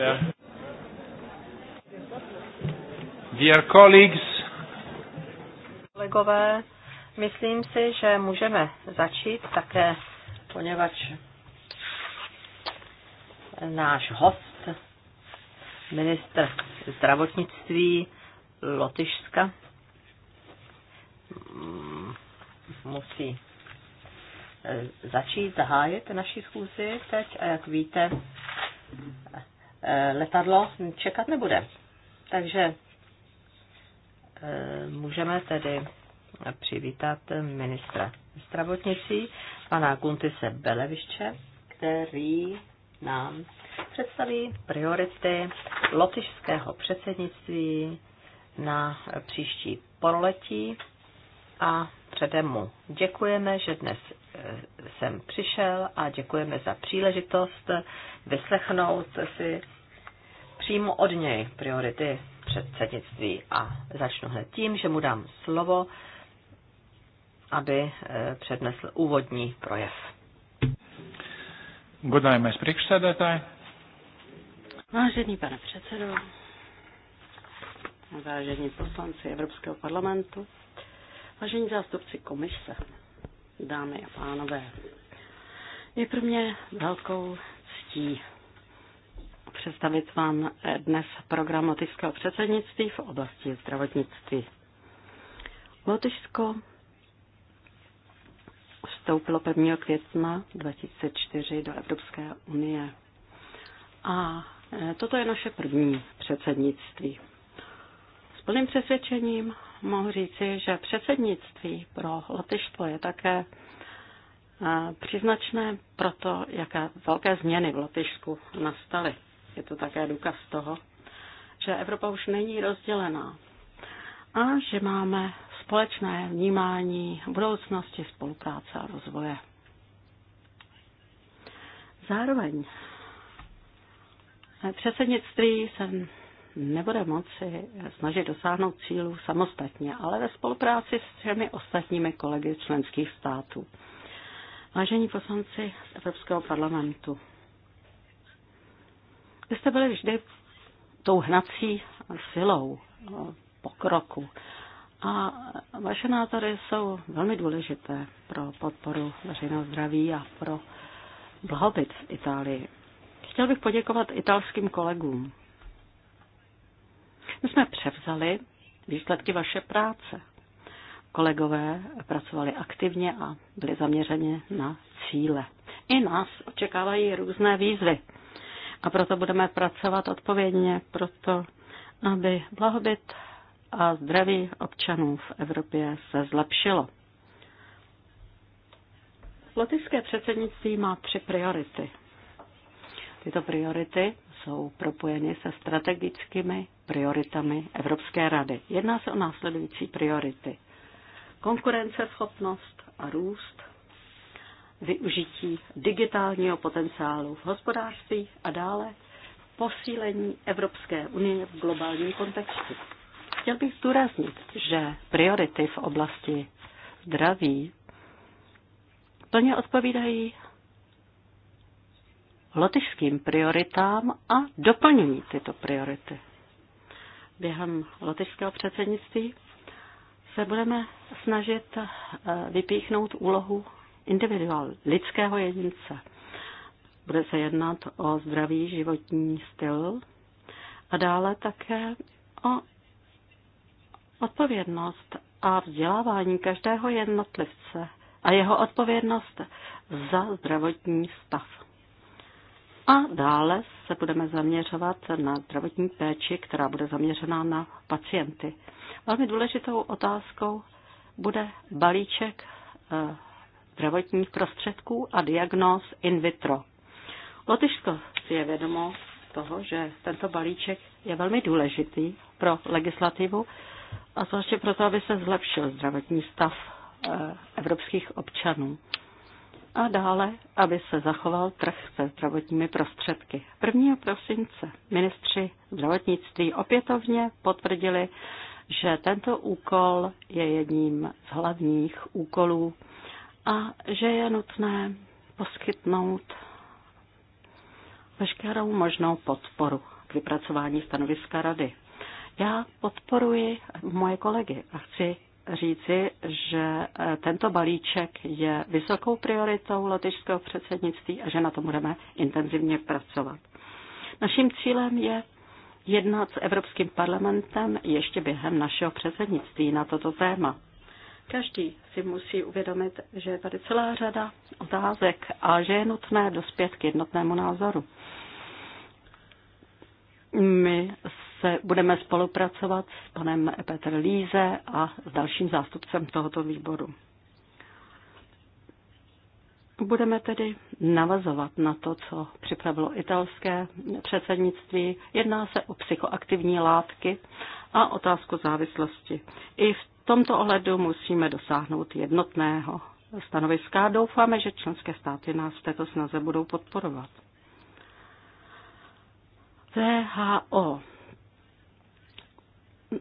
sir. Dear colleagues, kolegové, myslím si, že můžeme začít také, poněvadž náš host, ministr zdravotnictví Lotyšska, mm, musí eh, začít zahájit naši schůzi teď a jak víte, Eh, letadlo čekat nebude. Takže eh, můžeme tedy přivítat ministra zdravotnicí, pana Guntise Beleviště, který nám představí priority lotyšského předsednictví na příští pololetí a předem mu děkujeme, že dnes jsem eh, přišel a děkujeme za příležitost vyslechnout si přímo od něj priority předsednictví a začnu hned tím, že mu dám slovo, aby eh, přednesl úvodní projev. Vážený pane předsedo, vážení poslanci Evropského parlamentu, Vážení zástupci komise, dámy a pánové, je pro mě velkou ctí představit vám dnes program lotyšského předsednictví v oblasti zdravotnictví. Lotyšsko vstoupilo 1. května 2004 do Evropské unie. A e, toto je naše první předsednictví. S plným přesvědčením mohu říci, že předsednictví pro Lotyšstvo je také eh, příznačné pro to, jaké velké změny v Lotyšsku nastaly. Je to také důkaz toho, že Evropa už není rozdělená a že máme společné vnímání budoucnosti spolupráce a rozvoje. Zároveň eh, předsednictví jsem nebude moci snažit dosáhnout cílů samostatně, ale ve spolupráci s všemi ostatními kolegy členských států. Vážení poslanci z Evropského parlamentu, vy jste byli vždy tou hnací silou pokroku a vaše názory jsou velmi důležité pro podporu veřejného zdraví a pro blahobyt v Itálii. Chtěl bych poděkovat italským kolegům, my jsme převzali výsledky vaše práce. Kolegové pracovali aktivně a byli zaměřeni na cíle. I nás očekávají různé výzvy. A proto budeme pracovat odpovědně, proto aby blahobyt a zdraví občanů v Evropě se zlepšilo. Lotyšské předsednictví má tři priority. Tyto priority jsou propojeny se strategickými prioritami Evropské rady. Jedná se o následující priority. Konkurenceschopnost a růst, využití digitálního potenciálu v hospodářství a dále posílení Evropské unie v globálním kontextu. Chtěl bych zdůraznit, že priority v oblasti zdraví plně odpovídají lotyšským prioritám a doplňují tyto priority během lotyšského předsednictví se budeme snažit eh, vypíchnout úlohu individuál, lidského jedince. Bude se jednat o zdravý životní styl a dále také o odpovědnost a vzdělávání každého jednotlivce a jeho odpovědnost za zdravotní stav. A dále se budeme zaměřovat na zdravotní péči, která bude zaměřená na pacienty. Velmi důležitou otázkou bude balíček eh, zdravotních prostředků a diagnóz in vitro. Lotyšsko si je vědomo toho, že tento balíček je velmi důležitý pro legislativu a zvláště proto, aby se zlepšil zdravotní stav eh, evropských občanů a dále, aby se zachoval trh se zdravotními prostředky. 1. prosince ministři zdravotnictví opětovně potvrdili, že tento úkol je jedním z hlavních úkolů a že je nutné poskytnout veškerou možnou podporu k vypracování stanoviska rady. Já podporuji moje kolegy a chci říci, že e, tento balíček je vysokou prioritou lotyšského předsednictví a že na to budeme intenzivně pracovat. Naším cílem je jednat s Evropským parlamentem ještě během našeho předsednictví na toto téma. Každý si musí uvědomit, že je tady celá řada otázek a že je nutné dospět k jednotnému názoru. My se budeme spolupracovat s panem Petr Líze a s dalším zástupcem tohoto výboru. Budeme tedy navazovat na to, co připravilo italské předsednictví. Jedná se o psychoaktivní látky a otázku závislosti. I v tomto ohledu musíme dosáhnout jednotného stanoviska doufáme, že členské státy nás v této snaze budou podporovat. VHO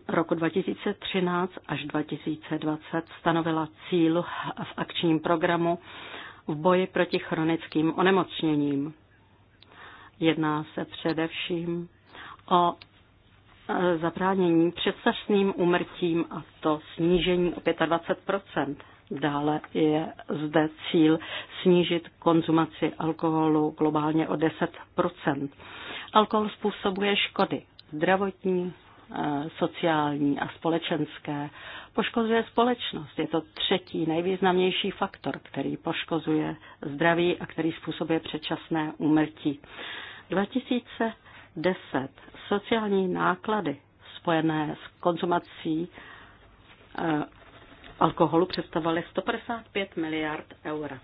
roku 2013 až 2020 stanovila cíl v akčním programu v boji proti chronickým onemocněním. Jedná se především o e, zabránění předčasným úmrtím a to snížení o 25 Dále je zde cíl snížit konzumaci alkoholu globálně o 10 Alkohol způsobuje škody zdravotní, Eh, sociální a společenské. Poškozuje společnost. Je to třetí nejvýznamnější faktor, který poškozuje zdraví a který způsobuje předčasné úmrtí. 2010 sociální náklady spojené s konzumací eh, alkoholu představovaly 155 miliard eur.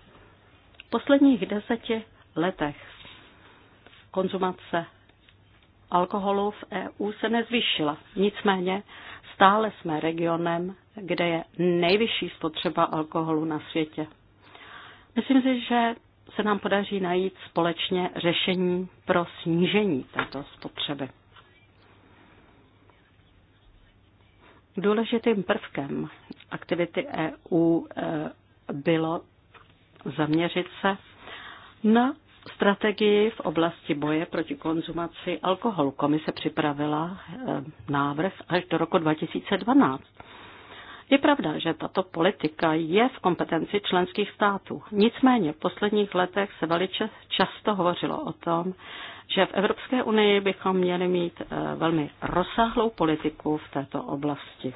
V posledních deseti letech konzumace alkoholu v EU se nezvýšila. Nicméně stále jsme regionem, kde je nejvyšší spotřeba alkoholu na světě. Myslím si, že se nám podaří najít společně řešení pro snížení této spotřeby. Důležitým prvkem aktivity EU e, bylo zaměřit se na strategii v oblasti boje proti konzumaci alkoholu. Komise připravila eh, návrh až do roku 2012. Je pravda, že tato politika je v kompetenci členských států. Nicméně v posledních letech se velice často hovořilo o tom, že v Evropské unii bychom měli mít eh, velmi rozsáhlou politiku v této oblasti.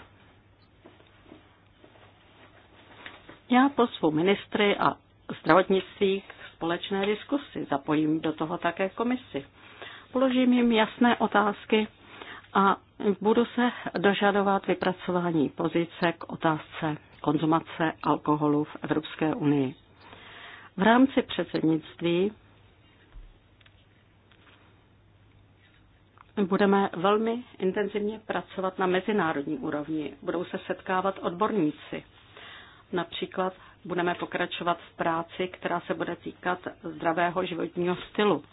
Já pozvu ministry a zdravotnictví k společné diskusy. Zapojím do toho také komisi. Položím jim jasné otázky a budu se dožadovat vypracování pozice k otázce konzumace alkoholu v Evropské unii. V rámci předsednictví budeme velmi intenzivně pracovat na mezinárodní úrovni. Budou se setkávat odborníci, například budeme pokračovat v práci, která se bude týkat zdravého životního stylu.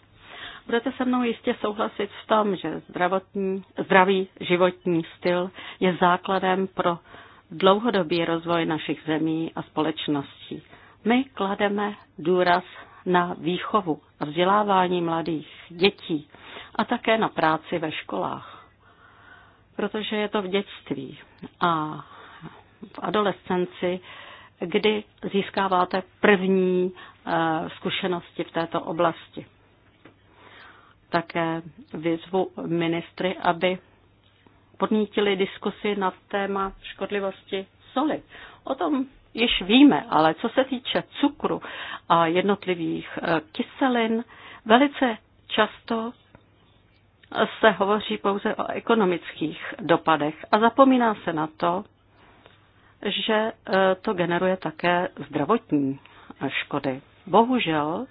Budete se mnou jistě souhlasit v tom, že zdravotní, zdravý životní styl je základem pro dlouhodobý rozvoj našich zemí a společností. My klademe důraz na výchovu a vzdělávání mladých dětí a také na práci ve školách, protože je to v dětství a v adolescenci kdy získáváte první eh, zkušenosti v této oblasti. Také vyzvu ministry, aby podnítili diskusy na téma škodlivosti soli. O tom již víme, ale co se týče cukru a jednotlivých eh, kyselin, velice často se hovoří pouze o ekonomických dopadech a zapomíná se na to, že e, to generuje také zdravotní e, škody. Bohužel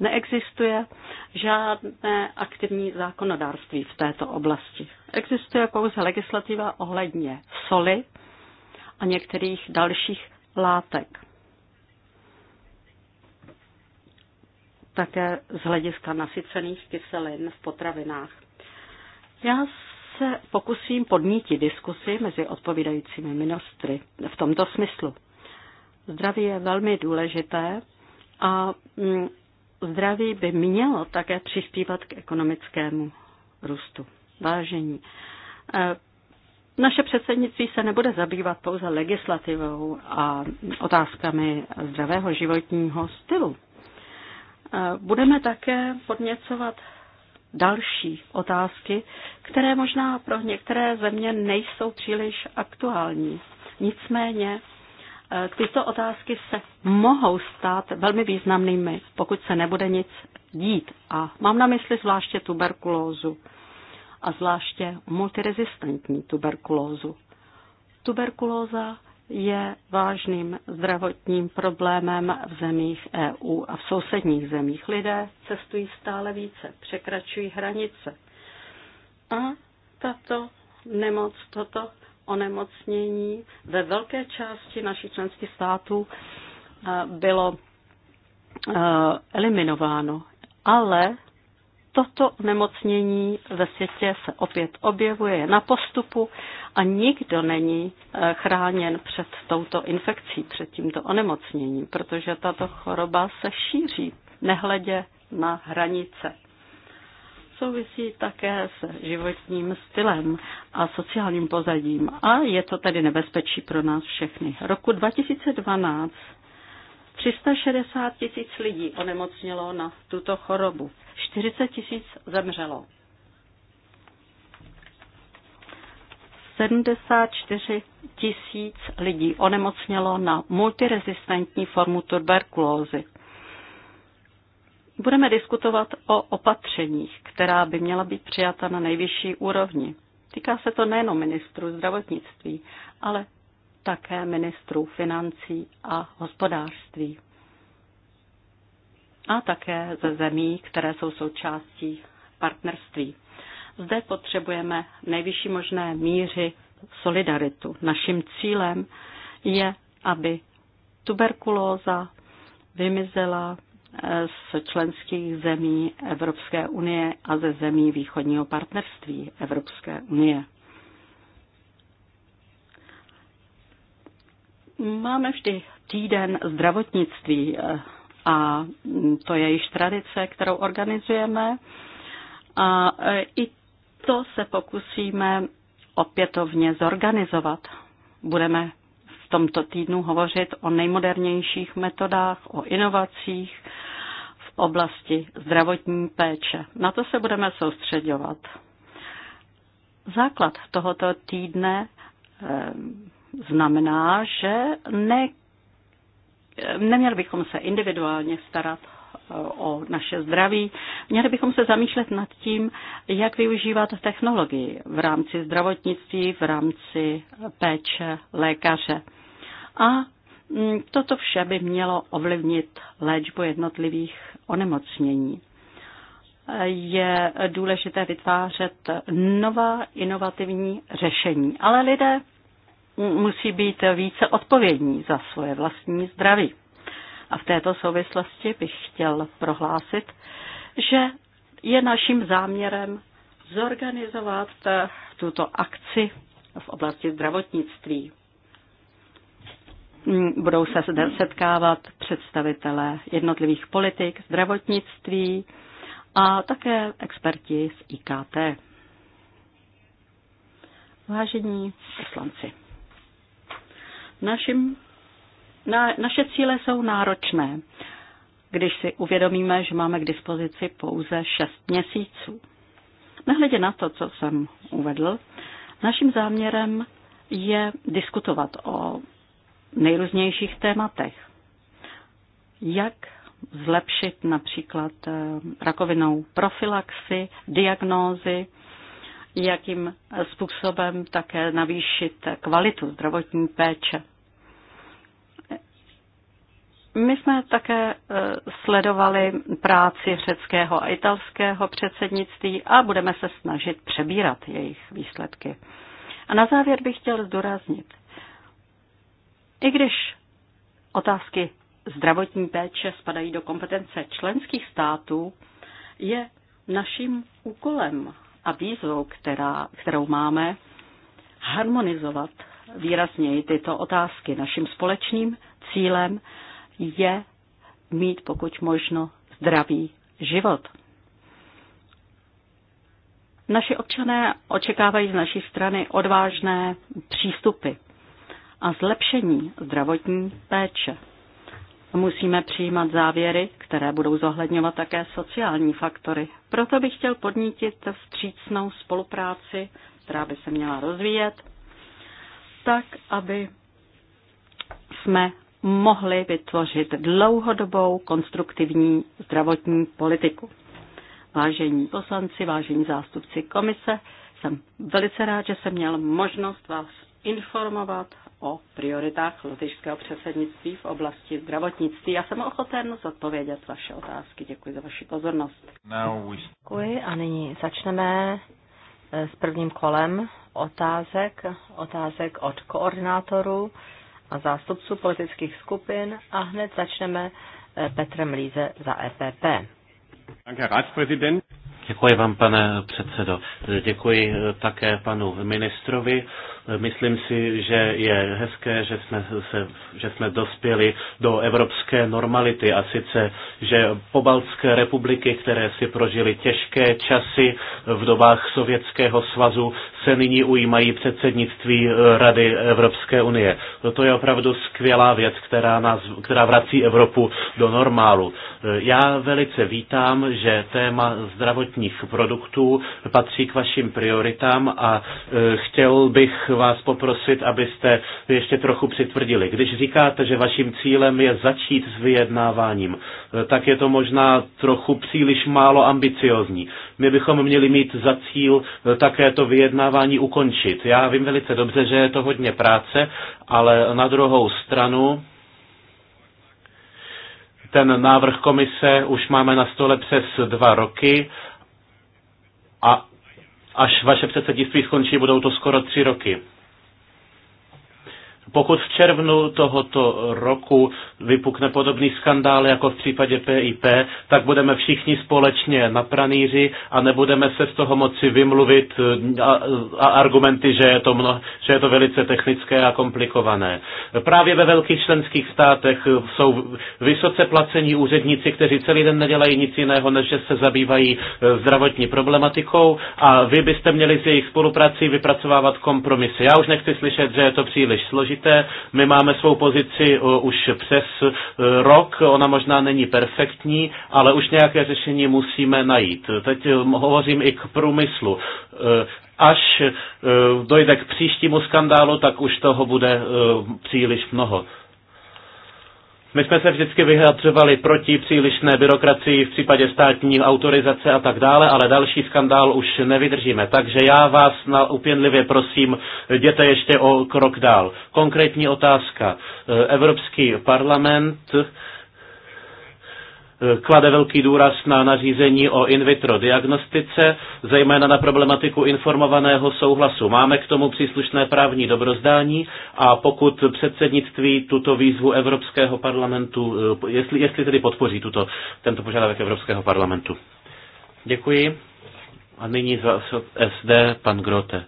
neexistuje žádné aktivní zákonodárství v této oblasti. Existuje pouze legislativa ohledně soli a některých dalších látek. Také z hlediska nasycených kyselin v potravinách. Já se pokusím podnítit diskusy mezi odpovídajícími ministry v tomto smyslu. Zdraví je velmi důležité a mm, zdraví by mělo také přispívat k ekonomickému růstu. Vážení. E, naše předsednictví se nebude zabývat pouze legislativou a otázkami zdravého životního stylu. E, budeme také podněcovat další otázky, které možná pro některé země nejsou příliš aktuální. Nicméně e, tyto otázky se mohou stát velmi významnými, pokud se nebude nic dít. A mám na mysli zvláště tuberkulózu a zvláště multirezistentní tuberkulózu. Tuberkulóza je vážným zdravotním problémem v zemích EU a v sousedních zemích. Lidé cestují stále více, překračují hranice. A tato nemoc, toto onemocnění ve velké části našich členských států eh, bylo eh, eliminováno. Ale toto nemocnění ve světě se opět objevuje, na postupu a nikdo není eh, chráněn před touto infekcí, před tímto onemocněním, protože tato choroba se šíří nehledě na hranice. Souvisí také s životním stylem a sociálním pozadím a je to tedy nebezpečí pro nás všechny. Roku 2012 360 tisíc lidí onemocnělo na tuto chorobu. 40 tisíc zemřelo. 74 tisíc lidí onemocnělo na multiresistentní formu tuberkulózy. Budeme diskutovat o opatřeních, která by měla být přijata na nejvyšší úrovni. Týká se to nejenom ministru zdravotnictví, ale také ministrů financí a hospodářství. A také ze zemí, které jsou součástí partnerství. Zde potřebujeme nejvyšší možné míři solidaritu. Naším cílem je, aby tuberkulóza vymizela eh, z členských zemí Evropské unie a ze zemí východního partnerství Evropské unie. Máme vždy týden zdravotnictví eh, a to je již tradice, kterou organizujeme. A eh, i to se pokusíme opětovně zorganizovat. Budeme v tomto týdnu hovořit o nejmodernějších metodách, o inovacích v oblasti zdravotní péče. Na to se budeme soustředovat. Základ tohoto týdne eh, znamená, že ne, neměli bychom se individuálně starat eh, o naše zdraví. Měli bychom se zamýšlet nad tím, jak využívat technologii v rámci zdravotnictví, v rámci péče lékaře. A mm, toto vše by mělo ovlivnit léčbu jednotlivých onemocnění. Je důležité vytvářet nová inovativní řešení, ale lidé musí být více odpovědní za svoje vlastní zdraví. A v této souvislosti bych chtěl prohlásit, že je naším záměrem zorganizovat tuto akci v oblasti zdravotnictví. Budou se zde setkávat představitelé jednotlivých politik, zdravotnictví a také experti z IKT. Vážení poslanci. Našim, na, naše cíle jsou náročné, když si uvědomíme, že máme k dispozici pouze 6 měsíců. Nehledě na to, co jsem uvedl, naším záměrem je diskutovat o nejrůznějších tématech. Jak zlepšit například eh, rakovinou profilaxi, diagnózy, jakým způsobem také navýšit kvalitu zdravotní péče. My jsme také e, sledovali práci řeckého a italského předsednictví a budeme se snažit přebírat jejich výsledky. A na závěr bych chtěl zdůraznit, i když otázky zdravotní péče spadají do kompetence členských států, je naším úkolem a výzvou, která, kterou máme, harmonizovat výrazněji tyto otázky. Naším společným cílem je mít pokud možno zdravý život. Naši občané očekávají z naší strany odvážné přístupy a zlepšení zdravotní péče. Musíme přijímat závěry, které budou zohledňovat také sociální faktory. Proto bych chtěl podnítit vstřícnou spolupráci, která by se měla rozvíjet, tak, aby jsme mohli vytvořit dlouhodobou konstruktivní zdravotní politiku. Vážení poslanci, vážení zástupci komise, jsem velice rád, že jsem měl možnost vás informovat o prioritách lotyšského předsednictví v oblasti zdravotnictví. Já jsem ochoten zodpovědět vaše otázky. Děkuji za vaši pozornost. Děkuji a nyní začneme eh, s prvním kolem otázek, otázek od koordinátorů a zástupců politických skupin a hned začneme eh, Petrem Líze za EPP. Děkuji vám, pane předsedo. Děkuji eh, také panu ministrovi. Myslím si, že je hezké, že jsme, se, že jsme dospěli do evropské normality a sice, že pobaltské republiky, které si prožily těžké časy v dobách Sovětského svazu, se nyní ujímají předsednictví eh, Rady Evropské unie. To je opravdu skvělá věc, která, nás, která vrací Evropu do normálu. Eh, já velice vítám, že téma zdravotní kvalitních produktů patří k vašim prioritám a e, chtěl bych vás poprosit, abyste ještě trochu přitvrdili. Když říkáte, že vaším cílem je začít s vyjednáváním, e, tak je to možná trochu příliš málo ambiciozní. My bychom měli mít za cíl e, také to vyjednávání ukončit. Já vím velice dobře, že je to hodně práce, ale na druhou stranu ten návrh komise už máme na stole přes dva roky a až vaše předsednictví skončí, budou to skoro tři roky. Pokud v červnu tohoto roku vypukne podobný skandál jako v případě PIP, tak budeme všichni společně na pranýři a nebudeme se z toho moci vymluvit eh, a, a argumenty, že je, to mno, že je to velice technické a komplikované. Právě ve velkých členských státech eh, jsou vysoce placení úředníci, kteří celý den nedělají nic jiného, než že se zabývají eh, zdravotní problematikou a vy byste měli s jejich spoluprací vypracovávat kompromisy. Já už nechci slyšet, že je to příliš složité víte, My máme svou pozici eh, už přes eh, rok, ona možná není perfektní, ale už nějaké řešení musíme najít. Teď eh, hovořím i k průmyslu až dojde k příštímu skandálu, tak už toho bude příliš mnoho. My jsme se vždycky vyhadřovali proti přílišné byrokracii v případě státní autorizace a tak dále, ale další skandál už nevydržíme. Takže já vás na, upěnlivě prosím, jděte ještě o krok dál. Konkrétní otázka. E, Evropský parlament klade velký důraz na nařízení o in vitro diagnostice, zejména na problematiku informovaného souhlasu. Máme k tomu příslušné právní dobrozdání a pokud předsednictví tuto výzvu Evropského parlamentu, eh, jestli, jestli tedy podpoří tuto, tento požadavek Evropského parlamentu. Děkuji. A nyní za SD pan Grote.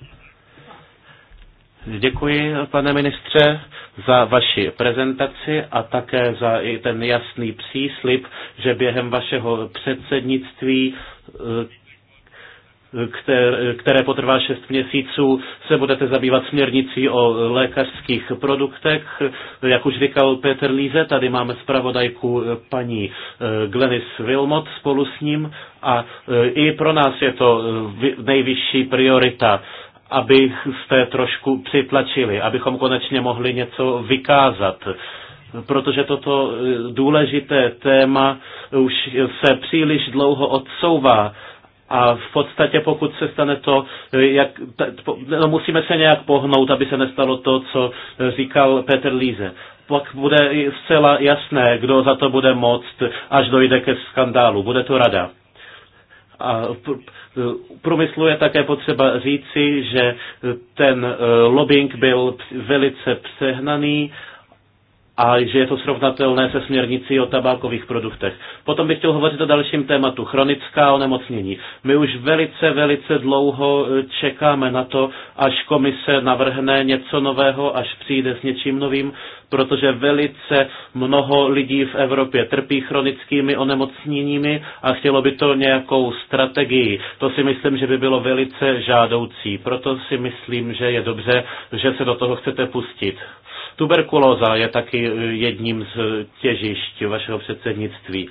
Děkuji, pane ministře za vaši prezentaci a také za i ten jasný příslip, že během vašeho předsednictví eh, které potrvá šest měsíců, se budete zabývat směrnicí o lékařských produktech. Jak už říkal Petr Líze, tady máme zpravodajku paní eh, Glenis Wilmot spolu s ním a eh, i pro nás je to nejvyšší priorita abyste trošku přitlačili, abychom konečně mohli něco vykázat protože toto eh, důležité téma už se příliš dlouho odsouvá. A v podstatě pokud se stane to, eh, jak, no musíme se nějak pohnout, aby se nestalo to, co eh, říkal Petr Líze. Pak bude zcela jasné, kdo za to bude moct, až dojde ke skandálu. Bude to rada. A v průmyslu je také potřeba říci, že ten eh, lobbying byl velice přehnaný a že je to srovnatelné se směrnicí o tabákových produktech. Potom bych chtěl hovořit o dalším tématu, chronická onemocnění. My už velice, velice dlouho e, čekáme na to, až komise navrhne něco nového, až přijde s něčím novým, protože velice mnoho lidí v Evropě trpí chronickými onemocněními a chtělo by to nějakou strategii. To si myslím, že by bylo velice žádoucí. Proto si myslím, že je dobře, že se do toho chcete pustit. Tuberkulóza je taky eh, jedním z eh, těžišť vašeho předsednictví.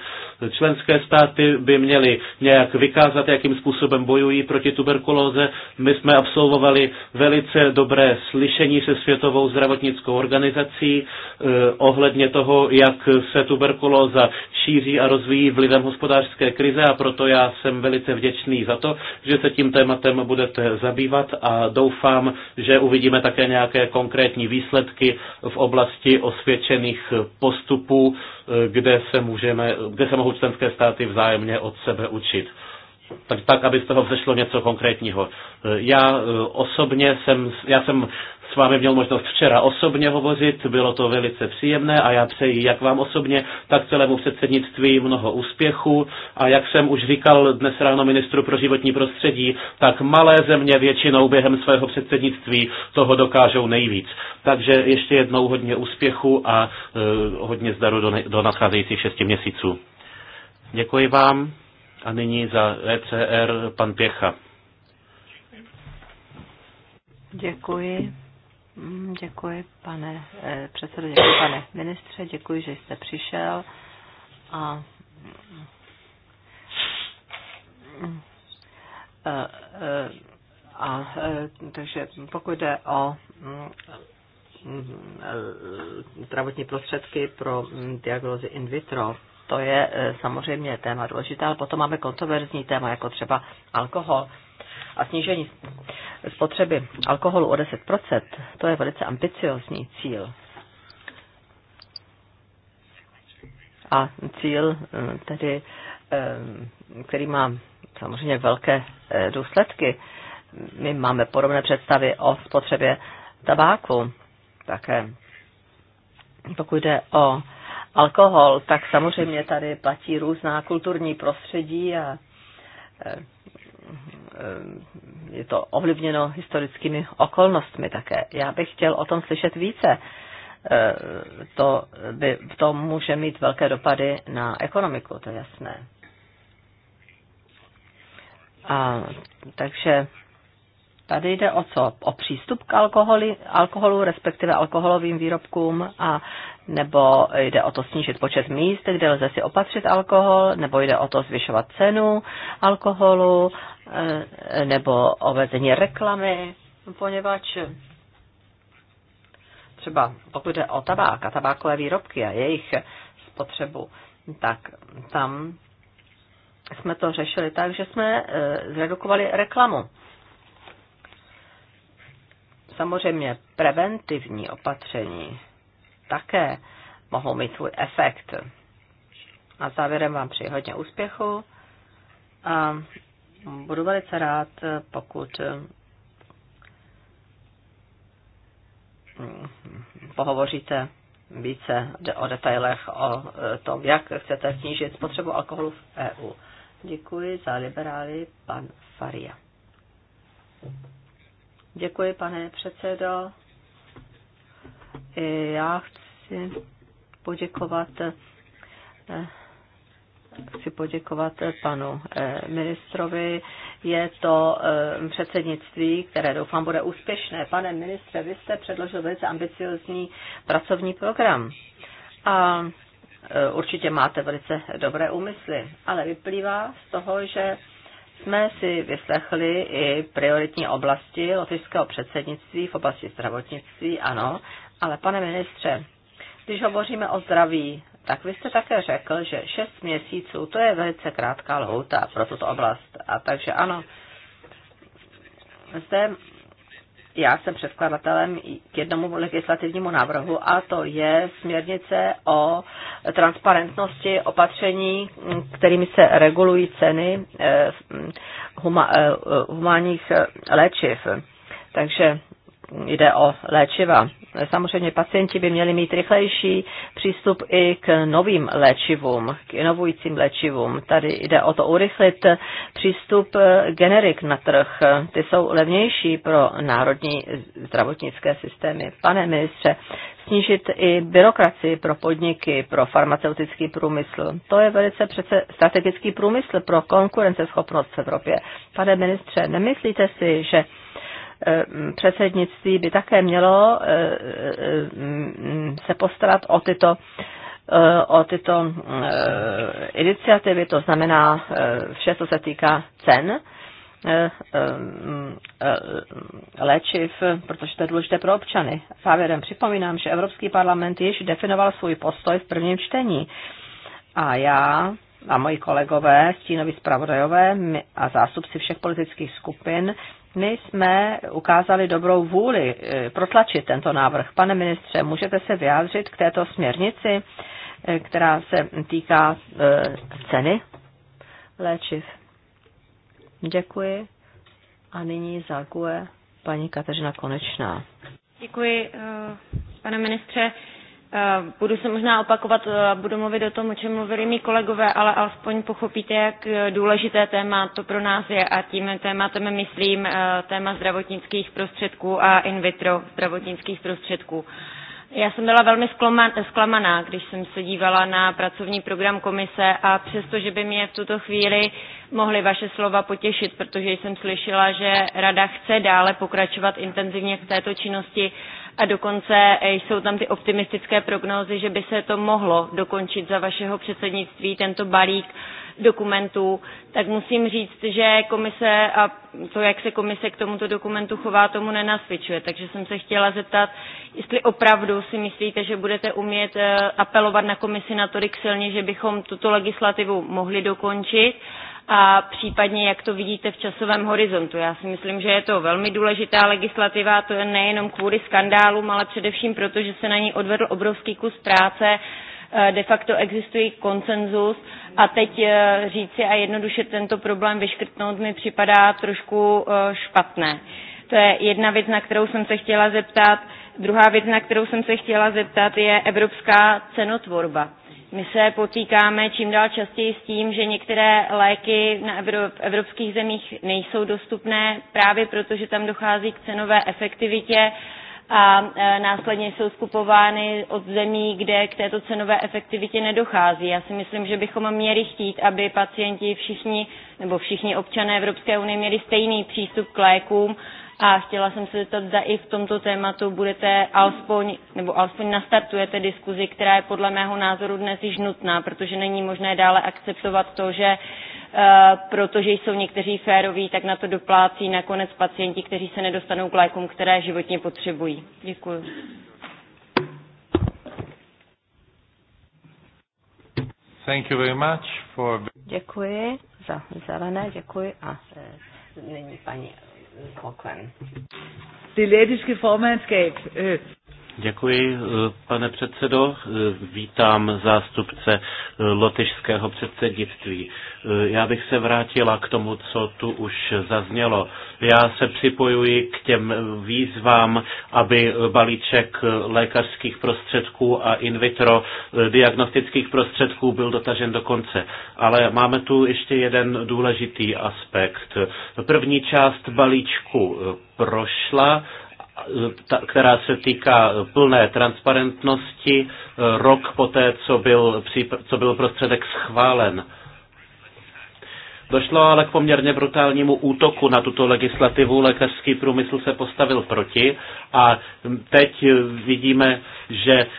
Členské státy by měly nějak vykázat, jakým způsobem bojují proti tuberkulóze. My jsme absolvovali velice dobré slyšení se Světovou zdravotnickou organizací eh, ohledně toho, jak se tuberkulóza šíří a rozvíjí vlivem hospodářské krize a proto já jsem velice vděčný za to, že se tím tématem budete zabývat a doufám, že uvidíme také nějaké konkrétní výsledky v oblasti osvědčených postupů, eh, kde se, můžeme, kde se mohou mohou členské státy vzájemně od sebe učit. Tak, tak, aby z toho vzešlo něco konkrétního. Já eh, osobně jsem, já jsem s vámi měl možnost včera osobně hovořit, bylo to velice příjemné a já přeji jak vám osobně, tak celému předsednictví mnoho úspěchu a jak jsem už říkal dnes ráno ministru pro životní prostředí, tak malé země většinou během svého předsednictví toho dokážou nejvíc. Takže ještě jednou hodně úspěchu a uh, hodně zdaru do, ne- do nadcházejících šesti měsíců. Děkuji vám a nyní za ECR pan Pěcha. Děkuji. Mm, děkuji, pane eh, předsedo, děkuji, pane ministře, děkuji, že jste přišel. A mm, eh, eh, a, a, a, takže pokud jde o mm, zdravotní prostředky pro diagnózy in vitro, to je e, samozřejmě téma důležité, ale potom máme kontroverzní téma, jako třeba alkohol a snížení spotřeby alkoholu o 10%, to je velice ambiciozní cíl. A cíl e, tedy, e, který má samozřejmě velké důsledky. My máme podobné představy o spotřebě tabáku také. Pokud jde o alkohol, tak samozřejmě tady platí různá kulturní prostředí a e, e, je to ovlivněno historickými okolnostmi také. Já bych chtěl o tom slyšet více. E, to, by, to může mít velké dopady na ekonomiku, to je jasné. A, takže tady jde o co? O přístup k alkoholi, alkoholu, respektive alkoholovým výrobkům a nebo jde o to snížit počet míst, kde lze si opatřit alkohol, nebo jde o to zvyšovat cenu alkoholu, eh, nebo omezení reklamy, poněvadž třeba pokud jde o tabák a tabákové výrobky a jejich spotřebu, tak tam jsme to řešili tak, že jsme eh, zredukovali reklamu. Samozřejmě preventivní opatření také mohou mít svůj efekt. A závěrem vám přeji hodně úspěchu a budu velice rád, pokud mm, pohovoříte více o detailech o e, tom, jak chcete snížit spotřebu alkoholu v EU. Děkuji za liberály, pan Faria. Děkuji, pane předsedo. Já chci poděkovat eh, chci poděkovat panu eh, ministrovi. Je to eh, předsednictví, které doufám bude úspěšné. Pane ministře, vy jste předložil velice ambiciozní pracovní program a určitě máte velice dobré úmysly, ale vyplývá z toho, že jsme si vyslechli i prioritní oblasti lotyšského předsednictví v oblasti zdravotnictví, ano, ale pane ministře, když hovoříme o zdraví, tak vy jste také řekl, že 6 měsíců to je velice krátká lhouta pro tuto oblast. A takže ano, zde já jsem předkladatelem k jednomu legislativnímu návrhu a to je směrnice o transparentnosti opatření, kterými se regulují ceny eh, eh, eh, humánních léčiv. Takže jde o léčiva. Samozřejmě pacienti by měli mít rychlejší přístup i k novým léčivům, k inovujícím léčivům. Tady jde o to urychlit přístup generik na trh. Ty jsou levnější pro národní zdravotnické systémy. Pane ministře, snížit i byrokracii pro podniky, pro farmaceutický průmysl. To je velice přece strategický průmysl pro konkurenceschopnost v Evropě. Pane ministře, nemyslíte si, že Eh, mm, předsednictví by také mělo eh, eh, se postarat o tyto o tyto iniciativy, to znamená vše, co se týká cen léčiv, protože to je důležité pro občany. Závěrem připomínám, že Evropský parlament již definoval svůj postoj v prvním čtení. A já a moji kolegové, stínoví zpravodajové a zástupci všech politických skupin my jsme ukázali dobrou vůli eh, protlačit tento návrh. Pane ministře, můžete se vyjádřit k této směrnici, eh, která se týká eh, ceny léčiv? Děkuji. A nyní zákuje paní Kateřina Konečná. Děkuji, pane ministře. Eh, budu se možná opakovat, eh, budu mluvit o tom, o čem mluvili mý kolegové, ale alespoň pochopíte, jak eh, důležité téma to pro nás je a tím tématem myslím téma zdravotnických prostředků a in vitro zdravotnických prostředků. Já jsem byla velmi zklamaná, když jsem se dívala na pracovní program komise a přesto, že by mě v tuto chvíli mohly vaše slova potěšit, protože jsem slyšela, že rada chce dále pokračovat intenzivně v této činnosti, a dokonce eh, jsou tam ty optimistické prognózy, že by se to mohlo dokončit za vašeho předsednictví, tento balík dokumentů, tak musím říct, že komise a to, jak se komise k tomuto dokumentu chová, tomu nenasvědčuje. Takže jsem se chtěla zeptat, jestli opravdu si myslíte, že budete umět eh, apelovat na komisi natolik silně, že bychom tuto legislativu mohli dokončit a případně jak to vidíte v časovém horizontu. Já si myslím, že je to velmi důležitá legislativa, to je nejenom kvůli skandálům, ale především proto, že se na ní odvedl obrovský kus práce, eh, de facto existují konsenzus a teď eh, říci a jednoduše tento problém vyškrtnout mi připadá trošku eh, špatné. To je jedna věc, na kterou jsem se chtěla zeptat. Druhá věc, na kterou jsem se chtěla zeptat, je evropská cenotvorba my se potýkáme čím dál častěji s tím, že některé léky na evropských zemích nejsou dostupné právě proto, že tam dochází k cenové efektivitě a e, následně jsou skupovány od zemí, kde k této cenové efektivitě nedochází. Já si myslím, že bychom měli chtít, aby pacienti všichni nebo všichni občané Evropské unie měli stejný přístup k lékům a chtěla jsem se zeptat, zda i v tomto tématu budete alespoň, nebo alespoň nastartujete diskuzi, která je podle mého názoru dnes již nutná, protože není možné dále akceptovat to, že eh, protože jsou někteří féroví, tak na to doplácí nakonec pacienti, kteří se nedostanou k lékům, které životně potřebují. Děkuji. Thank you very much for... Děkuji za zelené, děkuji a eh, nyní paní Det lettiske formandskab øh, Děkuji, eh, pane předsedo. Eh, vítám zástupce eh, lotyšského předsednictví. Já bych se vrátila k tomu, co tu už zaznělo. Já se připojuji k těm výzvám, aby balíček lékařských prostředků a in vitro diagnostických prostředků byl dotažen do konce. Ale máme tu ještě jeden důležitý aspekt. První část balíčku prošla, která se týká plné transparentnosti eh, rok poté, co byl, co byl prostředek schválen. Došlo ale k poměrně brutálnímu útoku na tuto legislativu, lékařský průmysl se postavil proti a teď vidíme, že eh,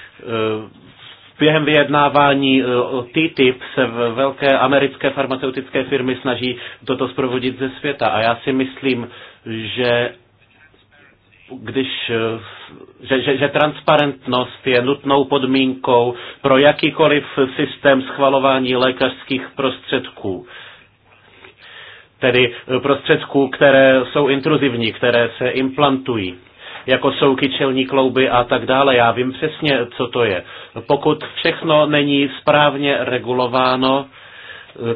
během vyjednávání eh, o TTIP se velké americké farmaceutické firmy snaží toto zprovodit ze světa a já si myslím, že když, eh, že, že, že transparentnost je nutnou podmínkou pro jakýkoliv systém schvalování lékařských prostředků. Tedy eh, prostředků, které jsou intruzivní, které se implantují jako jsou kyčelní klouby a tak dále. Já vím přesně, co to je. Pokud všechno není správně regulováno,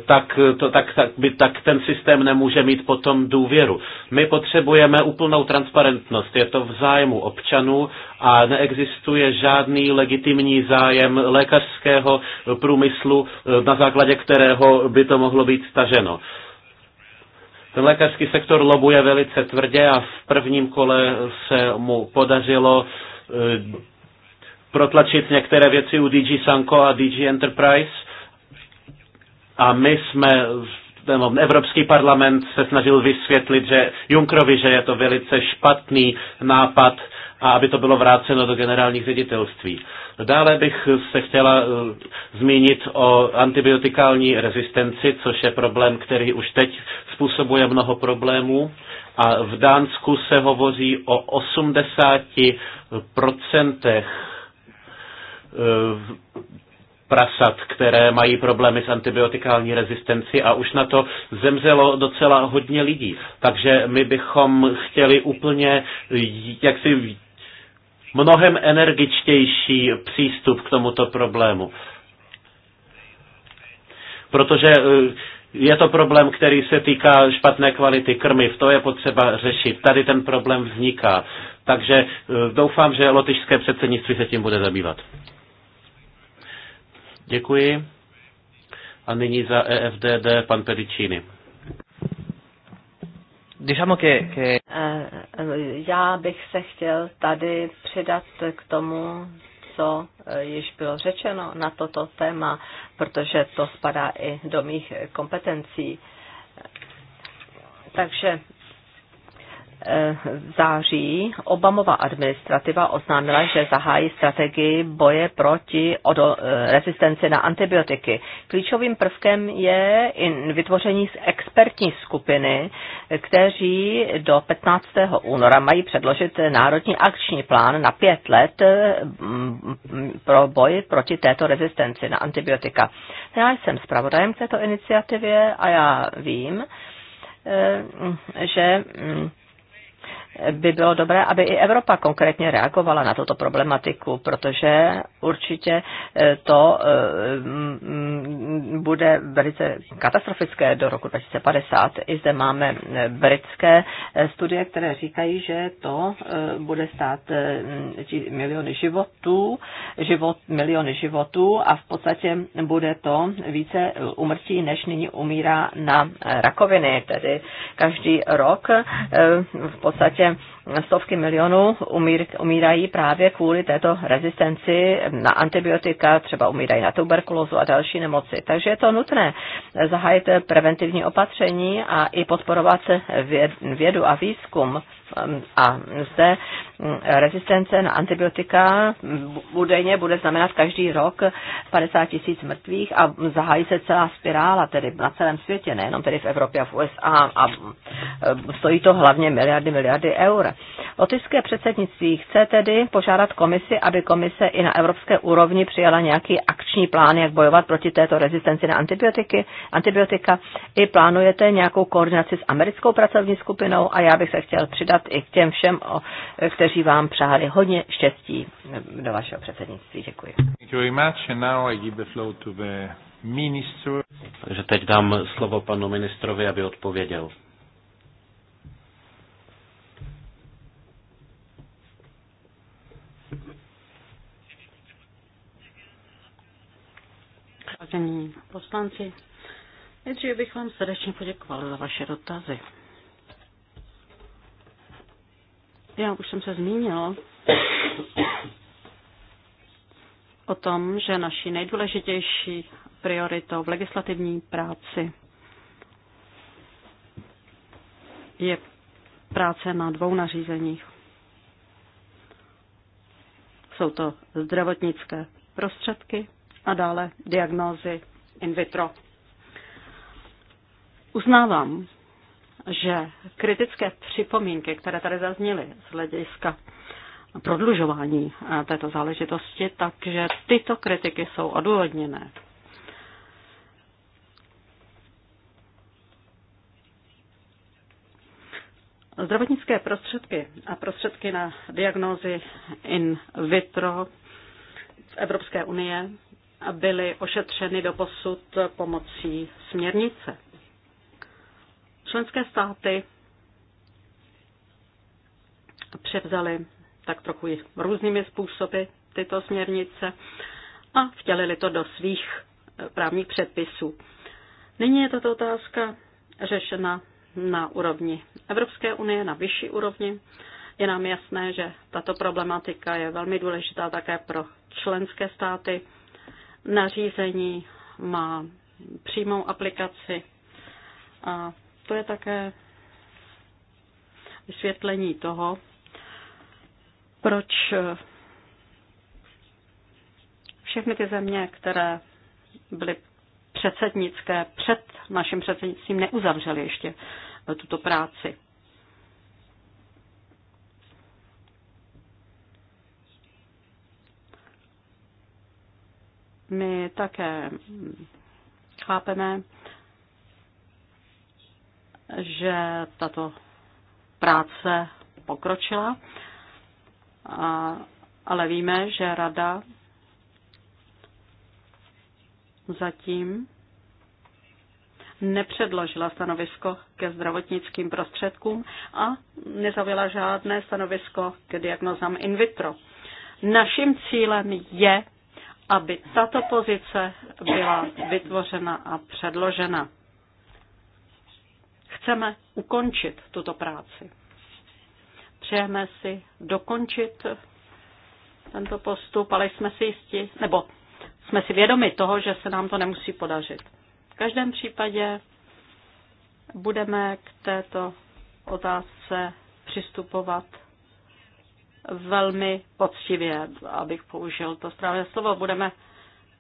tak, to, tak, tak, by, tak ten systém nemůže mít potom důvěru. My potřebujeme úplnou transparentnost. Je to v zájmu občanů a neexistuje žádný legitimní zájem lékařského průmyslu, eh, na základě kterého by to mohlo být staženo. Ten lékařský sektor lobuje velice tvrdě a v prvním kole se mu podařilo eh, protlačit některé věci u DG Sanko a DG Enterprise a my jsme Evropský parlament se snažil vysvětlit, že Junkrovi, že je to velice špatný nápad a aby to bylo vráceno do generálních ředitelství. Dále bych se chtěla eh, zmínit o antibiotikální rezistenci, což je problém, který už teď způsobuje mnoho problémů. A v Dánsku se hovoří o 80% prasat, které mají problémy s antibiotikální rezistenci a už na to zemřelo docela hodně lidí. Takže my bychom chtěli úplně jaksi mnohem energičtější přístup k tomuto problému. Protože eh, je to problém, který se týká špatné kvality krmiv, to je potřeba řešit. Tady ten problém vzniká. Takže eh, doufám, že lotyšské předsednictví se tím bude zabývat. Děkuji. A nyní za EFDD pan Pedicini. Diciamo che, che... Já bych se chtěl tady přidat k tomu, co eh, již bylo řečeno na toto téma, protože to spadá i do mých kompetencí. Takže v září Obamova administrativa oznámila, že zahájí strategii boje proti odo- eh, rezistenci na antibiotiky. Klíčovým prvkem je vytvoření z expertní skupiny, kteří do 15. února mají předložit národní akční plán na pět let eh, pro boj proti této rezistenci na antibiotika. Já jsem zpravodajem této iniciativě a já vím, eh, že mm, by bylo dobré, aby i Evropa konkrétně reagovala na tuto problematiku, protože určitě eh, to eh, mm, bude velice katastrofické do roku 2050. I zde máme eh, britské studie, které říkají, že to bude stát miliony životů, život, miliony životů a v podstatě bude to více umrtí, než nyní umírá na rakoviny. Tedy každý rok v podstatě podstatě stovky milionů umír, umírají právě kvůli této rezistenci na antibiotika, třeba umírají na tuberkulózu a další nemoci. Takže je to nutné zahájit preventivní opatření a i podporovat vědu a výzkum. A zde Mm, rezistence na antibiotika údajně bude znamenat každý rok 50 tisíc mrtvých a zahájí se celá spirála, tedy na celém světě, nejenom tedy v Evropě a v USA a mm, e, stojí to hlavně miliardy, miliardy eur. Lotyšské předsednictví chce tedy požádat komisi, aby komise i na evropské úrovni přijala nějaký akční plán, jak bojovat proti této rezistenci na antibiotiky, antibiotika. I plánujete nějakou koordinaci s americkou pracovní skupinou a já bych se chtěl přidat i k těm všem, kteří kteří vám přáli hodně štěstí do vašeho předsednictví. Děkuji. Takže teď dám slovo panu ministrovi, aby odpověděl. Vážení poslanci, nejdříve bych vám srdečně poděkoval za vaše dotazy. Já už jsem se zmínil o tom, že naší nejdůležitější prioritou v legislativní práci je práce na dvou nařízeních. Jsou to zdravotnické prostředky a dále diagnózy in vitro. Uznávám, že kritické připomínky, které tady zazněly z hlediska prodlužování eh, této záležitosti, takže tyto kritiky jsou odůvodněné. Zdravotnické prostředky a prostředky na diagnózy in vitro v Evropské unie byly ošetřeny do posud pomocí směrnice. Členské státy převzaly tak trochu různými způsoby tyto směrnice a vtělili to do svých eh, právních předpisů. Nyní je tato otázka řešena na úrovni Evropské unie, na vyšší úrovni. Je nám jasné, že tato problematika je velmi důležitá také pro členské státy. Nařízení má přímou aplikaci a to je také vysvětlení toho, proč všechny ty země, které byly předsednické před naším předsednictvím, neuzavřely ještě tuto práci. My také chápeme, že tato práce pokročila, a, ale víme, že rada zatím nepředložila stanovisko ke zdravotnickým prostředkům a nezavěla žádné stanovisko k diagnozám in vitro. Naším cílem je, aby tato pozice byla vytvořena a předložena. Chceme ukončit tuto práci. Přejeme si dokončit tento postup, ale jsme si jisti, nebo jsme si vědomi toho, že se nám to nemusí podařit. V každém případě budeme k této otázce přistupovat velmi poctivě, abych použil to správné slovo. Budeme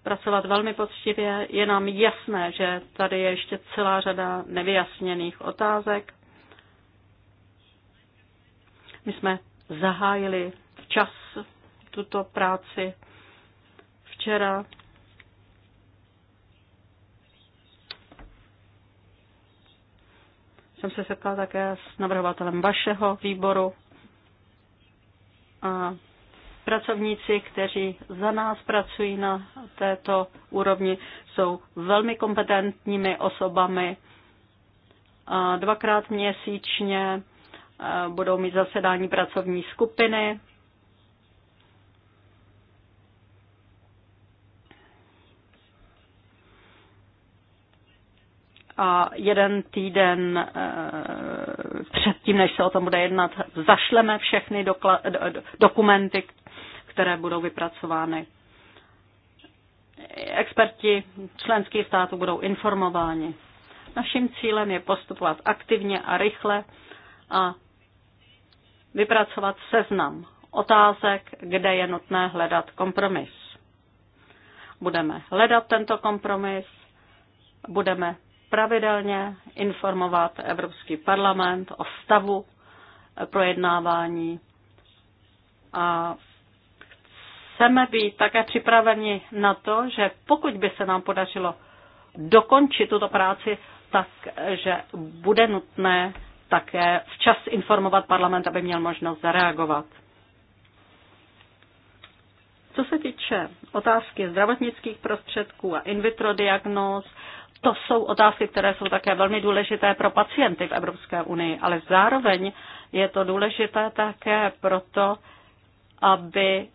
pracovat velmi poctivě. Je nám jasné, že tady je ještě celá řada nevyjasněných otázek. My jsme zahájili včas tuto práci včera. Jsem se setkal také s navrhovatelem vašeho výboru a pracovníci, kteří za nás pracují na této úrovni, jsou velmi kompetentními osobami. A dvakrát měsíčně eh, budou mít zasedání pracovní skupiny. A jeden týden eh, předtím, než se o tom bude jednat, zašleme všechny dokumenty, které budou vypracovány. Experti členských států budou informováni. Naším cílem je postupovat aktivně a rychle a vypracovat seznam otázek, kde je nutné hledat kompromis. Budeme hledat tento kompromis, budeme pravidelně informovat Evropský parlament o stavu projednávání a chceme být také připraveni na to, že pokud by se nám podařilo dokončit tuto práci, tak že bude nutné také včas informovat parlament, aby měl možnost zareagovat. Co se týče otázky zdravotnických prostředků a in vitro diagnóz, to jsou otázky, které jsou také velmi důležité pro pacienty v Evropské unii, ale zároveň je to důležité také proto, aby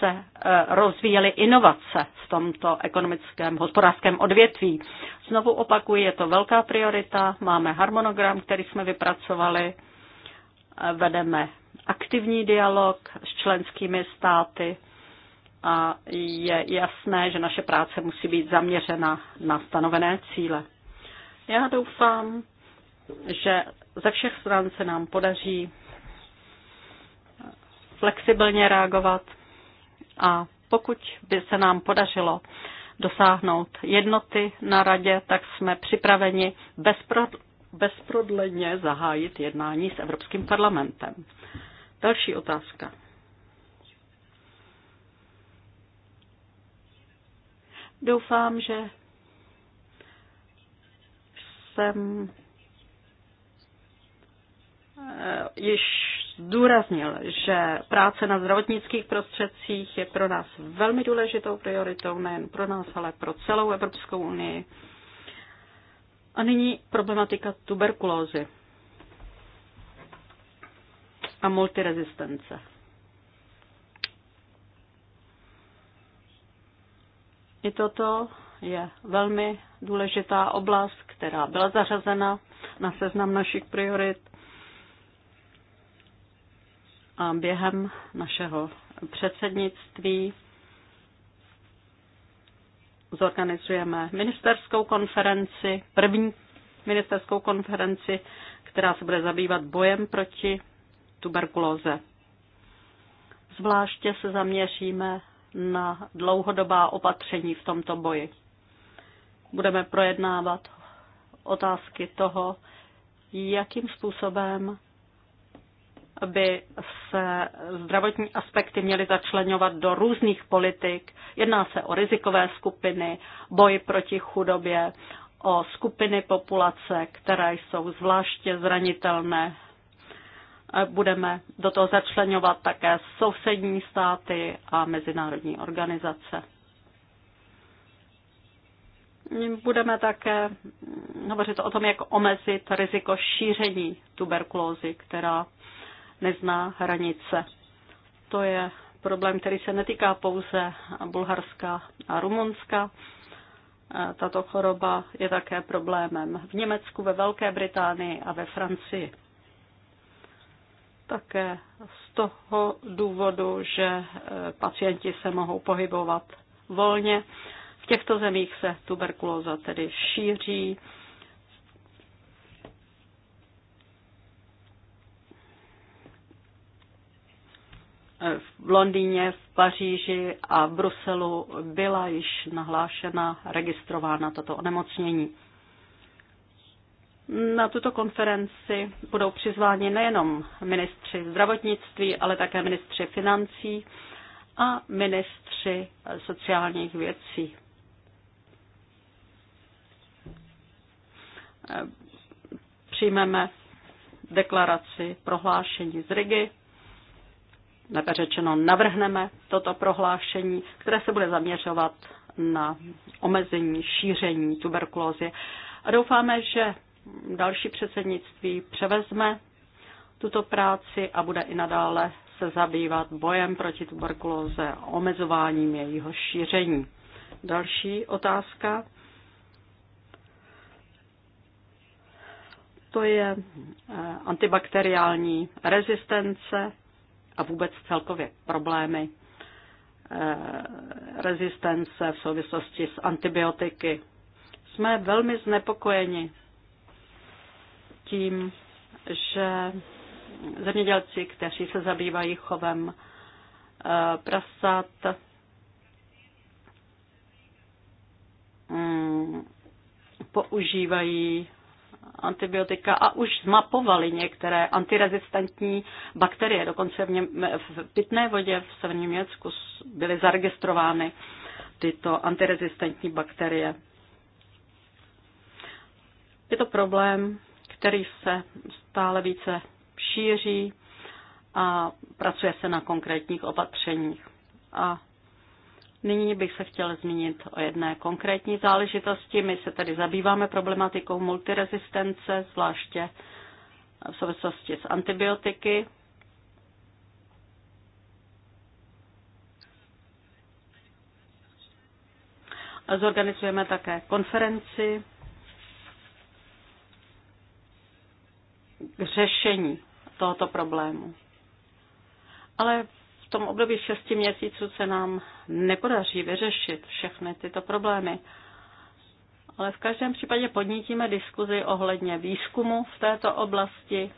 se eh, rozvíjely inovace v tomto ekonomickém hospodářském odvětví. Znovu opakuji, je to velká priorita, máme harmonogram, který jsme vypracovali, eh, vedeme aktivní dialog s členskými státy a je jasné, že naše práce musí být zaměřena na stanovené cíle. Já doufám, že ze všech stran se nám podaří flexibilně reagovat a pokud by se nám podařilo dosáhnout jednoty na radě, tak jsme připraveni bezprodleně zahájit jednání s Evropským parlamentem. Další otázka. Doufám, že jsem eh, již zdůraznil, že práce na zdravotnických prostředcích je pro nás velmi důležitou prioritou, nejen pro nás, ale pro celou Evropskou unii. A nyní problematika tuberkulózy a multirezistence. I toto je velmi důležitá oblast, která byla zařazena na seznam našich priorit a během našeho předsednictví zorganizujeme ministerskou konferenci, první ministerskou konferenci, která se bude zabývat bojem proti tuberkulóze. Zvláště se zaměříme na dlouhodobá opatření v tomto boji. Budeme projednávat otázky toho, jakým způsobem by se zdravotní aspekty měly začlenovat do různých politik. Jedná se o rizikové skupiny, boj proti chudobě, o skupiny populace, které jsou zvláště zranitelné. Budeme do toho začlenovat také sousední státy a mezinárodní organizace. Budeme také hovořit o tom, jak omezit riziko šíření tuberkulózy, která nezná hranice. To je problém, který se netýká pouze Bulharska a Rumunska. Tato choroba je také problémem v Německu, ve Velké Británii a ve Francii. Také z toho důvodu, že eh, pacienti se mohou pohybovat volně. V těchto zemích se tuberkulóza tedy šíří v Londýně, v Paříži a v Bruselu byla již nahlášena, registrována tato onemocnění. Na tuto konferenci budou přizváni nejenom ministři zdravotnictví, ale také ministři financí a ministři sociálních věcí. Přijmeme deklaraci prohlášení z Rigi lépe řečeno navrhneme toto prohlášení, které se bude zaměřovat na omezení šíření tuberkulózy. A doufáme, že další předsednictví převezme tuto práci a bude i nadále se zabývat bojem proti tuberkulóze a omezováním jejího šíření. Další otázka. To je eh, antibakteriální rezistence a vůbec celkově problémy eh, rezistence v souvislosti s antibiotiky. Jsme velmi znepokojeni tím, že zemědělci, kteří se zabývají chovem eh, prasat, mm, používají antibiotika a už zmapovali některé antirezistentní bakterie. Dokonce v, něm, v pitné vodě v severním Německu byly zaregistrovány tyto antirezistentní bakterie. Je to problém, který se stále více šíří a pracuje se na konkrétních opatřeních. A Nyní bych se chtěl zmínit o jedné konkrétní záležitosti. My se tady zabýváme problematikou multirezistence, zvláště v souvislosti s antibiotiky. Zorganizujeme také konferenci k řešení tohoto problému. Ale tom období 6 měsíců se nám nepodaří vyřešit všechny tyto problémy. Ale v každém případě podnítíme diskuzi ohledně výzkumu v této oblasti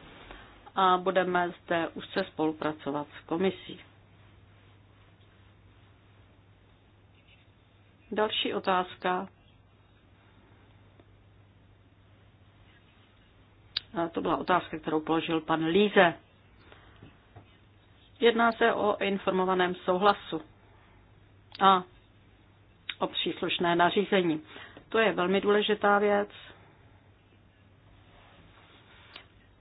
a budeme zde se spolupracovat s komisí. Další otázka. To byla otázka, kterou položil pan Líze. Jedná se o informovaném souhlasu a o příslušné nařízení. To je velmi důležitá věc.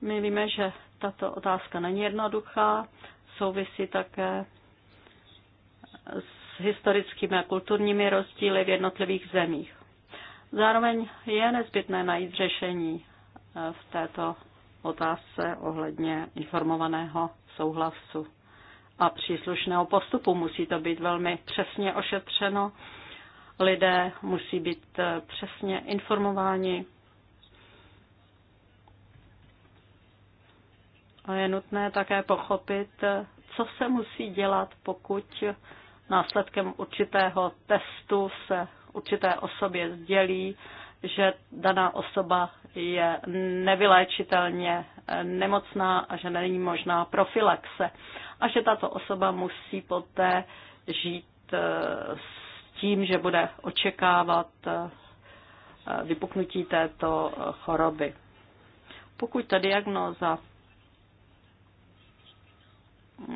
My víme, že tato otázka není jednoduchá, souvisí také s historickými a kulturními rozdíly v jednotlivých zemích. Zároveň je nezbytné najít řešení eh, v této otázce ohledně informovaného souhlasu a příslušného postupu. Musí to být velmi přesně ošetřeno. Lidé musí být eh, přesně informováni. A je nutné také pochopit, eh, co se musí dělat, pokud následkem určitého testu se určité osobě sdělí, že daná osoba je nevyléčitelně nemocná a že není možná profilaxe a že tato osoba musí poté žít eh, s tím, že bude očekávat eh, vypuknutí této eh, choroby. Pokud ta diagnóza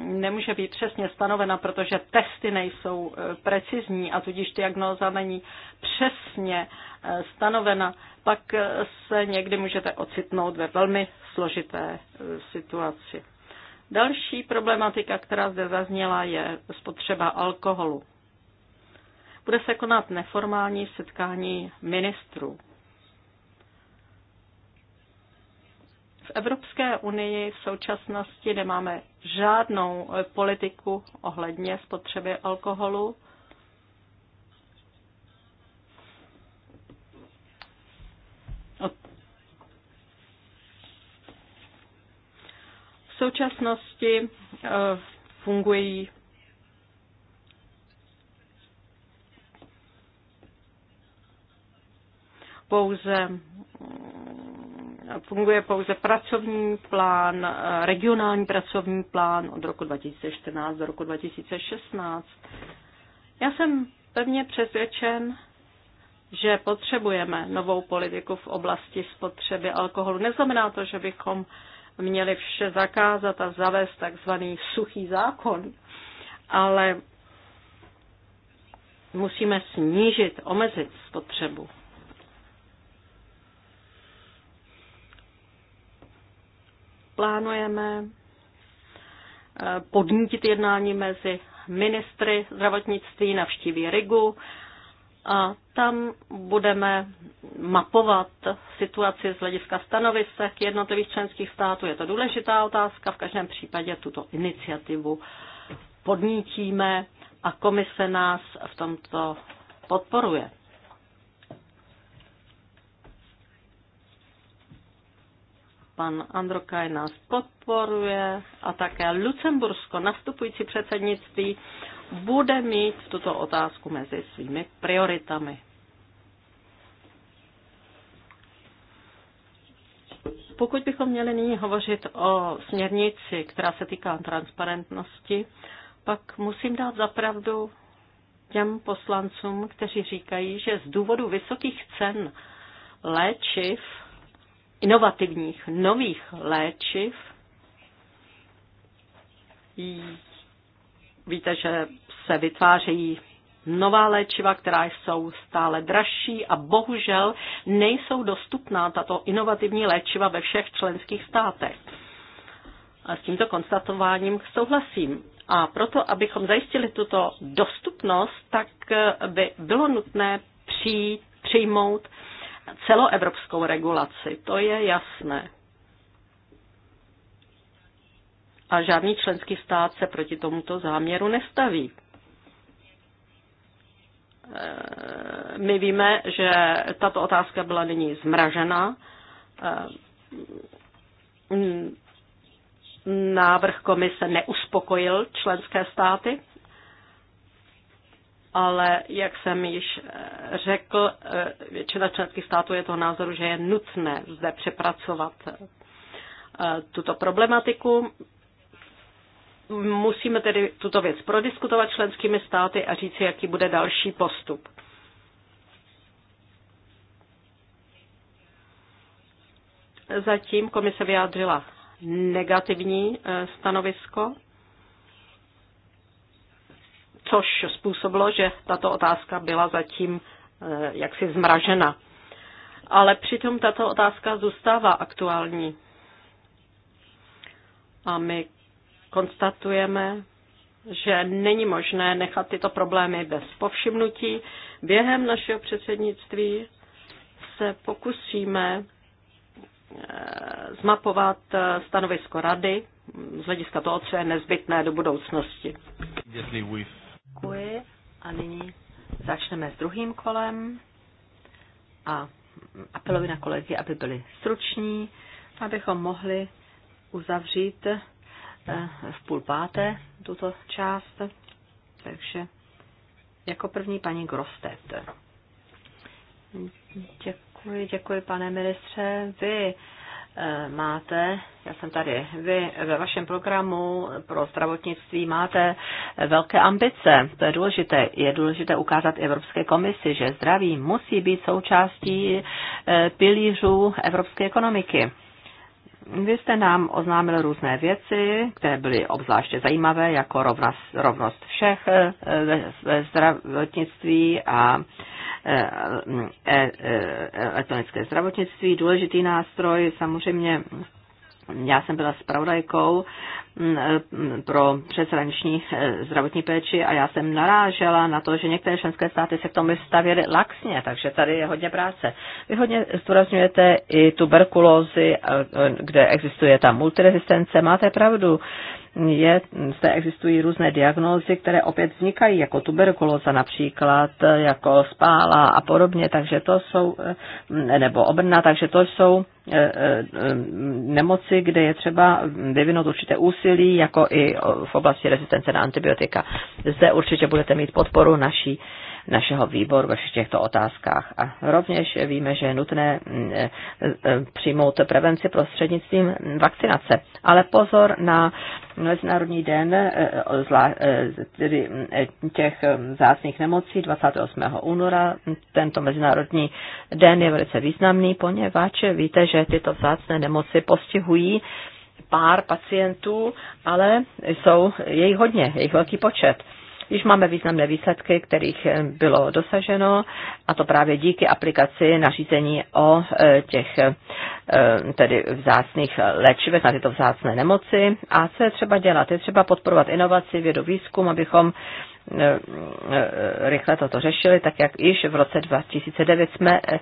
nemůže být přesně stanovena, protože testy nejsou eh, precizní a tudíž diagnóza není přesně eh, stanovena, pak eh, se někdy můžete ocitnout ve velmi složité situaci. Další problematika, která zde zazněla, je spotřeba alkoholu. Bude se konat neformální setkání ministrů. V Evropské unii v současnosti nemáme žádnou eh, politiku ohledně spotřeby alkoholu. V současnosti eh, fungují pouze funguje pouze pracovní plán, eh, regionální pracovní plán od roku 2014 do roku 2016. Já jsem pevně přesvědčen, že potřebujeme novou politiku v oblasti spotřeby alkoholu. Neznamená to, že bychom měli vše zakázat a zavést takzvaný suchý zákon, ale musíme snížit, omezit spotřebu. plánujeme eh, podnítit jednání mezi ministry zdravotnictví, navštíví Rigu a tam budeme mapovat situaci z hlediska stanovisek jednotlivých členských států. Je to důležitá otázka, v každém případě tuto iniciativu podnítíme a komise nás v tomto podporuje. Pan Androkaj nás podporuje a také Lucembursko, nastupující předsednictví, bude mít tuto otázku mezi svými prioritami. Pokud bychom měli nyní hovořit o směrnici, která se týká transparentnosti, pak musím dát zapravdu těm poslancům, kteří říkají, že z důvodu vysokých cen léčiv inovativních nových léčiv. Víte, že se vytvářejí nová léčiva, která jsou stále dražší a bohužel nejsou dostupná tato inovativní léčiva ve všech členských státech. A s tímto konstatováním souhlasím. A proto, abychom zajistili tuto dostupnost, tak by bylo nutné přijít, přijmout celoevropskou regulaci, to je jasné. A žádný členský stát se proti tomuto záměru nestaví. Eh, my víme, že tato otázka byla nyní zmražena. Eh, návrh komise neuspokojil členské státy ale jak jsem již eh, řekl, eh, většina členských států je toho názoru, že je nutné zde přepracovat eh, tuto problematiku. Musíme tedy tuto věc prodiskutovat členskými státy a říci, jaký bude další postup. Zatím komise vyjádřila negativní stanovisko což způsobilo, že tato otázka byla zatím eh, jaksi zmražena. Ale přitom tato otázka zůstává aktuální. A my konstatujeme, že není možné nechat tyto problémy bez povšimnutí. Během našeho předsednictví se pokusíme eh, zmapovat eh, stanovisko rady z hlediska toho, co je nezbytné do budoucnosti. Děkuji a nyní začneme s druhým kolem a apelovi na kolegy, aby byli struční, abychom mohli uzavřít eh, v půl páté tuto část. Takže jako první paní Grostet. Děkuji, děkuji, pane ministře. Vy Eh, máte, já jsem tady, vy ve vašem programu pro zdravotnictví máte velké ambice. To je důležité. Je důležité ukázat Evropské komisi, že zdraví musí být součástí eh, pilířů evropské ekonomiky. Vy jste nám oznámil různé věci, které byly obzvláště zajímavé, jako rovnost, rovnost všech eh, ve, ve zdravotnictví a Eh, eh, eh, elektronické zdravotnictví, důležitý nástroj, samozřejmě já jsem byla spravodajkou Mm, pro přeshraniční eh, zdravotní péči a já jsem narážela na to, že některé členské státy se k tomu stavěly laxně, takže tady je hodně práce. Vy hodně zdůrazňujete i tuberkulózy, eh, kde existuje ta multirezistence. Máte pravdu, je, zde existují různé diagnózy, které opět vznikají, jako tuberkulóza například, eh, jako spála a podobně, takže to jsou, nebo obrna, takže to jsou nemoci, kde je třeba vyvinout určité úsilí úsilí, jako i v oblasti rezistence na antibiotika. Zde určitě budete mít podporu naší našeho výboru ve všech těchto otázkách. A rovněž víme, že je nutné mm, e, e, přijmout prevenci prostřednictvím vakcinace. Ale pozor na Mezinárodní den e, těch zácných nemocí 28. února. Tento Mezinárodní den je velice významný, poněvadž víte, že tyto vzácné nemoci postihují pár pacientů, ale jsou jejich hodně, jejich velký počet. Již máme významné výsledky, kterých eh, bylo dosaženo, a to právě díky aplikaci nařízení o eh, těch eh, tedy vzácných léčivech na tyto vzácné nemoci. A co je třeba dělat? Je třeba podporovat inovaci, vědu, výzkum, abychom Eh, eh, rychle toto řešili, tak jak již v roce 2009 jsme eh,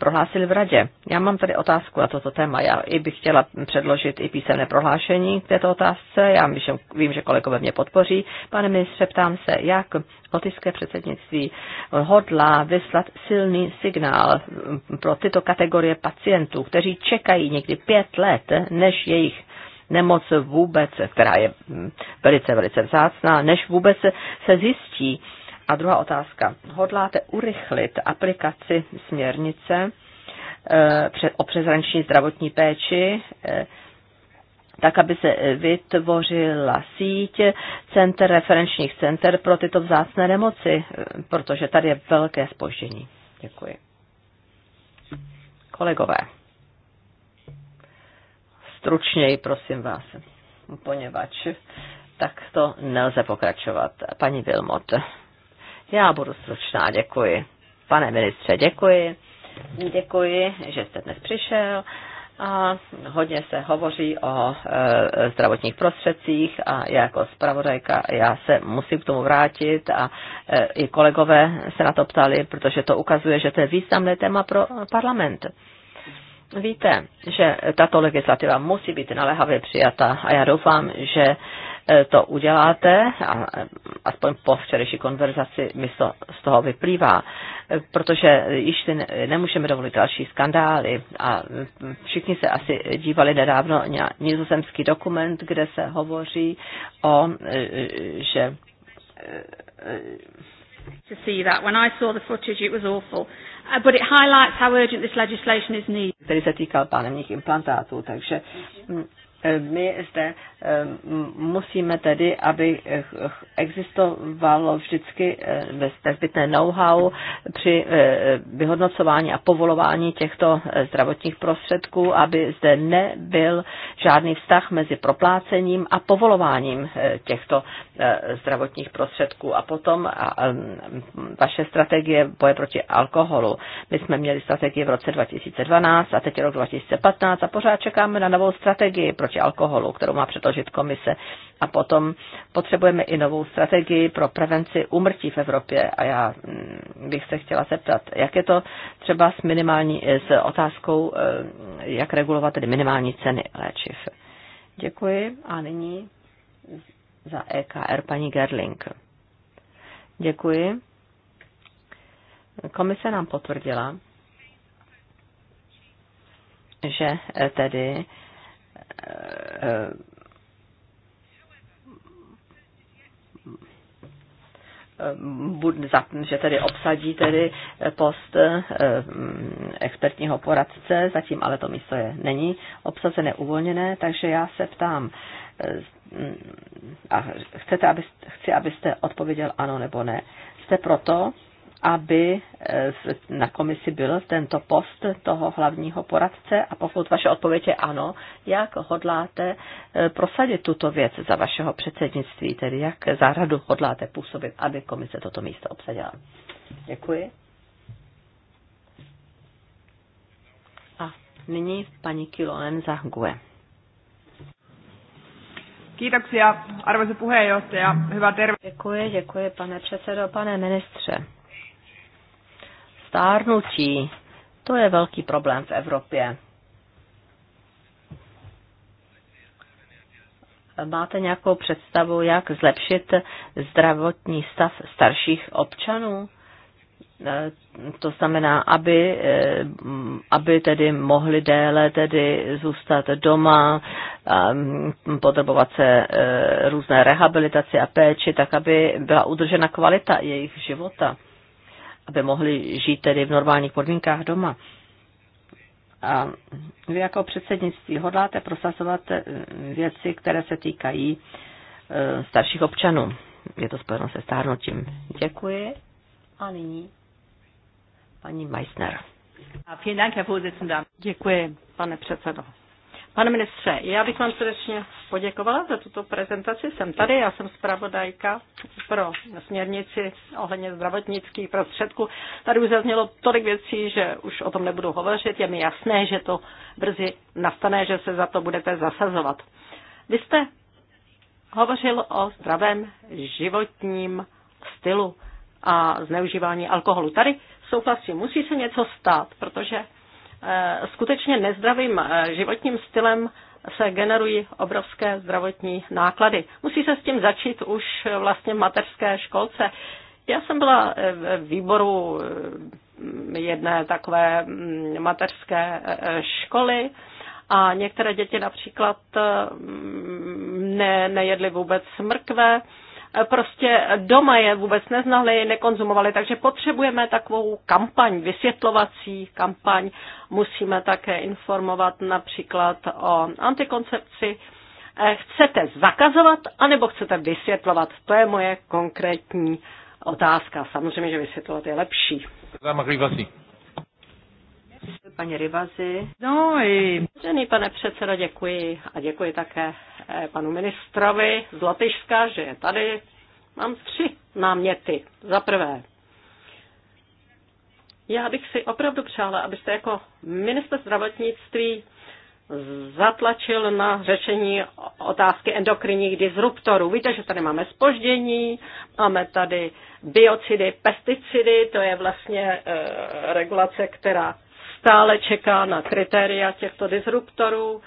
prohlásili v radě. Já mám tady otázku na toto téma. Já i bych chtěla předložit i písemné prohlášení k této otázce. Já vím, že kolegové mě podpoří. Pane ministře, ptám se, jak lotyšské předsednictví hodlá vyslat silný signál pro tyto kategorie pacientů, kteří čekají někdy pět let, než jejich nemoc vůbec, která je mm, velice, velice vzácná, než vůbec se zjistí. A druhá otázka. Hodláte urychlit aplikaci směrnice eh, o přezranční zdravotní péči, eh, tak aby se vytvořila síť center, referenčních center pro tyto vzácné nemoci, eh, protože tady je velké spoždění. Děkuji. Kolegové stručněji, prosím vás, poněvadž tak to nelze pokračovat. Paní Vilmot, já budu stručná, děkuji. Pane ministře, děkuji. Děkuji, že jste dnes přišel. A hodně se hovoří o e, zdravotních prostředcích a já jako zpravodajka já se musím k tomu vrátit a e, i kolegové se na to ptali, protože to ukazuje, že to je významné téma pro parlament. E, Víte, že tato legislativa musí být naléhavě přijata a já doufám, že e, to uděláte, a e, aspoň po včerejší konverzaci mi to z toho vyplývá, e, protože již si nemůžeme dovolit další skandály a všichni se asi dívali nedávno na nizozemský dokument, kde se hovoří o, že to see that. When I saw the footage, it was awful. Uh, but it highlights how urgent this legislation is needed. Tady se týkal pánemních implantátů, takže mm, Eh, my zde eh, musíme tedy, aby eh, existovalo vždycky bezbytné know-how při vyhodnocování a povolování těchto zdravotních prostředků, aby zde nebyl žádný vztah mezi proplácením a povolováním těchto zdravotních prostředků. A potom vaše strategie boje proti alkoholu. My jsme měli strategii v roce 2012 a teď je rok 2015 a pořád čekáme na novou strategii proti proti alkoholu, kterou má předložit komise. A potom potřebujeme i novou strategii pro prevenci umrtí v Evropě. A já mm, bych se chtěla zeptat, jak je to třeba s minimální, s otázkou, eh, jak regulovat tedy minimální ceny léčiv. Děkuji a nyní za EKR paní Gerling. Děkuji. Komise nám potvrdila, že tedy že tedy obsadí tedy post eh, mm, expertního poradce, zatím ale to místo je, není obsazené, uvolněné, takže já se ptám, eh, mm, a chcete, abyste, chci, abyste odpověděl ano nebo ne. Jste proto, aby eh, na komisi byl tento post toho hlavního poradce a pokud vaše odpověď je ano, jak hodláte eh, prosadit tuto věc za vašeho předsednictví, tedy jak záradu hodláte působit, aby komise toto místo obsadila. Děkuji. A nyní paní Kilonen za GUE. Kiitoksia, arvoisa puheenjohtaja. Hyvää terve. Děkuji, děkuji, pane předsedo, pane ministře stárnutí. To je velký problém v Evropě. Máte nějakou představu, jak zlepšit zdravotní stav starších občanů? E, to znamená, aby, e, aby tedy mohli déle tedy zůstat doma, podrobovat se e, různé rehabilitaci a péči, tak aby byla udržena kvalita jejich života aby mohli žít tedy v normálních podmínkách doma. A vy jako předsednictví hodláte prosazovat eh, věci, které se týkají eh, starších občanů. Je to spojeno se stárnutím. Děkuji. A nyní paní Meissner. Děkuji, pane předsedo. Pane ministře, já bych vám srdečně poděkovala za tuto prezentaci. Jsem tady, já jsem zpravodajka pro směrnici ohledně zdravotnických prostředků. Tady už zaznělo tolik věcí, že už o tom nebudu hovořit. Je mi jasné, že to brzy nastane, že se za to budete zasazovat. Vy jste hovořil o zdravém životním stylu a zneužívání alkoholu. Tady souhlasím, musí se něco stát, protože Eh, skutečně nezdravým eh, životním stylem se generují obrovské zdravotní náklady. Musí se s tím začít už eh, vlastně v mateřské školce. Já jsem byla v výboru jedné takové mm, mateřské školy a některé děti například mm, ne, nejedly vůbec mrkve prostě doma je vůbec neznali, nekonzumovali, takže potřebujeme takovou kampaň, vysvětlovací kampaň. Musíme také informovat například o antikoncepci. Eh, chcete zakazovat, anebo chcete vysvětlovat? To je moje konkrétní otázka. Samozřejmě, že vysvětlovat je lepší paní Rivazi. No i... Vážený pane předsedo, děkuji a děkuji také eh, panu ministrovi z Lotyšska, že je tady. Mám tři náměty. Za prvé, já bych si opravdu přála, abyste jako minister zdravotnictví zatlačil na řešení otázky endokrinních disruptorů. Víte, že tady máme spoždění, máme tady biocidy, pesticidy, to je vlastně e, regulace, která stále čeká na kritéria těchto disruptorů.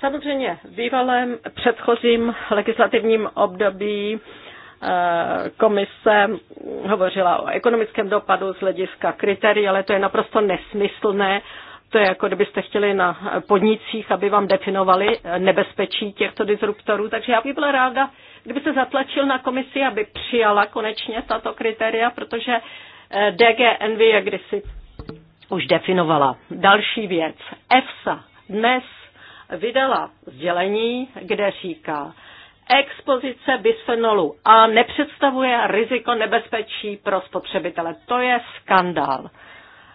Samozřejmě v bývalém předchozím legislativním období eh, komise hovořila o ekonomickém dopadu z hlediska kritérií, ale to je naprosto nesmyslné. To je jako kdybyste chtěli na podnicích, aby vám definovali nebezpečí těchto disruptorů. Takže já bych byla ráda, kdyby se zatlačil na komisi, aby přijala konečně tato kritéria, protože eh, DGNV je kdysi už definovala. Další věc. EFSA dnes vydala sdělení, kde říká, expozice bisfenolu A nepředstavuje riziko nebezpečí pro spotřebitele. To je skandál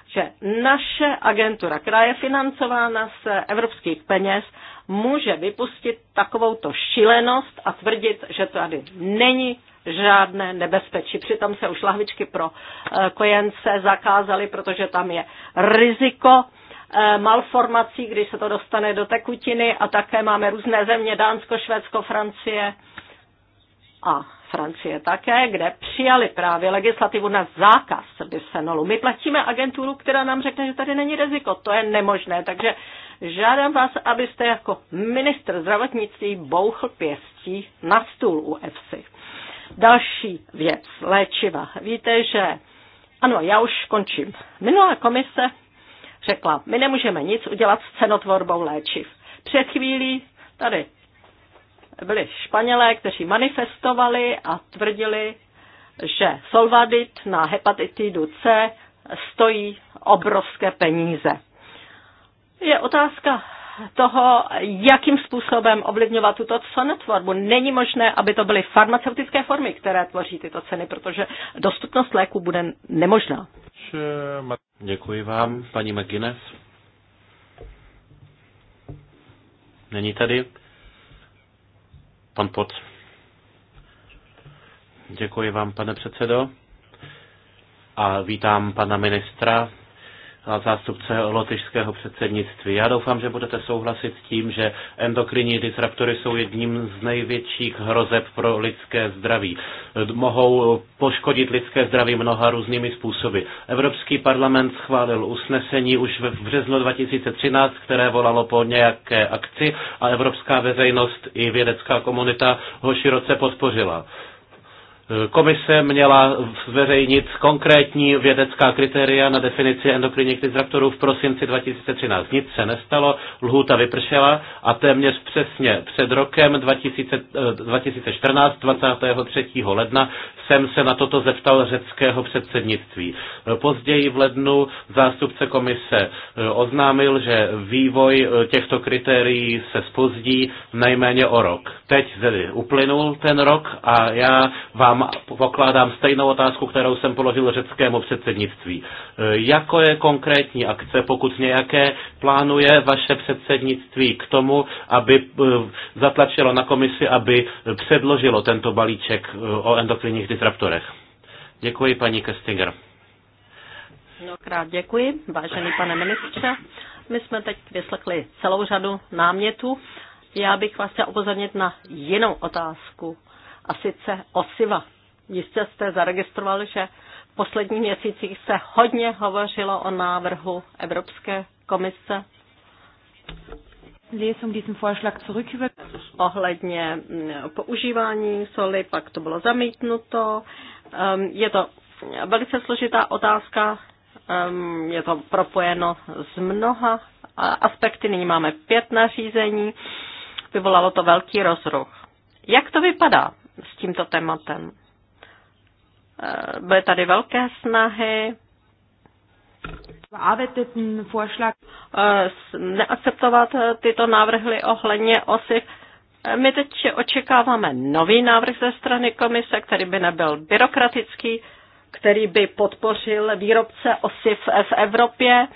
že naše agentura, která je financována z evropských peněz, může vypustit takovouto šilenost a tvrdit, že tady není žádné nebezpečí. Přitom se už lahvičky pro eh, kojence zakázaly, protože tam je riziko eh, malformací, když se to dostane do tekutiny a také máme různé země, Dánsko, Švédsko, Francie a Francie také, kde přijali právě legislativu na zákaz bisfenolu. My platíme agenturu, která nám řekne, že tady není riziko. To je nemožné. Takže žádám vás, abyste jako ministr zdravotnictví bouchl pěstí na stůl u EFSI. Další věc, léčiva. Víte, že ano, já už končím. Minulá komise řekla, my nemůžeme nic udělat s cenotvorbou léčiv. Před chvílí tady byli Španělé, kteří manifestovali a tvrdili, že Solvadit na hepatitidu C stojí obrovské peníze. Je otázka, toho, jakým způsobem ovlivňovat tuto cenotvorbu. Není možné, aby to byly farmaceutické formy, které tvoří tyto ceny, protože dostupnost léku bude nemožná. Děkuji vám, paní McGuinness. Není tady? Pan Pot. Děkuji vám, pane předsedo. A vítám pana ministra a zástupce lotyšského předsednictví. Já doufám, že budete souhlasit s tím, že endokrinní disruptory jsou jedním z největších hrozeb pro lidské zdraví. Mohou poškodit lidské zdraví mnoha různými způsoby. Evropský parlament schválil usnesení už v březnu 2013, které volalo po nějaké akci a evropská veřejnost i vědecká komunita ho široce podpořila. Komise měla zveřejnit konkrétní vědecká kritéria na definici endokrinních disruptorů v prosinci 2013. Nic se nestalo, lhůta vypršela a téměř přesně před rokem 2014, 23. Eh, ledna, jsem se na toto zeptal řeckého předsednictví. Eh, později v lednu zástupce komise eh, oznámil, že vývoj těchto kritérií se spozdí nejméně o rok. Teď tedy uplynul ten rok a já vám vám pokládám stejnou otázku, kterou jsem položil řeckému předsednictví. E, jako je konkrétní akce, pokud nějaké plánuje vaše předsednictví k tomu, aby e, zatlačilo na komisi, aby předložilo tento balíček e, o endokrinních disruptorech? Děkuji, paní Kestinger. Mnohokrát děkuji, vážený pane ministře. My jsme teď vyslechli celou řadu námětů. Já bych vás chtěla upozornit na jinou otázku a sice osiva. Jistě jste zaregistrovali, že v posledních měsících se hodně hovořilo o návrhu Evropské komise Lesung diesen Vorschlag zurück über ohledně mm, používání soli, pak to bylo zamítnuto. Ehm, je to velice složitá otázka, ehm, je to propojeno s mnoha aspekty. Nyní máme pět nařízení, vyvolalo to velký rozruch. Jak to vypadá? s tímto tématem. Eh, byly tady velké snahy. Eh, neakceptovat eh, tyto návrhy ohledně osy, My teď očekáváme nový návrh ze strany komise, který by nebyl byrokratický, který by podpořil výrobce osiv v Evropě,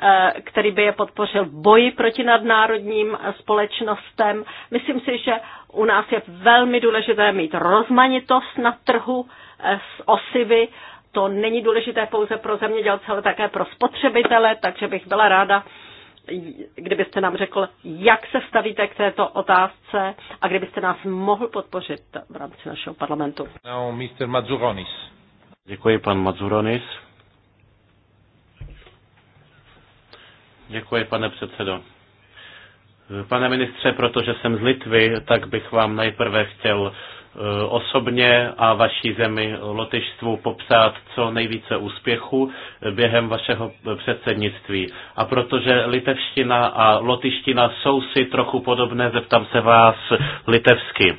eh, který by je podpořil v boji proti nadnárodním společnostem. Myslím si, že u nás je velmi důležité mít rozmanitost na trhu eh, s osivy. To není důležité pouze pro zemědělce, ale také pro spotřebitele, takže bych byla ráda, kdybyste nám řekl, jak se stavíte k této otázce a kdybyste nás mohl podpořit v rámci našeho parlamentu. No, Mr. Děkuji, pan Mazuronis. Děkuji, pane předsedo. Pane ministře, protože jsem z Litvy, tak bych vám nejprve chtěl e, osobně a vaší zemi Lotyšstvu popsat co nejvíce úspěchu během vašeho předsednictví. A protože litevština a lotyština jsou si trochu podobné, zeptám se vás litevsky.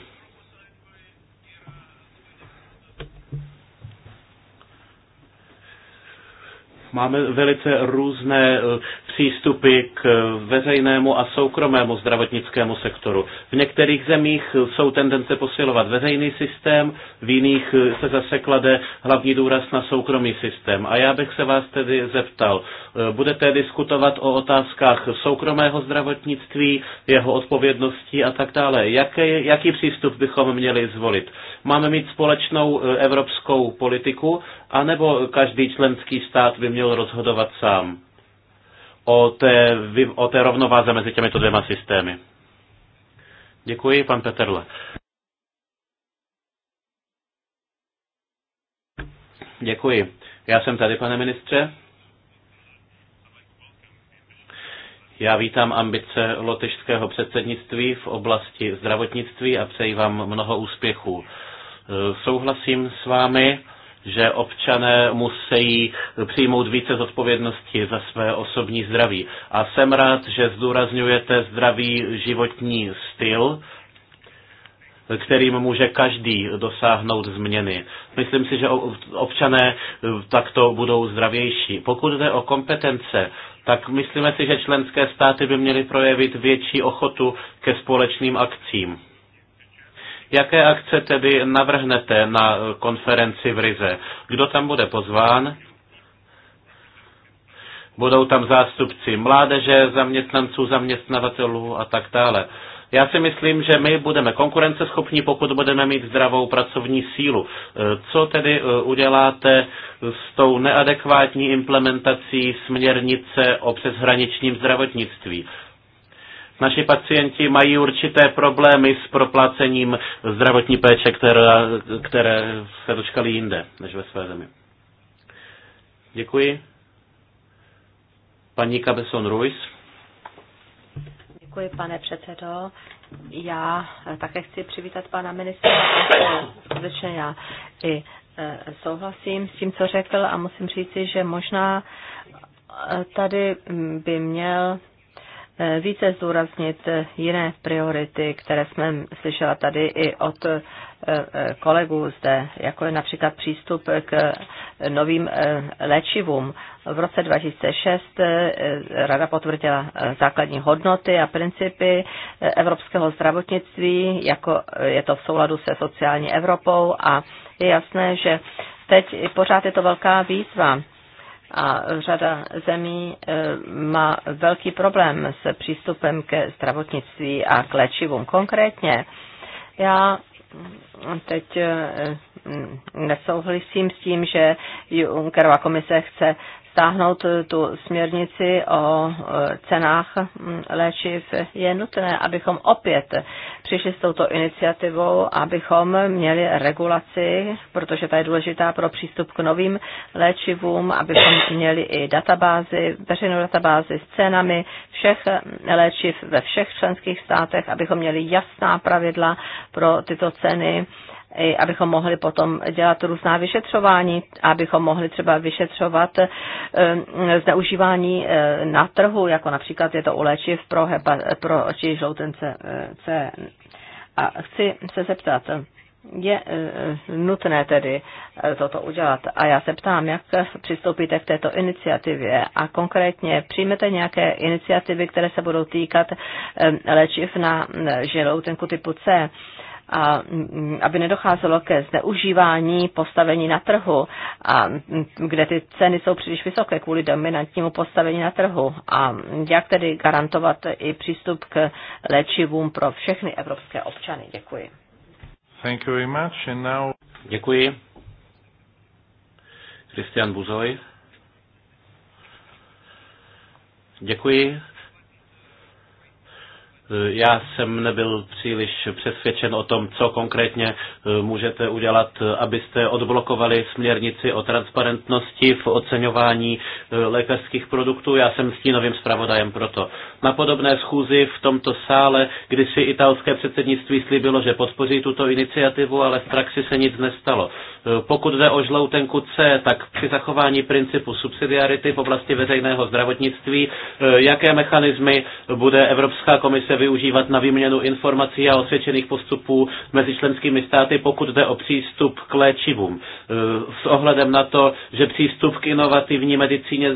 Máme velice různé eh, přístupy k eh, veřejnému a soukromému zdravotnickému sektoru. V některých zemích eh, jsou tendence posilovat veřejný systém, v jiných se zase klade hlavní důraz na soukromý systém. A já bych se vás tedy zeptal, budete diskutovat o otázkách soukromého zdravotnictví, jeho odpovědnosti a tak dále. Jaký, jaký přístup bychom měli zvolit? Máme mít společnou evropskou politiku, anebo každý členský stát by měl rozhodovat sám o té, o té rovnováze mezi těmito dvěma systémy? Děkuji, pan Peterle. Děkuji. Já jsem tady, pane ministře. Já vítám ambice lotyšského předsednictví v oblasti zdravotnictví a přeji vám mnoho úspěchů. Souhlasím s vámi že občané musí přijmout více zodpovědnosti za své osobní zdraví. A jsem rád, že zdůrazňujete zdravý životní styl, kterým může každý dosáhnout změny. Myslím si, že občané eh, takto budou zdravější. Pokud jde o kompetence, tak myslíme si, že členské státy by měly projevit větší ochotu ke společným akcím. Jaké akce tedy navrhnete na konferenci v Rize? Kdo tam bude pozván? Budou tam zástupci mládeže, zaměstnanců, zaměstnavatelů a tak dále. Já si myslím, že my budeme konkurenceschopní, pokud budeme mít zdravou pracovní sílu. E, co tedy e, uděláte s tou neadekvátní implementací směrnice o přeshraničním zdravotnictví? Naši pacienti mají určité problémy s proplácením zdravotní péče, která, které se dočkali jinde než ve své zemi. Děkuji. Paní Cabezon Ruiz. Děkuji, pane předsedo. Já také chci přivítat pana ministra. Skutečně já i e, souhlasím s tím, co řekl a musím říci, že možná e, tady by měl Eh, více zdůraznit eh, jiné priority, které jsme slyšela tady i od eh, kolegů zde, jako je například přístup k novým léčivům. V roce 2006 Rada potvrdila základní hodnoty a principy evropského zdravotnictví, jako je to v souladu se sociální Evropou a je jasné, že teď pořád je to velká výzva a řada zemí eh, má velký problém s přístupem ke zdravotnictví a k léčivům. Konkrétně já teď eh, nesouhlasím s tím, že Junckerova komise chce stáhnout eh, tu směrnici o eh, cenách mm, léčiv, je nutné, abychom opět přišli s touto iniciativou, abychom měli regulaci, protože ta je důležitá pro přístup k novým léčivům, abychom měli i databázy, veřejnou databázi s cenami všech léčiv ve všech členských státech, abychom měli jasná pravidla pro tyto ceny abychom mohli potom dělat různá vyšetřování, abychom mohli třeba vyšetřovat eh, zneužívání eh, na trhu, jako například je to u léčiv pro, hepa, pro oči žloutence eh, C. A chci se zeptat, je nutné tedy toto udělat. A já se ptám, jak přistoupíte k této iniciativě a konkrétně přijmete nějaké iniciativy, které se budou týkat léčiv na žiloutenku typu C a mm, aby nedocházelo ke zneužívání postavení na trhu, a mm, kde ty ceny jsou příliš vysoké kvůli dominantnímu postavení na trhu. A jak tedy garantovat i přístup k léčivům pro všechny evropské občany? Děkuji. Thank you very much. And now... Děkuji. Christian Buzoj. Děkuji. Já jsem nebyl příliš přesvědčen o tom, co konkrétně e, můžete udělat, abyste odblokovali směrnici o transparentnosti v oceňování e, lékařských produktů. Já jsem stínovým zpravodajem proto. Na podobné schůzi v tomto sále, kdy si italské předsednictví slíbilo, že podpoří tuto iniciativu, ale v praxi se nic nestalo. E, pokud jde o žloutenku C, tak při zachování principu subsidiarity v oblasti veřejného zdravotnictví, jaké mechanismy bude Evropská komise využívat na výměnu informací a osvědčených postupů mezi členskými státy, pokud jde o přístup k léčivům. E, s ohledem na to, že přístup k inovativní medicíně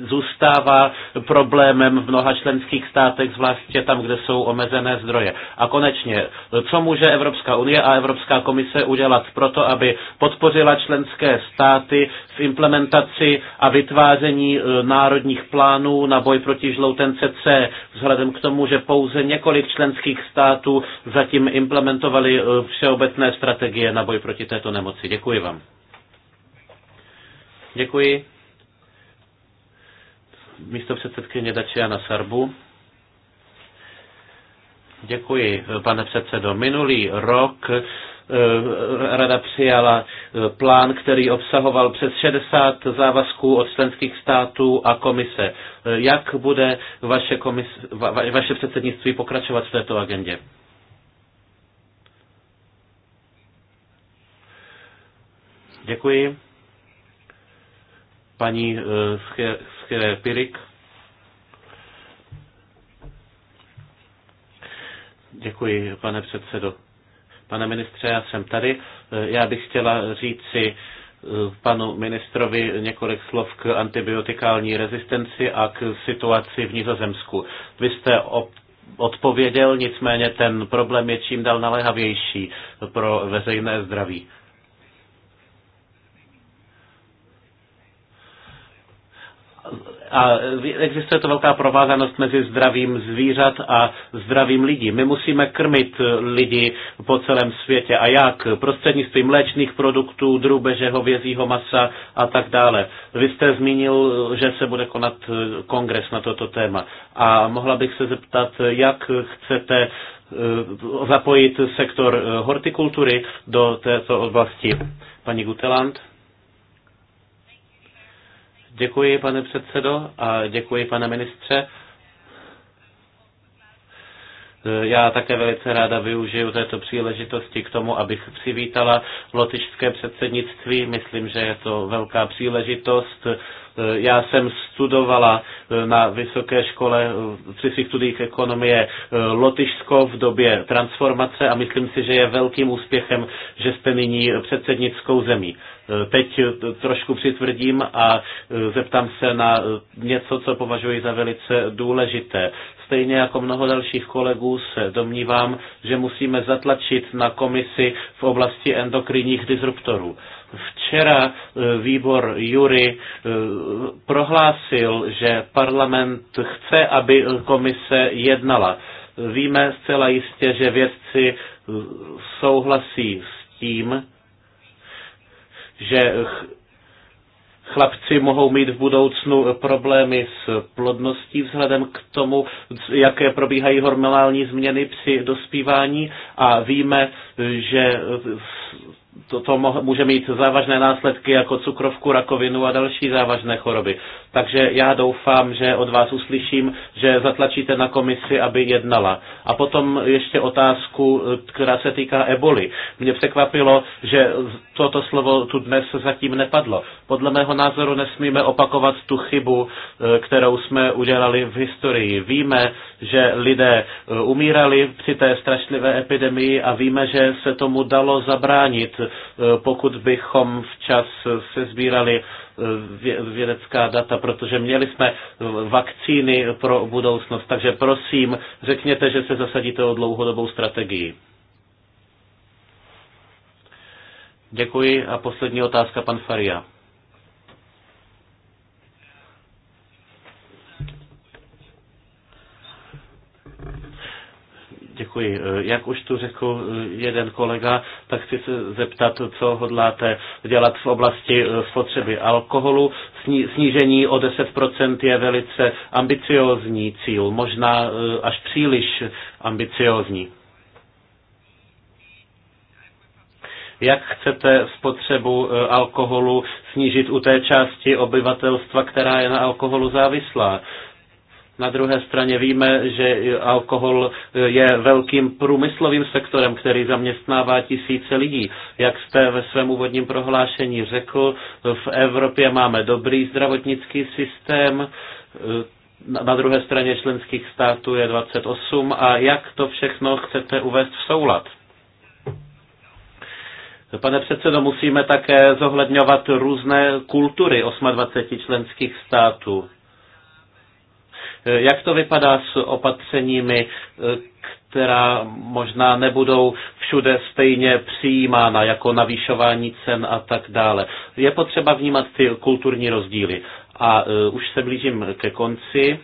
zůstává problémem v mnoha členských státech, zvláště tam, kde jsou omezené zdroje. A konečně, co může Evropská unie a Evropská komise udělat proto, aby podpořila členské státy v implementaci a vytváření e, národních plánů na boj proti žloutence C, vzhledem k tomu, že pouze pouze několik členských států zatím implementovali eh, všeobecné strategie na boj proti této nemoci. Děkuji vám. Děkuji. Místo předsedkyně Dačiana Sarbu. Děkuji, eh, pane předsedo. Minulý rok Eh, rada přijala eh, plán, který obsahoval přes 60 závazků od členských států a komise. Eh, jak bude vaše, komis, va, vaše předsednictví pokračovat v této agendě? Děkuji. Paní Schere Pirik. Děkuji, pane předsedo. Pane ministře, já jsem tady. Eh, já bych chtěla říci eh, panu ministrovi několik slov k antibiotikální rezistenci a k situaci v Nizozemsku. Vy jste odpověděl, nicméně ten problém je čím dál naléhavější pro veřejné zdraví. A existuje to velká provázanost mezi zdravím zvířat a zdravím lidí. My musíme krmit lidi po celém světě. A jak? Prostřednictvím mléčných produktů, drůbeže, hovězího masa a tak dále. Vy jste zmínil, že se bude konat eh, kongres na toto téma. A mohla bych se zeptat, jak chcete eh, zapojit sektor eh, hortikultury do této oblasti. Paní Guteland? Děkuji, pane předsedo, a děkuji, pane ministře. Já také velice ráda využiju této příležitosti k tomu, abych přivítala lotyšské předsednictví. Myslím, že je to velká příležitost já jsem studovala eh, na vysoké škole při eh, svých studiích ekonomie eh, Lotyšsko v době transformace a myslím si, že je velkým úspěchem, že jste nyní předsednickou zemí. Teď trošku přitvrdím a zeptám se na něco, co považuji za velice důležité stejně jako mnoho dalších kolegů se domnívám, že musíme zatlačit na komisi v oblasti endokrinních disruptorů. Včera eh, výbor Jury eh, prohlásil, že parlament chce, aby komise jednala. Víme zcela jistě, že vědci eh, souhlasí s tím, že chlapci mohou mít v budoucnu problémy s plodností vzhledem k tomu, jaké probíhají hormonální změny při dospívání a víme, že toto může mít závažné následky jako cukrovku, rakovinu a další závažné choroby. Takže já doufám, že od vás uslyším, že zatlačíte na komisi, aby jednala. A potom ještě otázku, která se týká eboli. Mě překvapilo, že toto slovo tu dnes zatím nepadlo. Podle mého názoru nesmíme opakovat tu chybu, eh, kterou jsme udělali v historii. Víme, že lidé eh, umírali při té strašlivé epidemii a víme, že se tomu dalo zabránit Eh, pokud bychom včas se sbírali eh, vědecká data, protože měli jsme vakcíny pro budoucnost. Takže prosím, řekněte, že se zasadíte o dlouhodobou strategii. Děkuji a poslední otázka, pan Faria. Děkuji. E, jak už tu řekl e, jeden kolega, tak chci se zeptat, co hodláte dělat v oblasti e, spotřeby alkoholu. Snížení o 10% je velice ambiciózní cíl, možná až příliš ambiciózní. jak chcete spotřebu alkoholu snížit u té části obyvatelstva, která je na alkoholu závislá. Na druhé straně víme, že alkohol eh, je velkým průmyslovým sektorem, který zaměstnává tisíce lidí. Jak jste ve svém úvodním prohlášení řekl, v Evropě máme dobrý zdravotnický systém, eh, na druhé straně členských států je 28 a jak to všechno chcete uvést v soulad? Pane předsedo, musíme také zohledňovat různé kultury 28 členských států. Eh, jak to vypadá s opatřeními, eh, která možná nebudou všude stejně přijímána, jako navýšování cen a tak dále. Je potřeba vnímat ty kulturní rozdíly. A uh, už se blížím ke konci.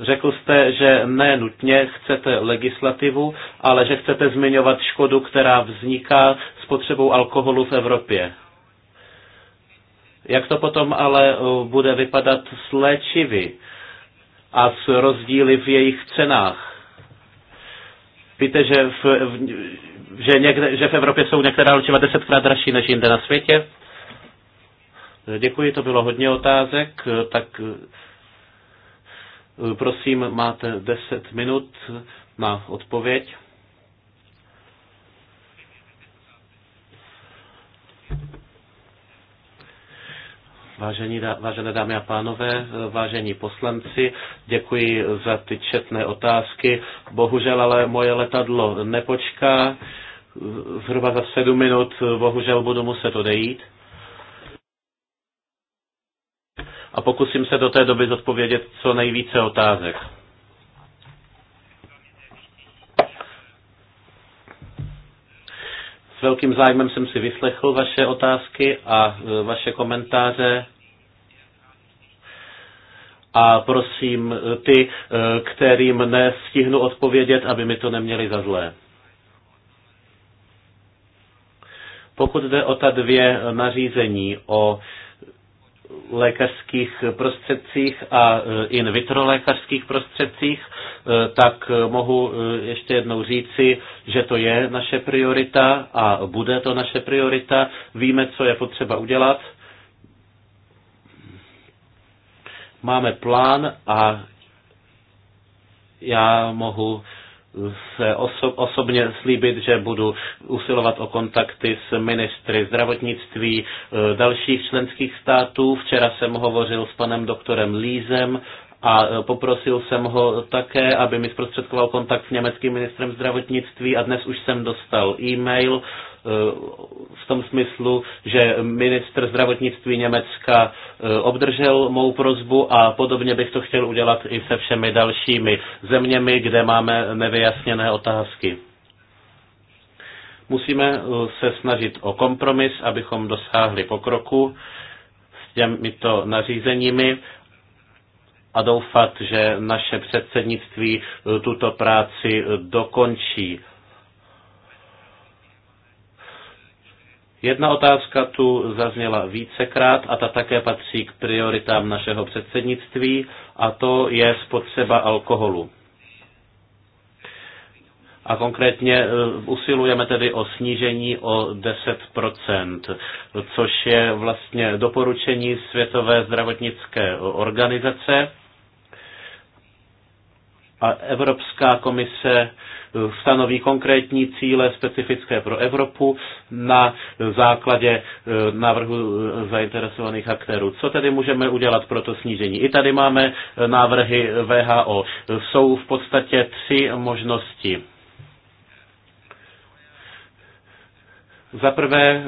Řekl jste, že ne nutně chcete legislativu, ale že chcete zmiňovat škodu, která vzniká s potřebou alkoholu v Evropě. Jak to potom ale eh, bude vypadat s léčivy a s rozdíly v jejich cenách? Víte, že v, v, že, někde, že v Evropě jsou některá léčiva desetkrát dražší než jinde na světě? Eh, děkuji, to bylo hodně otázek, eh, tak prosím, máte deset minut na odpověď. Vážení, vážené dámy a pánové, vážení poslanci, děkuji za ty četné otázky. Bohužel ale moje letadlo nepočká. Zhruba za sedm minut bohužel budu muset odejít. A pokusím se do té doby zodpovědět co nejvíce otázek. S velkým zájmem jsem si vyslechl vaše otázky a e, vaše komentáře. A prosím e, ty, e, kterým nestihnu odpovědět, aby mi to neměli za zlé. Pokud jde o ta dvě nařízení, o lékařských prostředcích a eh, in vitro lékařských prostředcích, eh, tak eh, mohu ještě jednou říci, že to je naše priorita a bude to naše priorita. Víme, co je potřeba udělat. Máme plán a já mohu se oso- osobně slíbit, že budu usilovat o kontakty s ministry zdravotnictví e, dalších členských států. Včera jsem hovořil s panem doktorem Lízem a e, poprosil jsem ho také, aby mi zprostředkoval kontakt s německým ministrem zdravotnictví a dnes už jsem dostal e-mail v tom smyslu, že ministr zdravotnictví Německa e, obdržel mou prozbu a podobně bych to chtěl udělat i se všemi dalšími zeměmi, kde máme nevyjasněné otázky. Musíme e, se snažit o kompromis, abychom dosáhli pokroku s těmito nařízeními a doufat, že naše předsednictví e, tuto práci dokončí Jedna otázka tu zazněla vícekrát a ta také patří k prioritám našeho předsednictví a to je spotřeba alkoholu. A konkrétně e, usilujeme tedy o snížení o 10%, což je vlastně doporučení Světové zdravotnické organizace a Evropská komise stanoví konkrétní cíle specifické pro Evropu na základě e, návrhu zainteresovaných aktérů. Co tedy můžeme udělat pro to snížení? I tady máme návrhy VHO. Jsou v podstatě tři možnosti. Za prvé e,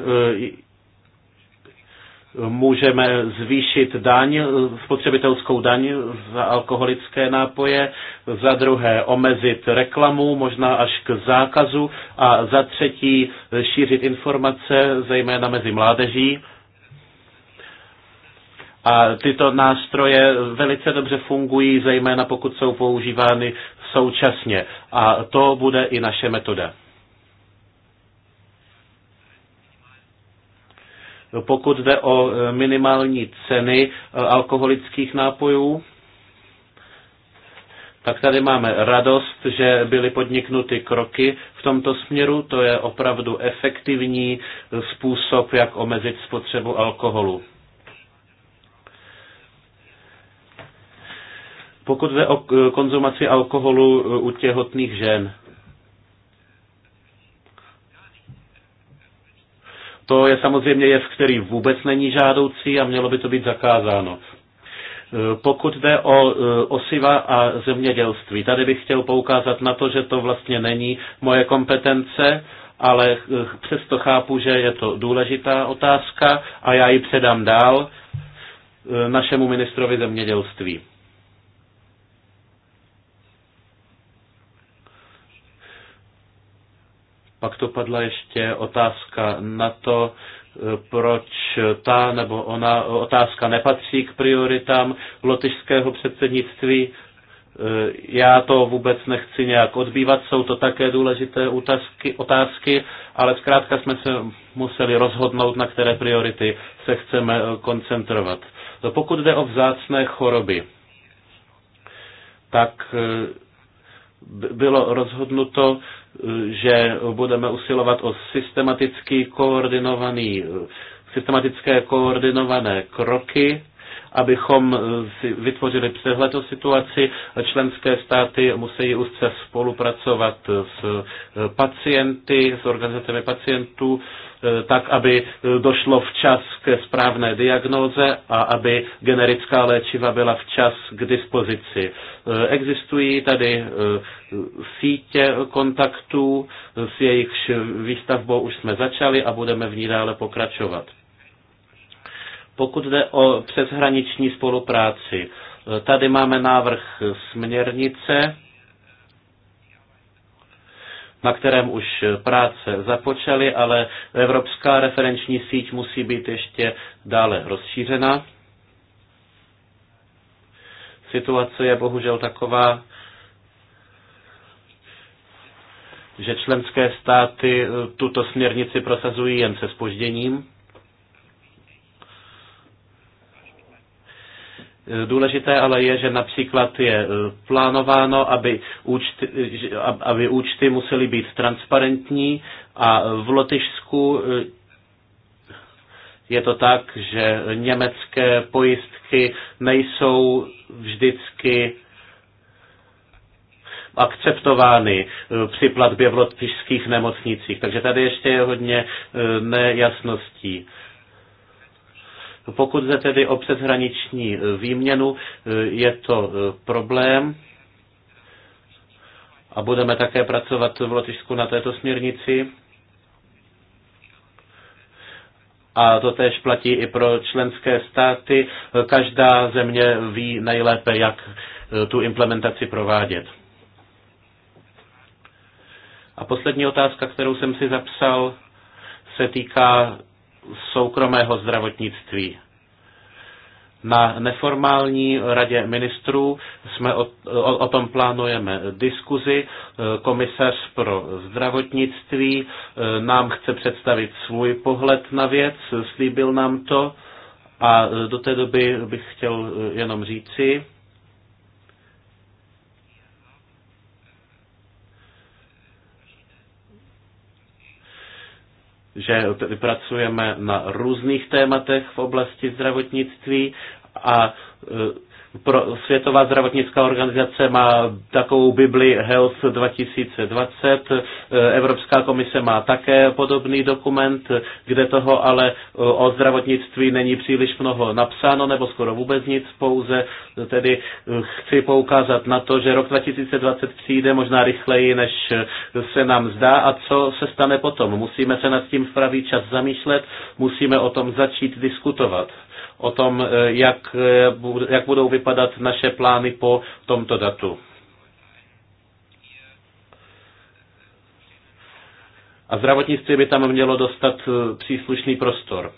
můžeme zvýšit daň, spotřebitelskou daň za alkoholické nápoje, za druhé omezit reklamu, možná až k zákazu a za třetí šířit informace, zejména mezi mládeží. A tyto nástroje velice dobře fungují, zejména pokud jsou používány současně. A to bude i naše metoda. Pokud jde o e, minimální ceny e, alkoholických nápojů, tak tady máme radost, že byly podniknuty kroky v tomto směru. To je opravdu efektivní e, způsob, jak omezit spotřebu alkoholu. Pokud jde o konzumaci alkoholu u těhotných žen, To je samozřejmě jev, který vůbec není žádoucí a mělo by to být zakázáno. E, pokud jde o e, osiva a zemědělství, tady bych chtěl poukázat na to, že to vlastně není moje kompetence, ale e, přesto chápu, že je to důležitá otázka a já ji předám dál našemu ministrovi zemědělství. Pak tu padla ještě otázka na to, eh, proč ta nebo ona eh, otázka nepatří k prioritám lotyšského předsednictví. Eh, já to vůbec nechci nějak odbývat, jsou to také důležité otázky, otázky, ale zkrátka jsme se museli rozhodnout, na které priority se chceme koncentrovat. Pokud jde o vzácné choroby, tak bylo rozhodnuto, eh, že budeme usilovat o systematicky koordinovaný, eh, systematické koordinované kroky abychom eh, si vytvořili přehled o situaci. Členské státy musí úzce spolupracovat s eh, pacienty, s organizacemi pacientů, eh, tak, aby došlo včas ke správné diagnoze a aby generická léčiva byla včas k dispozici. Existují tady sítě kontaktů, s jejichž výstavbou už jsme začali a budeme v ní dále pokračovat. Pokud jde o přeshraniční spolupráci, e, tady máme návrh směrnice, na kterém už práce započaly, ale evropská referenční síť musí být ještě dále rozšířena. Situace je bohužel taková, že členské státy e, tuto směrnici prosazují jen se spožděním. Důležité ale je, že například je e, plánováno, aby účty, aby účty musely být transparentní a v Lotyšsku e, je to tak, že německé pojistky nejsou vždycky akceptovány e, při platbě v lotyšských nemocnicích. Takže tady ještě je hodně nejasností. Pokud jde tedy o přeshraniční e, výměnu, e, je to e, problém a budeme také pracovat v Lotyšsku na této směrnici. A to též platí i pro členské státy. Každá země ví nejlépe, jak tu implementaci provádět. A poslední otázka, kterou jsem si zapsal, se týká soukromého zdravotnictví. Na neformální radě ministrů jsme o, o, o tom plánujeme diskuzi. Komisař pro zdravotnictví e, nám chce představit svůj pohled na věc, slíbil nám to a do té doby bych chtěl jenom říci, že pracujeme na různých tématech v oblasti zdravotnictví a e, pro, Světová zdravotnická organizace má takovou Bibli Health 2020, Evropská komise má také podobný dokument, kde toho ale e, o zdravotnictví není příliš mnoho napsáno, nebo skoro vůbec nic, pouze e, tedy e, chci poukázat na to, že rok 2020 přijde možná rychleji, než se nám zdá a co se stane potom. Musíme se nad tím v pravý čas zamýšlet, musíme o tom začít diskutovat o tom, eh, jak, eh, jak budou vypadat naše plány po tomto datu. A zdravotnictví by tam mělo dostat eh, příslušný prostor.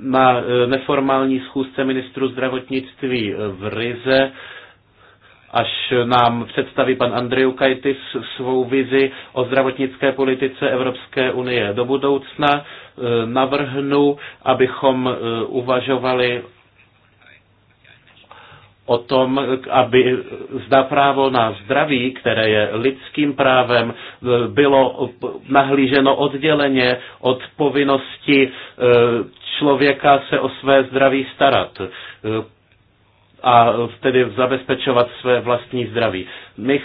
Na neformální schůzce ministru zdravotnictví v Rize až nám představí pan Andriu Kajtis svou vizi o zdravotnické politice Evropské unie do budoucna. E, navrhnu, abychom e, uvažovali o tom, aby zda právo na zdraví, které je lidským právem, e, bylo nahlíženo odděleně od povinnosti člověka se o své zdraví starat a tedy zabezpečovat své vlastní zdraví. My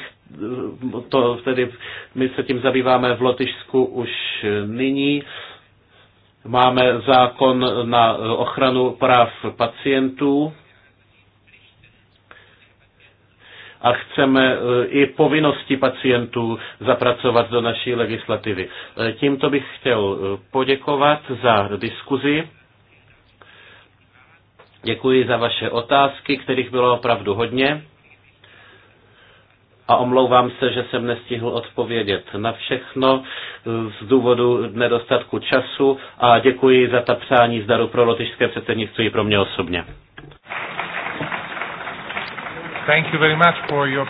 to tedy, my se tím zabýváme v Lotyšsku už nyní. Máme zákon na ochranu práv pacientů a chceme eh, i povinnosti pacientů zapracovat do naší legislativy. Eh, tímto bych chtěl eh, poděkovat za diskuzi. Děkuji za vaše otázky, kterých bylo opravdu hodně. A omlouvám se, že jsem nestihl odpovědět na všechno z důvodu nedostatku času a děkuji za ta přání zdaru pro lotyšské předsednictví i pro mě osobně. Thank you very much for your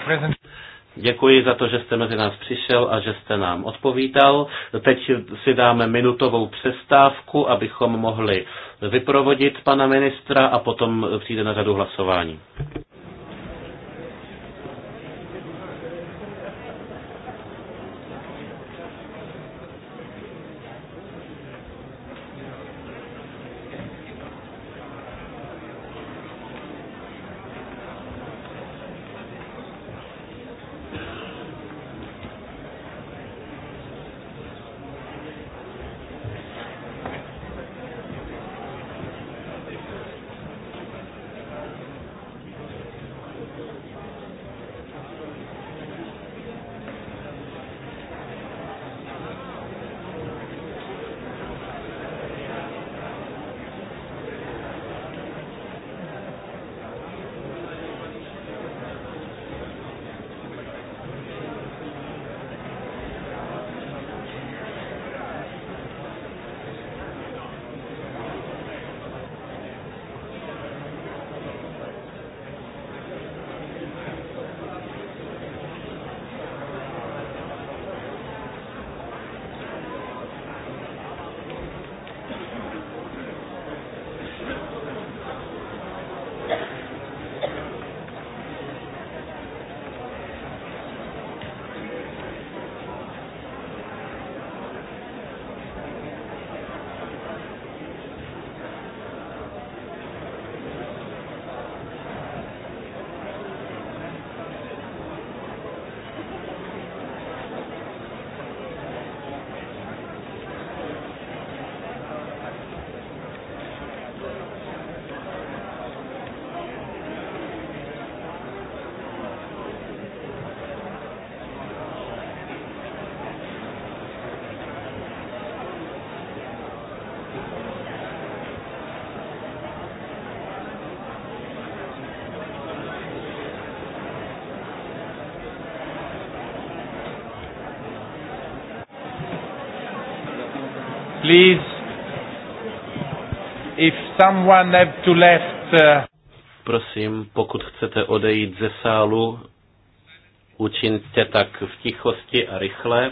Děkuji za to, že jste mezi nás přišel a že jste nám odpovídal. Teď si dáme minutovou přestávku, abychom mohli vyprovodit pana ministra a potom přijde na řadu hlasování. please, if someone have to left, uh, Prosím, pokud chcete odejít ze sálu, učiňte tak v tichosti a rychle,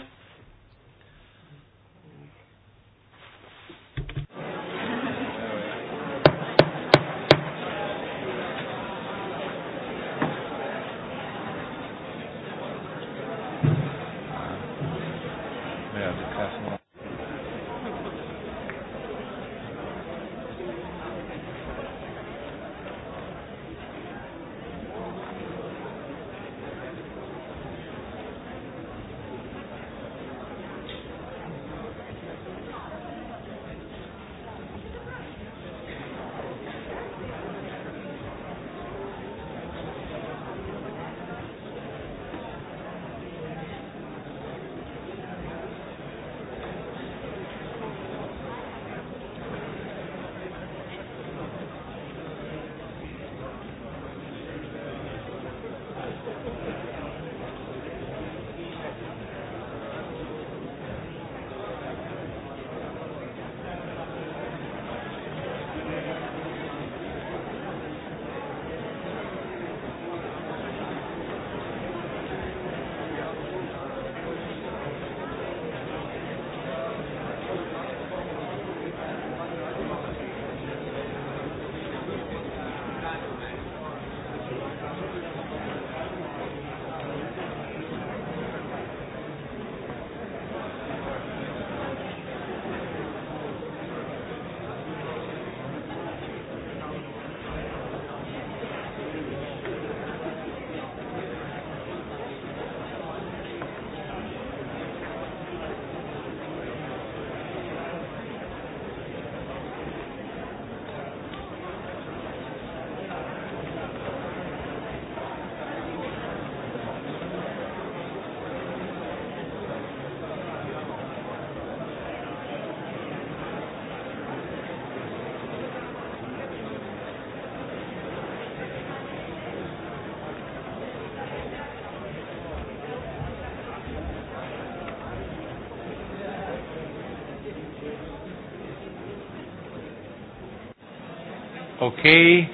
Okay.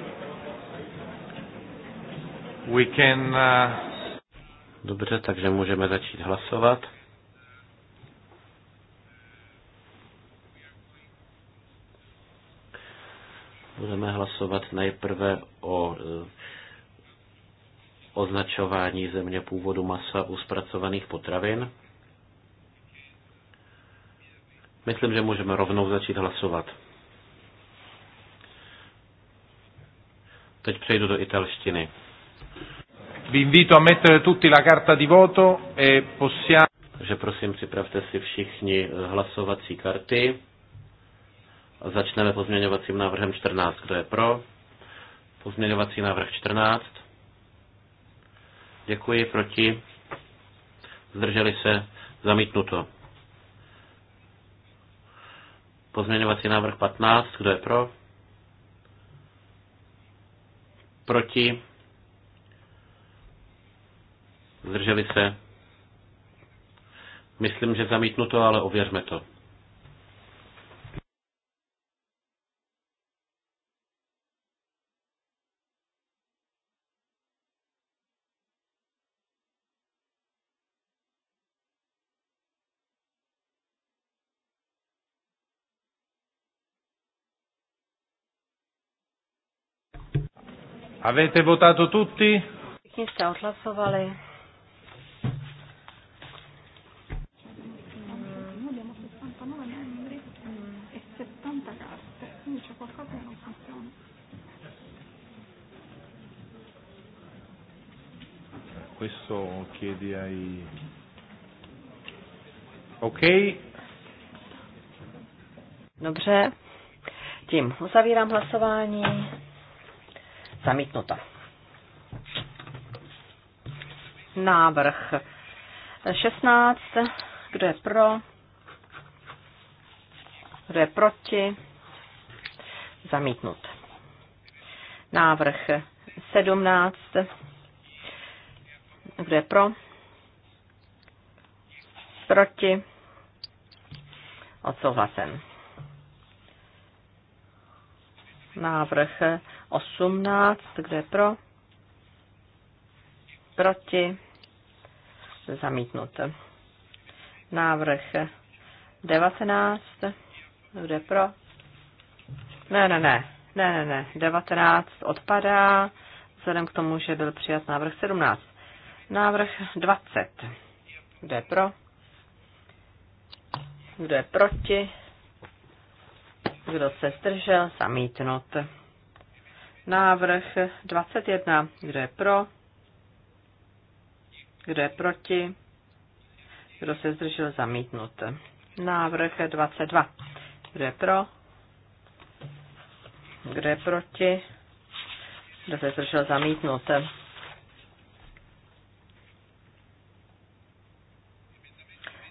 We can... Uh, Dobře, takže můžeme začít hlasovat. Budeme hlasovat nejprve o eh, označování země původu masa u zpracovaných potravin. Myslím, že můžeme rovnou začít hlasovat. Teď přejdu do italštiny. Vi invito a mettere tutti la carta di voto e possiamo... Že prosím, připravte si všichni hlasovací karty. Začneme pozměňovacím návrhem 14. Kdo je pro? Pozměňovací návrh 14. Děkuji, proti. Zdrželi se. Zamítnuto. Pozměňovací návrh 15. Kdo je pro? Proti? Zdrželi se? Myslím, že zamítnuto, ale ověřme to. Avete votato tutti? Všichni jste odhlasovali. Questo chiedi ai... OK. Dobře. Tím uzavírám hlasování. Zamítnuto. Návrh 16. Kdo je pro? Kdo je proti? Zamítnut. Návrh 17. Kdo je pro? Proti? Odsouhlasen. Návrh 18, kdo je pro? Proti? Zamítnut. Návrh 19, kdo je pro? Ne, ne, ne, ne, ne, ne, 19 odpadá, vzhledem k tomu, že byl přijat návrh 17. Návrh 20, kdo je pro? Kdo je proti? Kdo se zdržel? Zamítnut. Návrh 21. Kdo je pro? Kdo je proti? Kdo se zdržel zamítnut? Návrh 22. Kdo je pro? Kdo je proti? Kdo se zdržel zamítnut?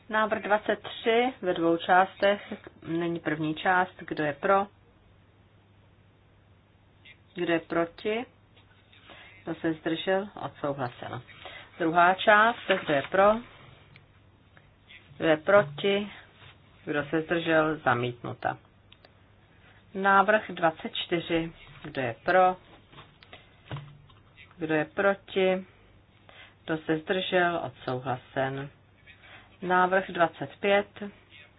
Návrh 23 ve dvou částech. Není první část. Kdo je pro? Kdo je proti? Kdo se zdržel? Odsouhlaseno. Druhá část, kdo je pro? Kdo je proti? Kdo se zdržel? Zamítnuta. Návrh 24. Kdo je pro? Kdo je proti? Kdo se zdržel? Odsouhlasen. Návrh 25.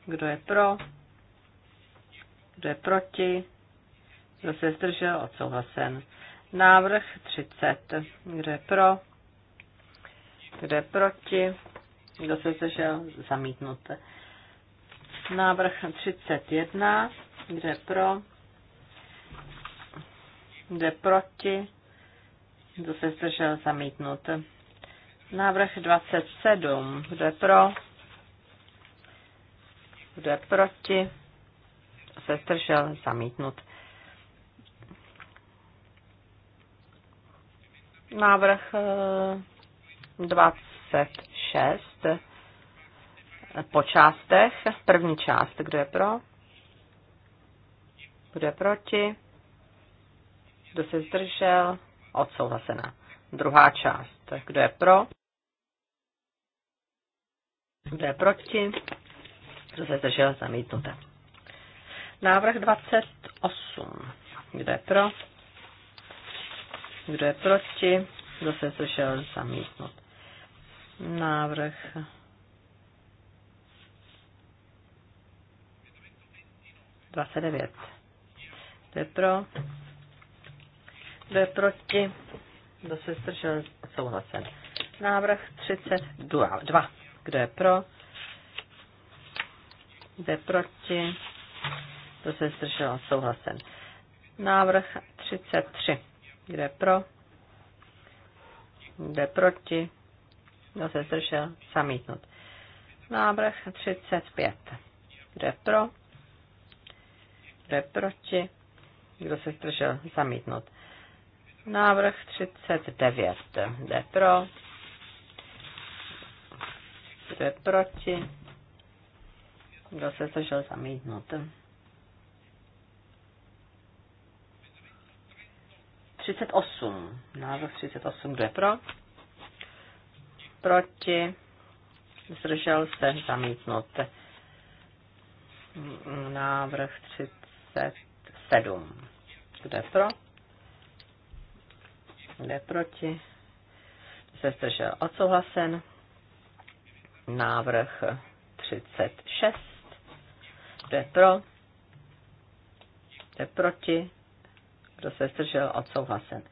Kdo je pro? Kdo je proti? Kdo se zdržel? Odsouhlasen. Návrh 30. Kdo je pro? Kdo je proti? Kdo se zdržel? Zamítnuté. Návrh 31. Kdo je pro? Kdo je proti? Kdo se zdržel? Zamítnut. Návrh 27. Kdo je pro? Kdo je proti? Kdo se zdržel? Zamítnut. Návrh 26 eh, po částech. První část, kdo je pro? Kdo je proti? Kdo se zdržel? Odsouhlasená. Druhá část, kdo je pro? Kdo je proti? Kdo se zdržel? Zamítnuté. Návrh 28. Kdo je pro? Kdo je proti? Kdo se zdržel? Zamítnut. Návrh. Dvacet devět. Kdo je pro? Kdo je proti? Kdo se zdržel? Souhlasen. Návrh 32. Kdo je pro? Kdo je proti? Kdo se zdržel? Souhlasen. Návrh 33 jde pro? jde proti? Kdo se zdržel? Zamítnut. Návrh 35. Jde pro? jde proti? Kdo se zdržel? Zamítnut. Návrh 39. Jde pro? jde proti? Kdo se zdržel? Zamítnut. 38. Návrh 38. Kdo je pro? Proti? Zdržel se zamítnout. Návrh 37. Kdo je pro? Kdo je proti? Se zdržel odsouhlasen. Návrh 36. Kdo je pro? Kdo je proti? Kdo se zdržel? Odsouhlasen.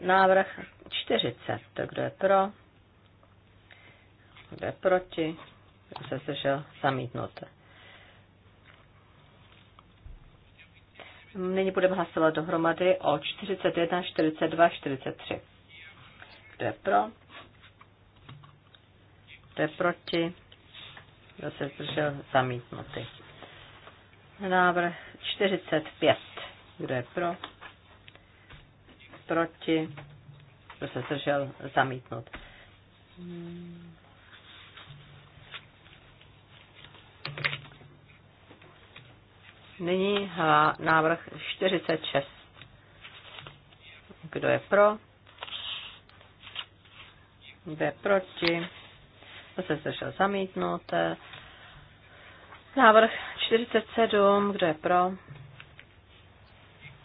Návrh 40. Kdo je pro? Kdo je proti? Kdo se zdržel? Zamítnut. Nyní budeme hlasovat dohromady o 41, 42, 43. Kdo je pro? Kdo je proti? Kdo se zdržel? Zamítnutý. Návrh 45. Kdo je pro? proti, kdo se zdržel, zamítnut. Nyní návrh 46. Kdo je pro? Kdo je proti? Kdo se zdržel zamítnout? Návrh 47. Kdo je pro?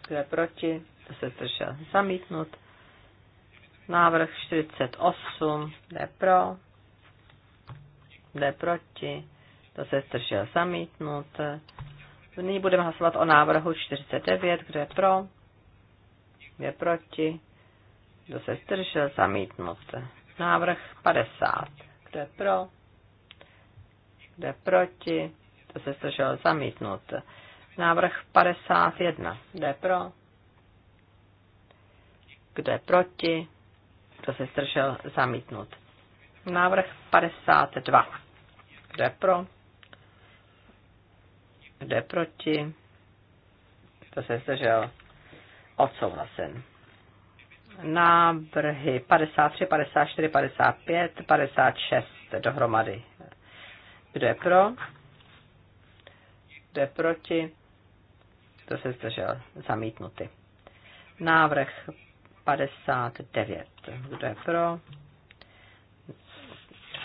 Kdo je proti? se zdržel, zamítnut. Návrh 48, jde pro, jde proti, to se zdržel, zamítnut. Nyní budeme hlasovat o návrhu 49, kdo je pro, kde je proti, kdo se zdržel, zamítnut. Návrh 50, kdo je pro, kdo je proti, kdo se zdržel, zamítnut. Návrh 51, kdo je pro, kdo je proti? Kdo se zdržel? Zamítnut. Návrh 52. Kdo je pro? Kdo je proti? Kdo se zdržel? Odsouhlasen. Návrhy 53, 54, 55, 56 dohromady. Kdo je pro? Kdo je proti? Kdo se zdržel? Zamítnuty. Návrh 59. Kdo je pro?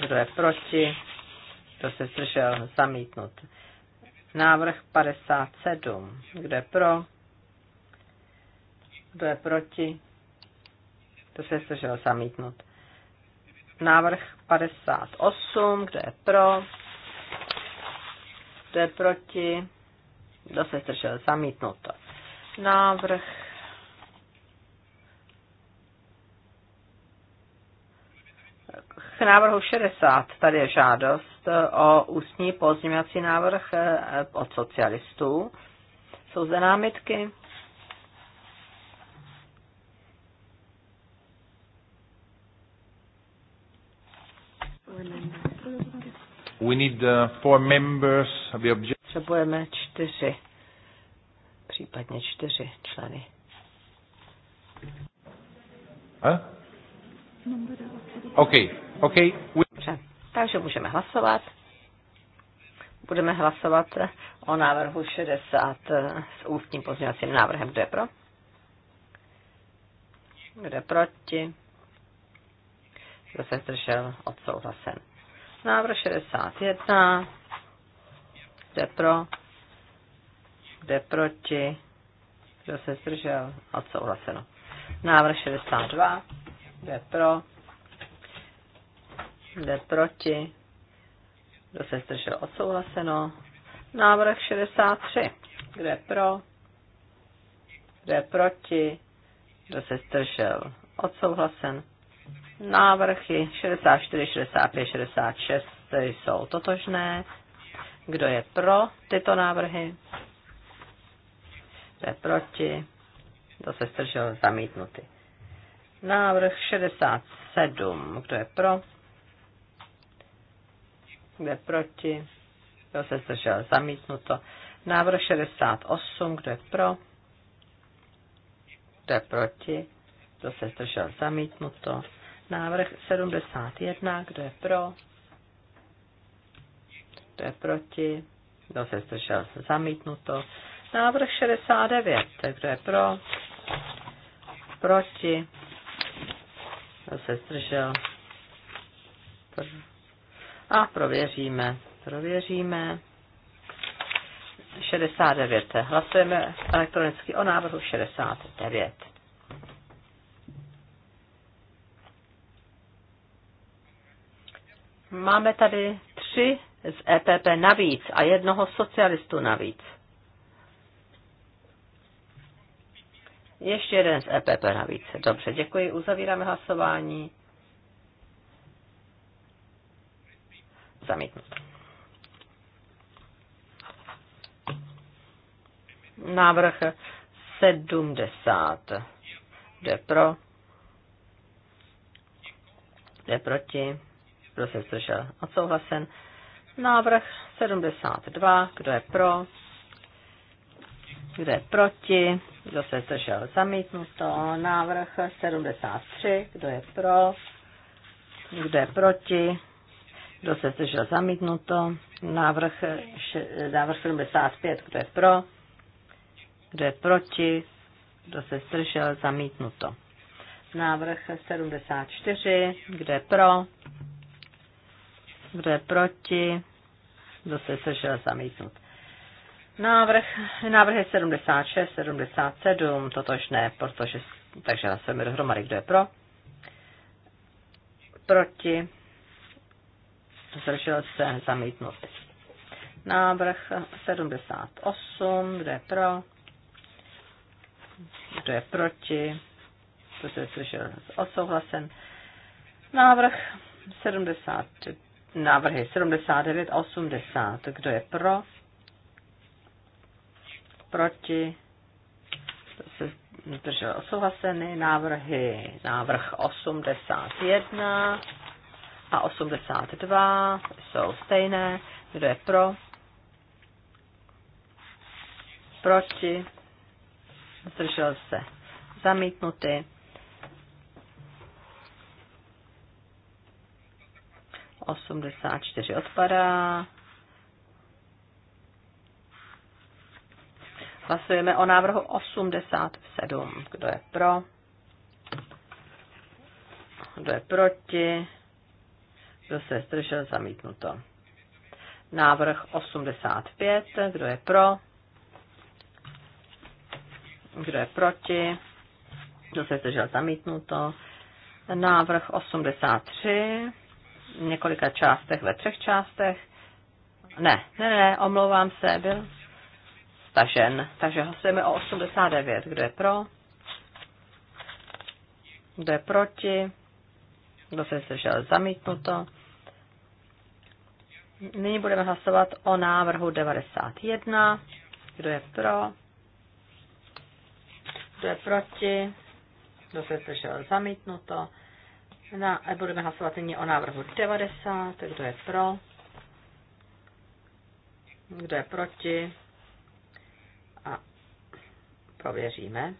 Kdo je proti? Kdo se slyšel Zamítnut. Návrh 57. Kdo je pro? Kdo je proti? Kdo se slyšel Zamítnut. Návrh 58. Kdo je pro? Kdo je proti? Kdo se zdržel? zamítnut. Návrh k návrhu 60 tady je žádost e, o ústní pozměňovací návrh e, od socialistů. Jsou zde námitky? We need uh, four members of the object. Potřebujeme čtyři, případně čtyři členy. Huh? Okay. Okay. Dobře, takže můžeme hlasovat. Budeme hlasovat o návrhu 60 eh, s ústním pozměňovacím návrhem. Kdo je pro? Kdo je proti? Kdo se zdržel? Odsouhlasen. Návrh 61. Kdo je pro? Kdo je proti? Kdo se zdržel? Odsouhlaseno. Návrh 62. Kdo je pro? jde proti, kdo se zdržel odsouhlaseno. Návrh 63, kdo je pro, kdo je proti, kdo se zdržel odsouhlasen. Návrhy 64, 65, 66 jsou totožné. Kdo je pro tyto návrhy? Kdo je proti? Kdo se zdržel zamítnutý? Návrh 67. Kdo je pro? kdo je proti, kdo se zdržel, zamítnuto. Návrh 68, kdo je pro, kdo je proti, kdo se zdržel, zamítnuto. Návrh 71, kdo je pro, kdo je proti, kdo se zdržel, zamítnuto. Návrh 69, kdo je pro, proti, kdo se zdržel, Pro. A prověříme, prověříme. 69. Hlasujeme elektronicky o návrhu 69. Máme tady tři z EPP navíc a jednoho socialistu navíc. Ještě jeden z EPP navíc. Dobře, děkuji. Uzavíráme hlasování. Zamítnut. Návrh 70. Jde pro. Jde proti. Kdo se zdržel? souhlasen. Návrh 72. Kdo je pro? Kdo je proti? Kdo se zdržel? Zamítnuto. Návrh 73. Kdo je pro? Kdo je proti? Kdo se zdržel zamítnuto? Návrh, návrh 75. Kdo je pro? Kdo je proti? Kdo se zdržel zamítnuto? Návrh 74. Kdo je pro? Kdo je proti? Kdo se zdržel zamítnut? Návrh, návrh je 76, 77, totožné, protože, takže hlasujeme dohromady, kdo je pro, proti, zdržel se, zamítnut. Návrh 78, kdo je pro, kdo je proti, kdo se zdržel, odsouhlasen. Návrh 70, návrhy 79 80, kdo je pro, proti, kdo se zdržel, odsouhlasený. Návrhy, návrh 81, a 82 jsou stejné. Kdo je pro? Proti? Zdržel se. Zamítnuty. 84 odpadá. Hlasujeme o návrhu 87. Kdo je pro? Kdo je proti? kdo se zdržel, zamítnuto. Návrh 85, kdo je pro, kdo je proti, kdo se zdržel, zamítnuto. Návrh 83, v několika částech, ve třech částech. Ne, ne, ne, omlouvám se, byl stažen. Takže hlasujeme o 89, kdo je pro, kdo je proti, kdo se zdržel, zamítnuto. Nyní budeme hlasovat o návrhu 91. Kdo je pro? Kdo je proti? Kdo se zdržel? Zamítnuto. Na, budeme hlasovat nyní o návrhu 90. Kdo je pro? Kdo je proti? A prověříme.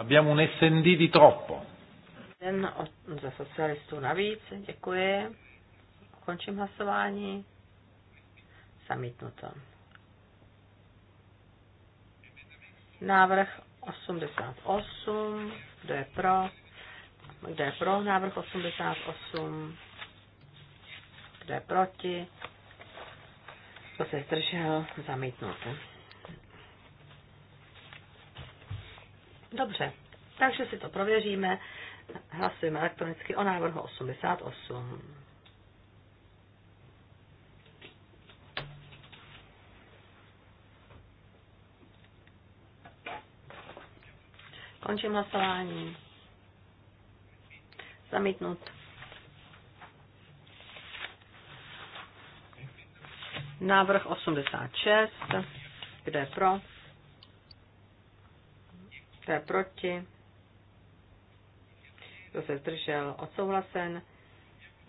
Abbiamo un SND di troppo. Jeden ze socialistů navíc, děkuji. Končím hlasování. Zamítnuto. Návrh 88. Kdo je pro? Kdo je pro návrh 88? Kdo je proti? Kdo se zdržel? Zamítnuto. Dobře, takže si to prověříme. Hlasujeme elektronicky o návrhu 88. Končím hlasování. Zamítnut. Návrh 86. Kde je pro? Kdo je proti? Kdo se zdržel? Odsouhlasen.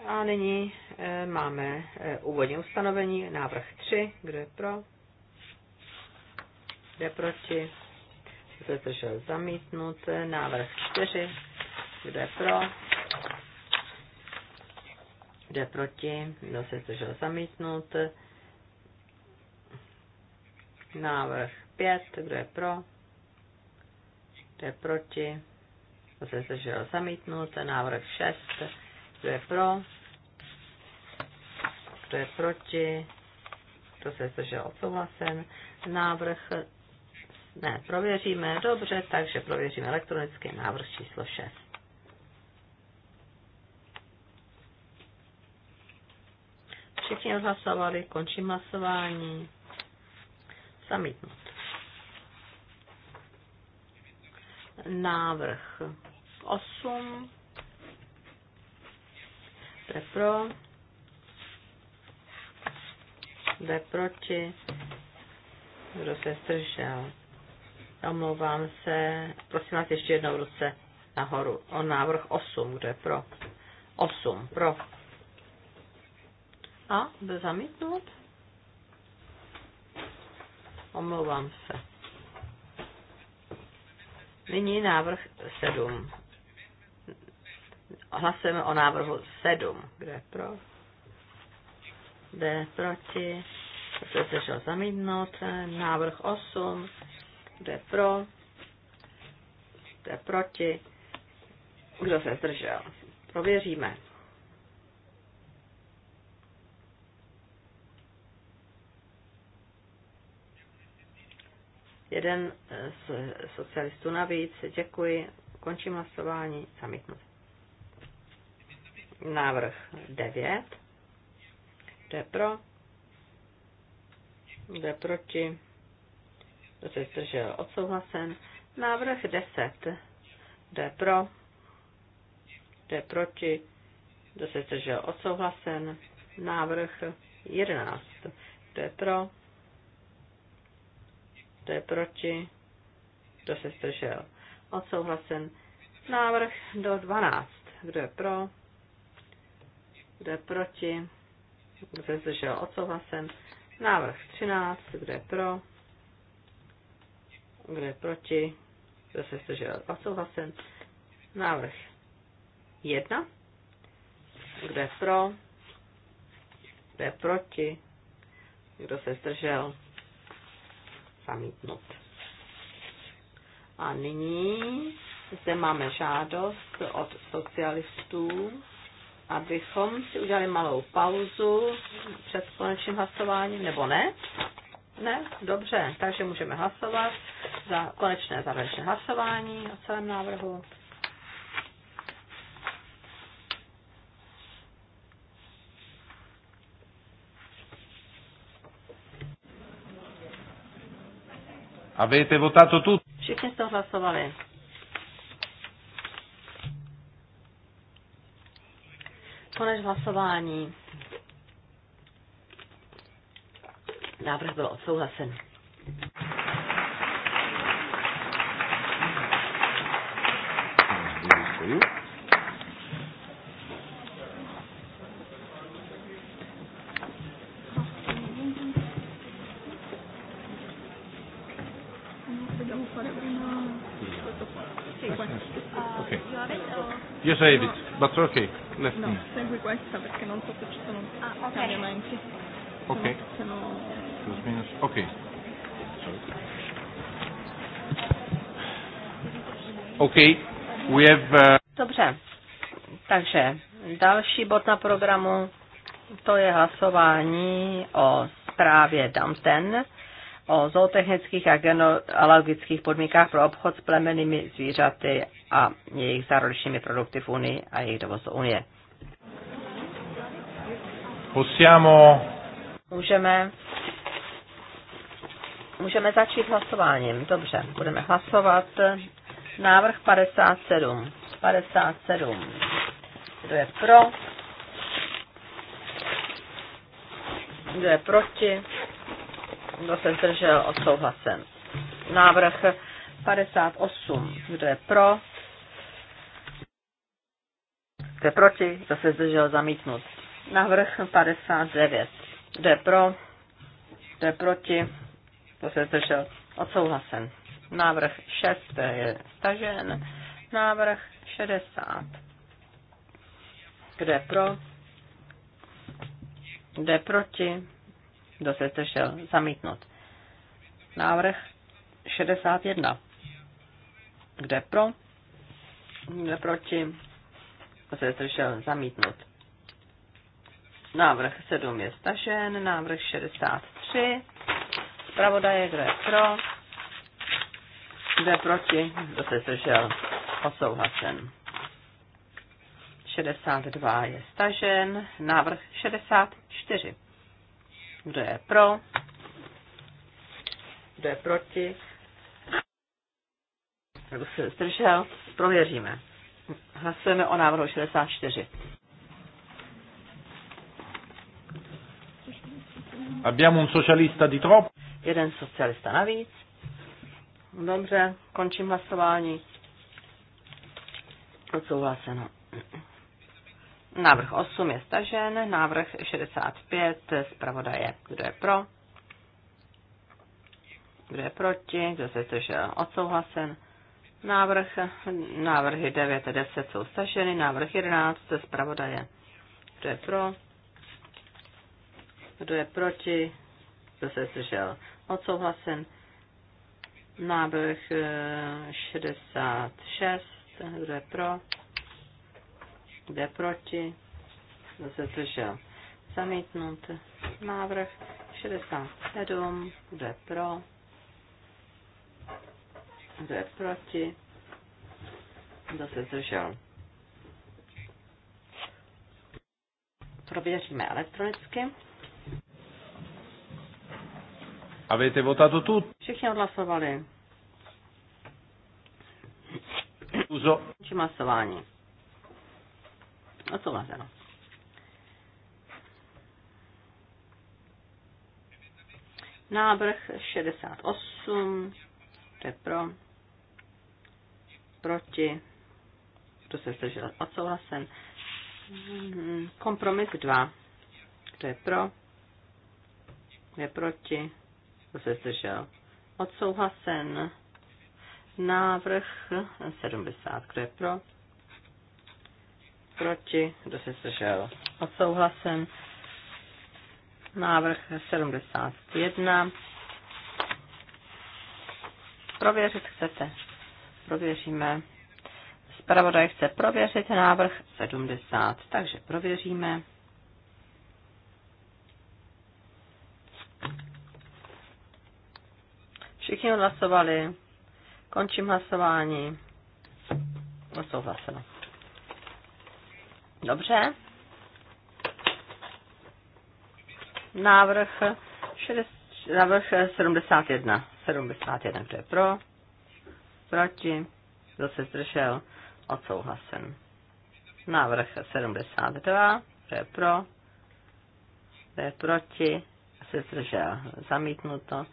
A nyní e, máme e, úvodní ustanovení, návrh 3. Kdo je pro? Kdo je proti? Kdo se zdržel? Zamítnut. Návrh 4. Kdo je pro? Kdo je proti? Kdo se zdržel? Zamítnut. Návrh 5. Kdo je pro? kdo je proti, kdo se zdržel zamítnut, návrh 6, kdo je pro, kdo je proti, kdo se zdržel odsouhlasen, návrh, ne, prověříme, dobře, takže prověříme elektronicky návrh číslo 6. Všichni odhlasovali, končím hlasování. Zamítnut. návrh 8. Jde pro. Jde proti. Kdo se zdržel? Omlouvám se. Prosím vás ještě jednou ruce nahoru. O návrh 8. Kdo je pro? 8. Pro. A byl zamítnut? Omlouvám se. Nyní návrh 7. Hlasujeme o návrhu 7. Kdo je pro? Kdo je proti? Kdo se šel zamítnout? Návrh 8. Kdo je pro? Kdo je proti? Kdo se zdržel? Prověříme. Jeden eh, z socialistů navíc. Děkuji. Končím hlasování. Zamítnout. Návrh 9. Kdo je pro? Kdo je proti? Kdo se zdržel? Odsouhlasen. Návrh 10. Kdo je pro? Kdo je proti? Kdo se zdržel? Odsouhlasen. Návrh 11. Kdo je pro? kdo je proti, kdo se zdržel. Odsouhlasen návrh do 12, kdo je pro, kdo je proti, kdo se zdržel. Odsouhlasen návrh 13, kdo je pro, kdo je proti, kdo se zdržel. Odsouhlasen návrh 1, kdo je pro, kdo je proti, kdo se zdržel zamítnut. A nyní zde máme žádost od socialistů, abychom si udělali malou pauzu před konečným hlasováním, nebo ne? Ne? Dobře, takže můžeme hlasovat za konečné závěrečné hlasování o celém návrhu. Avete votato tutti? Všichni jste hlasovali. Konec hlasování. Návrh byl odsouhlasen. Thank you. I have it, but okay. Let's no, segui questa perché non so se ci sono ah, okay. cambiamenti. Ok. Se no, Plus minus. Ok. OK. We have, uh... Dobře. Takže další bod na programu to je hlasování o zprávě Damten o zootechnických a genealogických podmínkách pro obchod s plemenými zvířaty a jejich zárodečními produkty v Unii a jejich dovoz do Unie. Possiamo... Můžeme Můžeme začít hlasováním. Dobře, budeme hlasovat. Návrh 57. 57. Kdo je pro? Kdo je proti? Kdo se zdržel? Odsouhlasen. Návrh 58. Kdo je pro? Kdo je proti? Kdo se zdržel zamítnout, Navrh 59. Kdo je pro? Kdo je proti? Kdo se zdržel? Odsouhlasen. Návrh 6 je stažen. Návrh 60. Kdo je pro? Kdo je proti? Kdo se zdržel? zamítnout, Návrh 61. kde pro? kde proti? Kdo se zdržel? Zamítnut. Návrh 7 je stažen, návrh 63. Zpravodaje, kdo je pro? Kdo je proti? Kdo se zdržel? Osouhlasen. 62 je stažen, návrh 64. Kdo je pro? Kdo je proti? Kdo se zdržel? Prověříme. Hlasujeme o návrhu 64. Abbiamo un socialista di troppo. Jeden socialista navíc. Dobře, končím hlasování. Odsouhlaseno. Návrh 8 je stažen, návrh 65 zpravodaje. Kdo je pro? Kdo je proti? Kdo se zdržel? Odsouhlasen. Návrh, návrhy 9 a 10 jsou staženy, návrh 11 se zpravodaje. Kdo je pro? Kdo je proti? Kdo se zdržel? Odsouhlasen. Návrh 66. Eh, Kdo je pro? Kdo je proti? Kdo se zdržel? Zamítnut. Návrh 67. Kdo je pro? Kdo je proti? Kdo se zdržel? Prověříme elektronicky. A vy Avete votato tu? Všichni odhlasovali. Uzo. Čím hlasování? Odsouhlaseno. Návrh 68 to je pro? Proti? to se zdržel? Odsouhlasen. Mm, kompromis 2. to je pro? je proti? to se zdržel? Odsouhlasen. Návrh 70. Kdo je pro? Proti? Kdo se zdržel? Odsouhlasen. Návrh 71 Prověřit chcete. Prověříme. Zpravodaj chce prověřit návrh 70, takže prověříme. Všichni hlasovali. Končím hlasování. Odsouhlaseno. Dobře. Návrh, 6, návrh 71. 71, kdo je pro, proti, kdo se zdržel, odsouhlasen. Návrh 72, kdo je pro, kdo je proti, se zdržel, zamítnuto.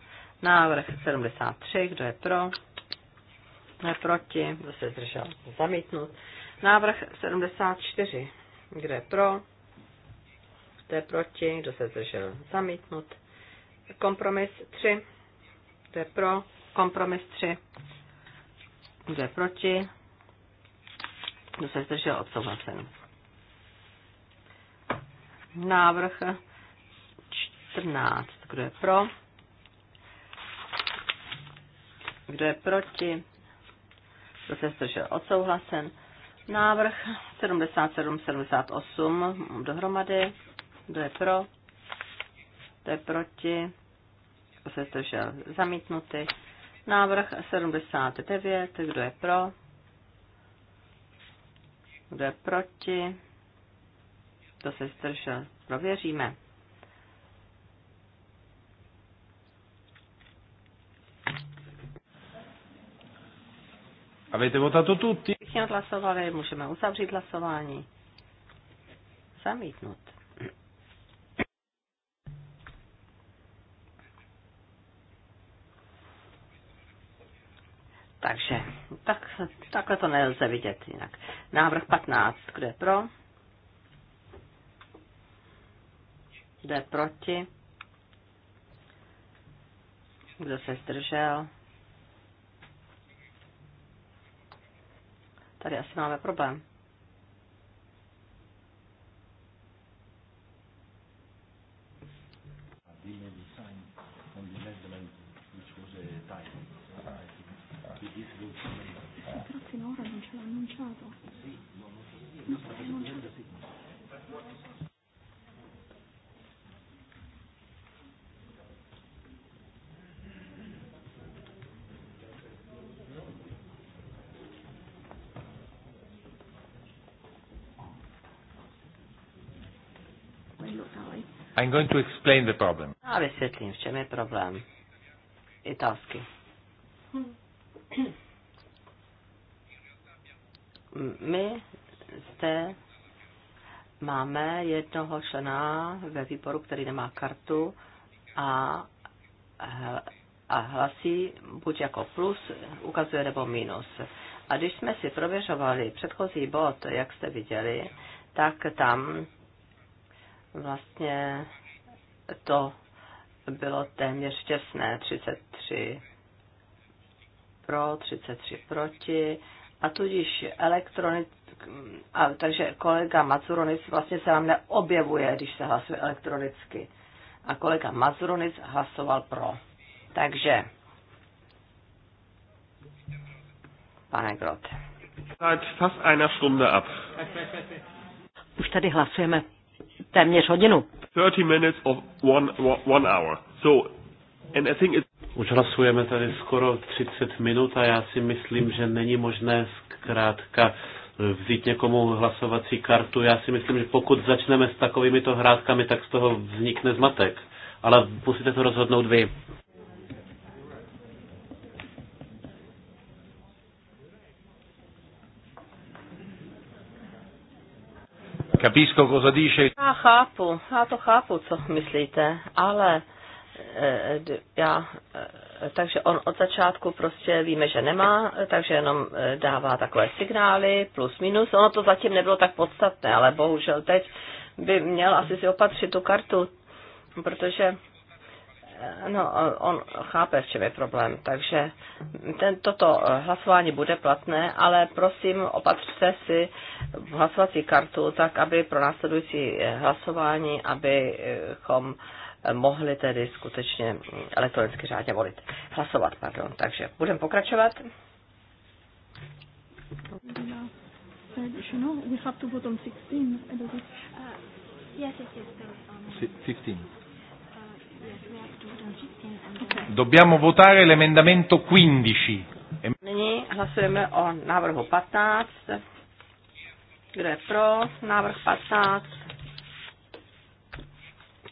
Návrh 73, kdo je pro, kdo je proti, kdo se zdržel, zamítnut. Návrh 74, kdo je pro, kdo je proti, kdo se zdržel, zamítnut. Kompromis 3, kdo je pro? Kompromis 3. Kdo je proti? Kdo se zdržel odsouhlasen? Návrh 14. Kdo je pro? Kdo je proti? Kdo se zdržel odsouhlasen? Návrh 77-78 dohromady. Kdo je pro? Kdo je proti? kdo se zdržel, Zamítnutý Návrh 79, kdo je pro, kdo je proti, kdo se zdržel, prověříme. o votato tu... Všichni odhlasovali, můžeme uzavřít hlasování. Zamítnut. Takže tak, takhle to nelze vidět jinak. Návrh 15, kdo je pro? Kdo je proti? Kdo se zdržel? Tady asi máme problém. ce annunciato. annunciato. I'm going to explain the problem. Já vysvětlím, v čem je problém. Italsky. my zde máme jednoho člena ve výboru, který nemá kartu a, a hlasí buď jako plus, ukazuje nebo minus. A když jsme si prověřovali předchozí bod, jak jste viděli, tak tam vlastně to bylo téměř těsné, 33 pro, 33 proti a tudíž elektronic... A, takže kolega Mazuronic vlastně se nám neobjevuje, když se hlasuje elektronicky. A kolega Mazuronic hlasoval pro. Takže... Pane Grote. Už tady hlasujeme téměř hodinu. 30 minutes of one, one hour. So, and I think it's už hlasujeme tady skoro 30 minut a já si myslím, že není možné zkrátka vzít někomu hlasovací kartu. Já si myslím, že pokud začneme s takovými to hrátkami, tak z toho vznikne zmatek. Ale musíte to rozhodnout vy. Capisco cosa dice. Já chápu, já to chápu, co myslíte, ale já, takže on od začátku prostě víme, že nemá, takže jenom dává takové signály, plus minus. Ono to zatím nebylo tak podstatné, ale bohužel teď by měl asi si opatřit tu kartu, protože no, on chápe, v čem je problém. Takže ten, toto hlasování bude platné, ale prosím, opatřte si hlasovací kartu tak, aby pro následující hlasování, abychom mohli tedy skutečně mm, elektronicky řádně volit. Hlasovat, pardon. Takže budeme pokračovat. Dobbiamo votare l'emendamento 15. Nyní hlasujeme o návrhu 15. Kdo je pro návrh 15?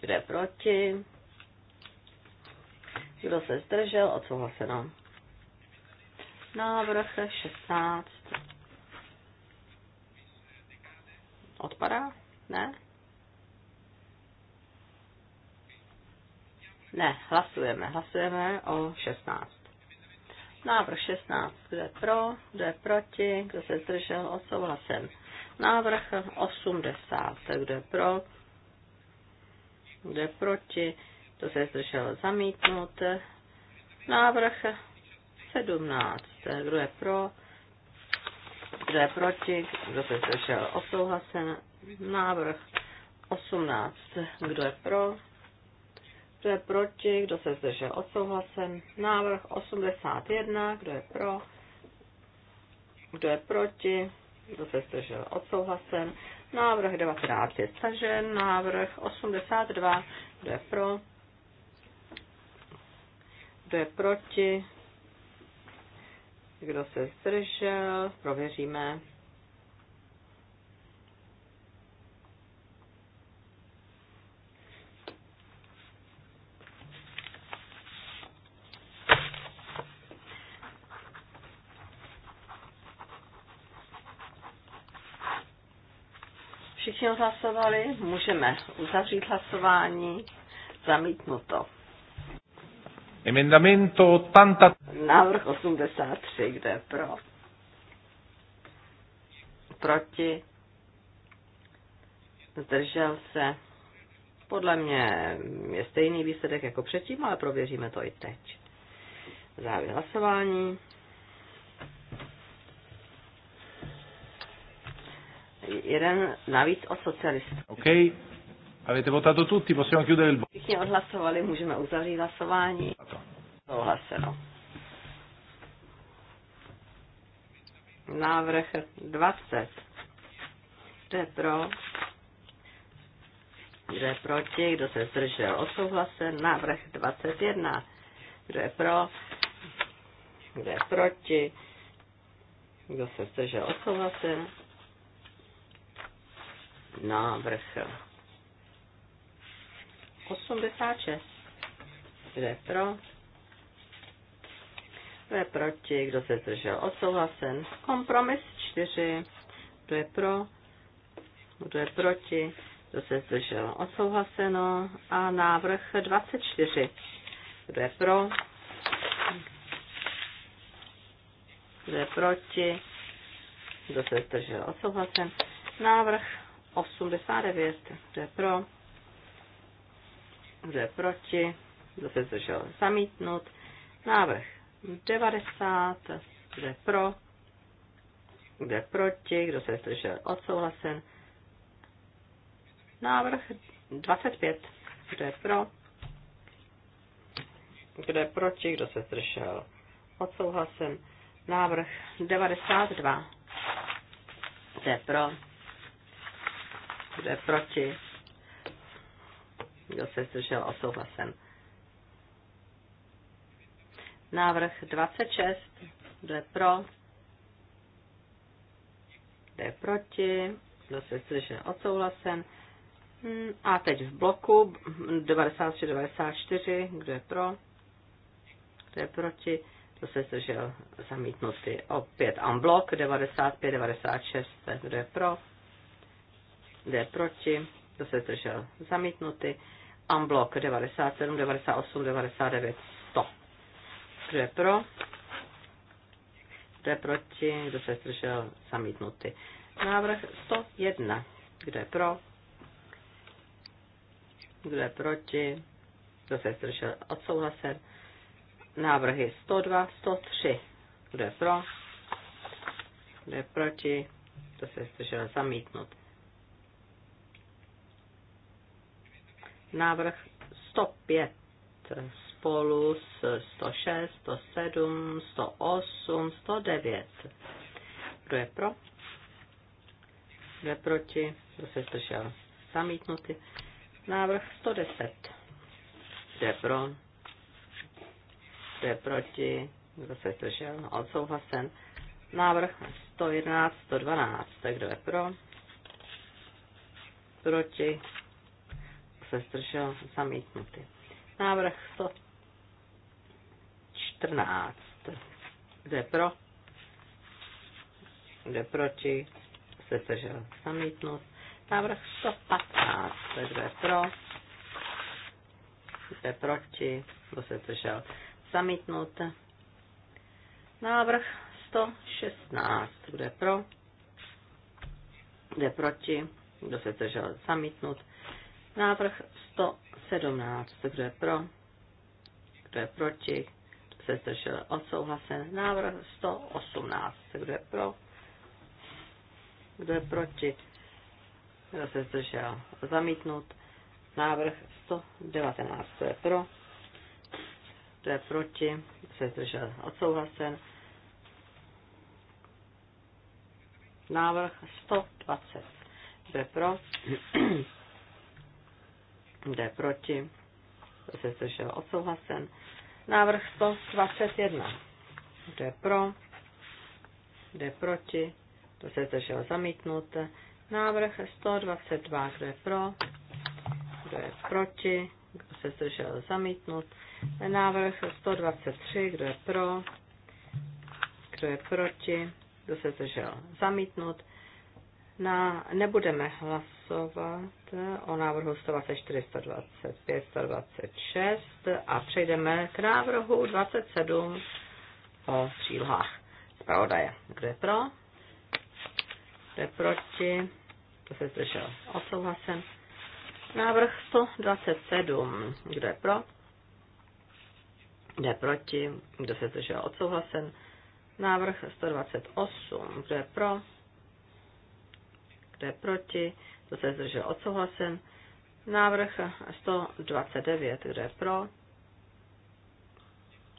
Kdo je proti? Kdo se zdržel? Odsouhlaseno. Návrh 16. Odpadá? Ne? Ne, hlasujeme. Hlasujeme o 16. Návrh 16. Kdo je pro, kdo je proti, kdo se zdržel, odsouhlasen. Návrh 80. Kdo je pro, kdo je proti, To se zdržel zamítnout. Návrh 17, kdo je pro, kdo je proti, kdo se zdržel odsouhlasen. Návrh 18, kdo je pro, kdo je proti, kdo se zdržel odsouhlasen. Návrh 81, kdo je pro, kdo je proti, kdo se zdržel odsouhlasen. Návrh 19 je stažen, návrh 82, kdo je pro, kdo je proti, kdo se zdržel, prověříme. všichni odhlasovali? Můžeme uzavřít hlasování. Zamítnuto. Emendamento 80. Návrh 83, kde je pro? Proti? Zdržel se? Podle mě je stejný výsledek jako předtím, ale prověříme to i teď. Závěr hlasování. jeden navíc od socialistů. OK. Avete votato tutti, possiamo chiudere il voto. Všichni odhlasovali, můžeme uzavřít hlasování. Souhlaseno. Návrh 20. Kdo je pro? Kdo je proti? Kdo se zdržel? Odsouhlasen. Návrh 21. Kdo je pro? Kdo je proti? Kdo se zdržel? Odsouhlasen návrh 86. Kdo je pro? Kdo je proti? Kdo se zdržel? Odsouhlasen. Kompromis 4. Kdo je pro? Kdo je proti? Kdo se zdržel? Odsouhlaseno. A návrh 24. Kdo je pro? Kdo je proti? Kdo se zdržel? Odsouhlasen. Návrh 89, kdo je pro, kdo je proti, kdo se zdržel zamítnout, Návrh 90, kdo je pro, kdo je proti, kdo se zdržel odsouhlasen. Návrh 25, kdo je pro, kdo je proti, kdo se zdržel odsouhlasen. Návrh 92, kdo je pro, kdo je proti? Kdo se zdržel odsouhlasen? Návrh 26. Kdo je pro? Kdo je proti? Kdo se zdržel odsouhlasen? Hmm, a teď v bloku 93-94. Kdo je pro? Kdo je proti? Kdo se zdržel zamítnutý? Opět en blok 95-96. Kdo je pro? kdo proti, to se zdržel, zamítnutý, Amblok 97, 98, 99, 100. Kdo je pro, kdo je proti, kdo se zdržel, Zamítnutý. Návrh 101. Kdo je pro? Kdo je proti? Kdo se zdržel? Odsouhlasen. Návrhy 102, 103. Kdo je pro? Kdo je proti? Kdo se zdržel? Zamítnutý. Návrh 105 spolu s 106, 107, 108, 109. Kdo je pro? Kdo je proti? Kdo se zdržel? Zamítnutý. Návrh 110. Kdo je pro? Kdo je proti? Kdo se zdržel? No, odsouhlasen. Návrh 111, 112. Kdo je pro? Proti? se zdržel, zamítnutý. Návrh 114. Kde pro? Kde proti? Se zdržel, zamítnut. Návrh 115. Kde pro? Kde proti? Kdo se zdržel, zamítnut. Návrh 116. Kde pro? Kde proti? Kdo se zdržel, zamítnut. Návrh 117. Kdo je pro? Kdo je proti? Kdo se zdržel? Odsouhlasen. Návrh 118. Kdo je pro? Kdo je proti? Kdo se zdržel? Zamítnut. Návrh 119. Kdo je pro? Kdo je proti? Kdo se zdržel? Odsouhlasen. Návrh 120. Kdo je pro? Kdo je proti? Kdo se slyšel Odsouhlasen. Návrh 121. Kdo je pro? Kdo je proti? Kdo se slyšel Zamítnut. Návrh 122. Kdo je pro? Kdo je proti? Kdo se slyšel Zamítnut. Návrh 123. Kdo je pro? Kdo je proti? Kdo se zdržel? Zamítnut. Na, nebudeme hlasovat hlasovat o návrhu 124, 125, 126 a přejdeme k návrhu 27 o přílohách zpravodaje. Kdo je pro? Kdo je proti? To se zdržel odsouhlasem. Návrh 127. Kdo je pro? Kdo je proti? Kdo se zdržel odsouhlasen? Návrh 128. Kdo je pro? Kdo je proti? kdo se zdržel odsouhlasen. Návrh 129, kdo je pro,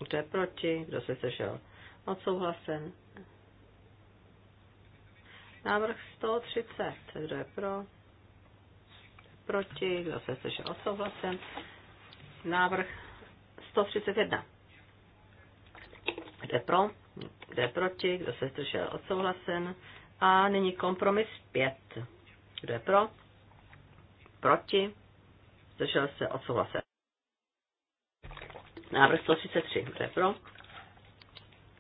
kdo je proti, kdo se zdržel odsouhlasen. Návrh 130, kdo je pro, kdo je proti, kdo se zdržel odsouhlasen. Návrh 131, kdo je pro, kdo je proti, kdo se zdržel odsouhlasen. A nyní kompromis 5. Kdo je pro? Proti? Zdržel se odsouhlasen. Návrh 133. Kdo je pro?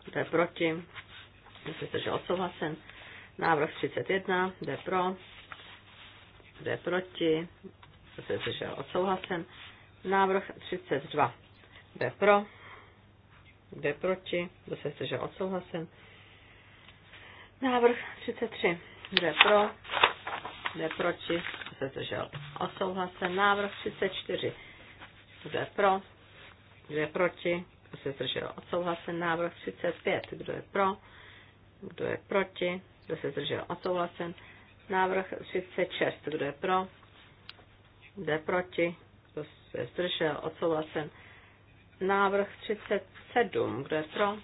Kdo je proti? Zdržel se zdržel odsouhlasen. Návrh 31. Kdo je pro? Kdo je proti? Zdržel se zdržel odsouhlasen. Návrh 32. Kdo je pro? Kdo je proti? Kdo se zdržel odsouhlasen. Návrh 33. Kdo je pro? jde proti, se A odsouhlasen. Návrh 34, kdo je pro, kdo je proti, kdo se zdržel odsouhlasen. Návrh 35, kdo je pro, kdo je proti, kdo se zdržel odsouhlasen. Návrh 36, kdo je pro, kdo je proti, kdo se zdržel odsouhlasen. Návrh 37, kdo je pro,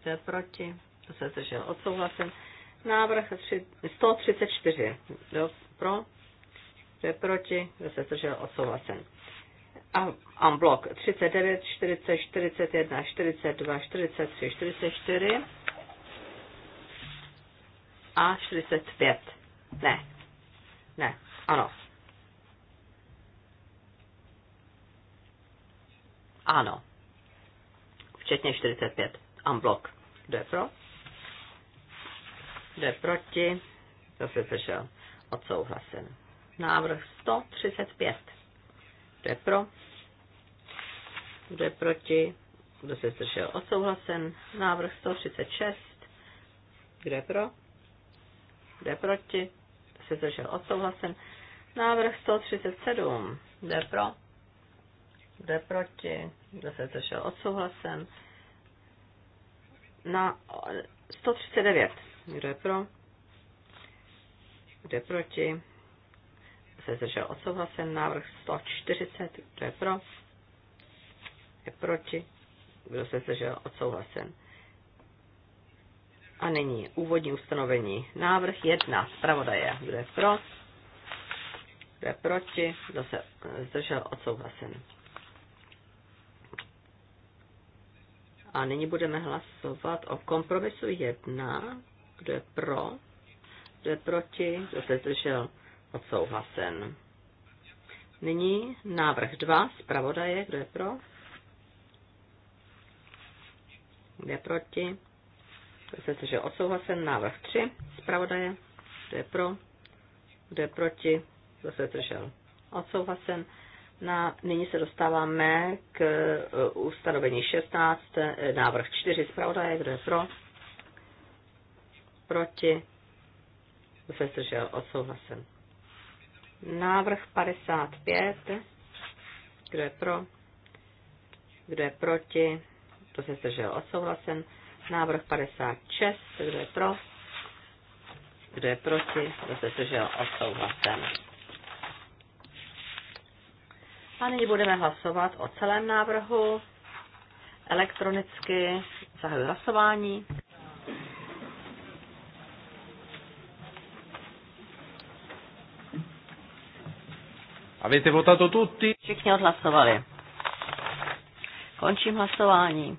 kdo je proti, kdo se zdržel odsouhlasen. Návrh 134. pro? Kdo je proti? Kdo se zdržel? Odsouhlasen. A blok 39, 40, 41, 42, 43, 44 a 45. Ne. Ne. Ano. Ano. Včetně 45. Unblock. Kdo je pro? Kdo je proti? Kdo se Odsouhlasen. Návrh 135. Kdo je pro? Kdo je proti? Kdo se sešel Odsouhlasen. Návrh 136. Kdo je pro? Kdo je proti? Kdo se sešel Odsouhlasen. Návrh 137. Kdo je pro? Kdo je proti? Kdo se sešel Odsouhlasen. Na 139. Kdo je pro? Kdo je proti? Se zdržel odsouhlasen. Návrh 140. Kdo je pro? je proti? Kdo se zdržel odsouhlasen? A nyní úvodní ustanovení. Návrh 1 zpravodaje. Kdo je pro? Kdo je proti? Kdo se zdržel odsouhlasen? A nyní budeme hlasovat o kompromisu 1 kdo je pro? Kdo je proti? Kdo se zdržel? Odsouhlasen. Nyní návrh 2 zpravodaje. Kdo je pro? Kdo je proti? Kdo se zdržel? Odsouhlasen. Návrh 3 zpravodaje. Kdo je pro? Kdo je proti? Kdo se zdržel? Odsouhlasen. Na, nyní se dostáváme k uh, ustanovení 16, eh, návrh 4 zpravodaje, kdo je pro, proti, kdo se zdržel, odsouhlasen. Návrh 55, kdo je pro, kdo je proti, to se zdržel, odsouhlasen. Návrh 56, kdo je pro, kdo je proti, to se zdržel, odsouhlasen. A nyní budeme hlasovat o celém návrhu. Elektronicky zahajuji hlasování. Avete votato tutti? Všichni odhlasovali. Končím hlasování.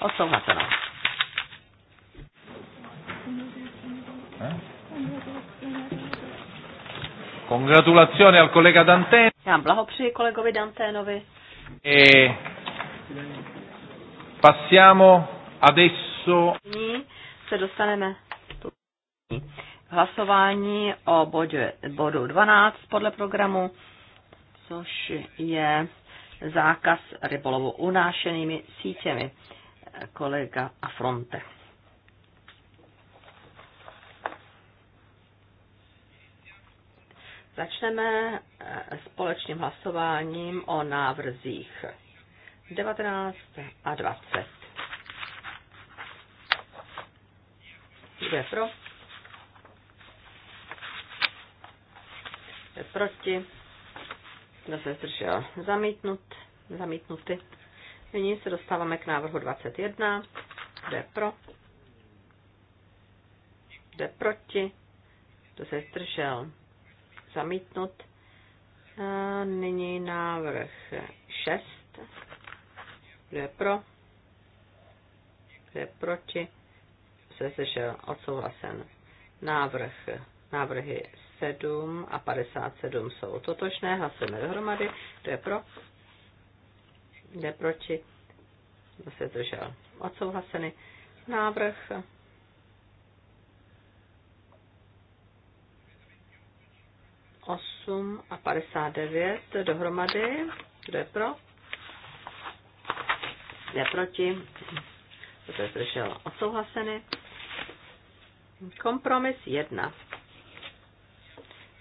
Odsouhlasená. Eh? Congratulazione al collega Dantén. Já blahopřeji kolegovi Danténovi. E passiamo adesso... Nyní se dostaneme hlasování o bodě, bodu 12 podle programu, což je zákaz rybolovu unášenými sítěmi. Kolega Afronte. Začneme eh, společným hlasováním o návrzích 19 a 20. Kdo je pro? je proti? Kdo se zdržel? Zamítnut. Zamítnuty. Nyní se dostáváme k návrhu 21. Kdo je pro? Kdo je proti? Kdo se zdržel? Zamítnut. A nyní návrh 6. Kdo je pro? Kdo je proti? Kdo se zdržel? Odsouhlasen. Návrh, návrhy 7 a 57 jsou totožné, hlasujeme dohromady, to je pro, jde proti, To se držel odsouhlasený návrh. Osm a 59 dohromady. Kdo je pro? Je proti. Kdo se zdržel? Odsouhlaseny. Kompromis 1.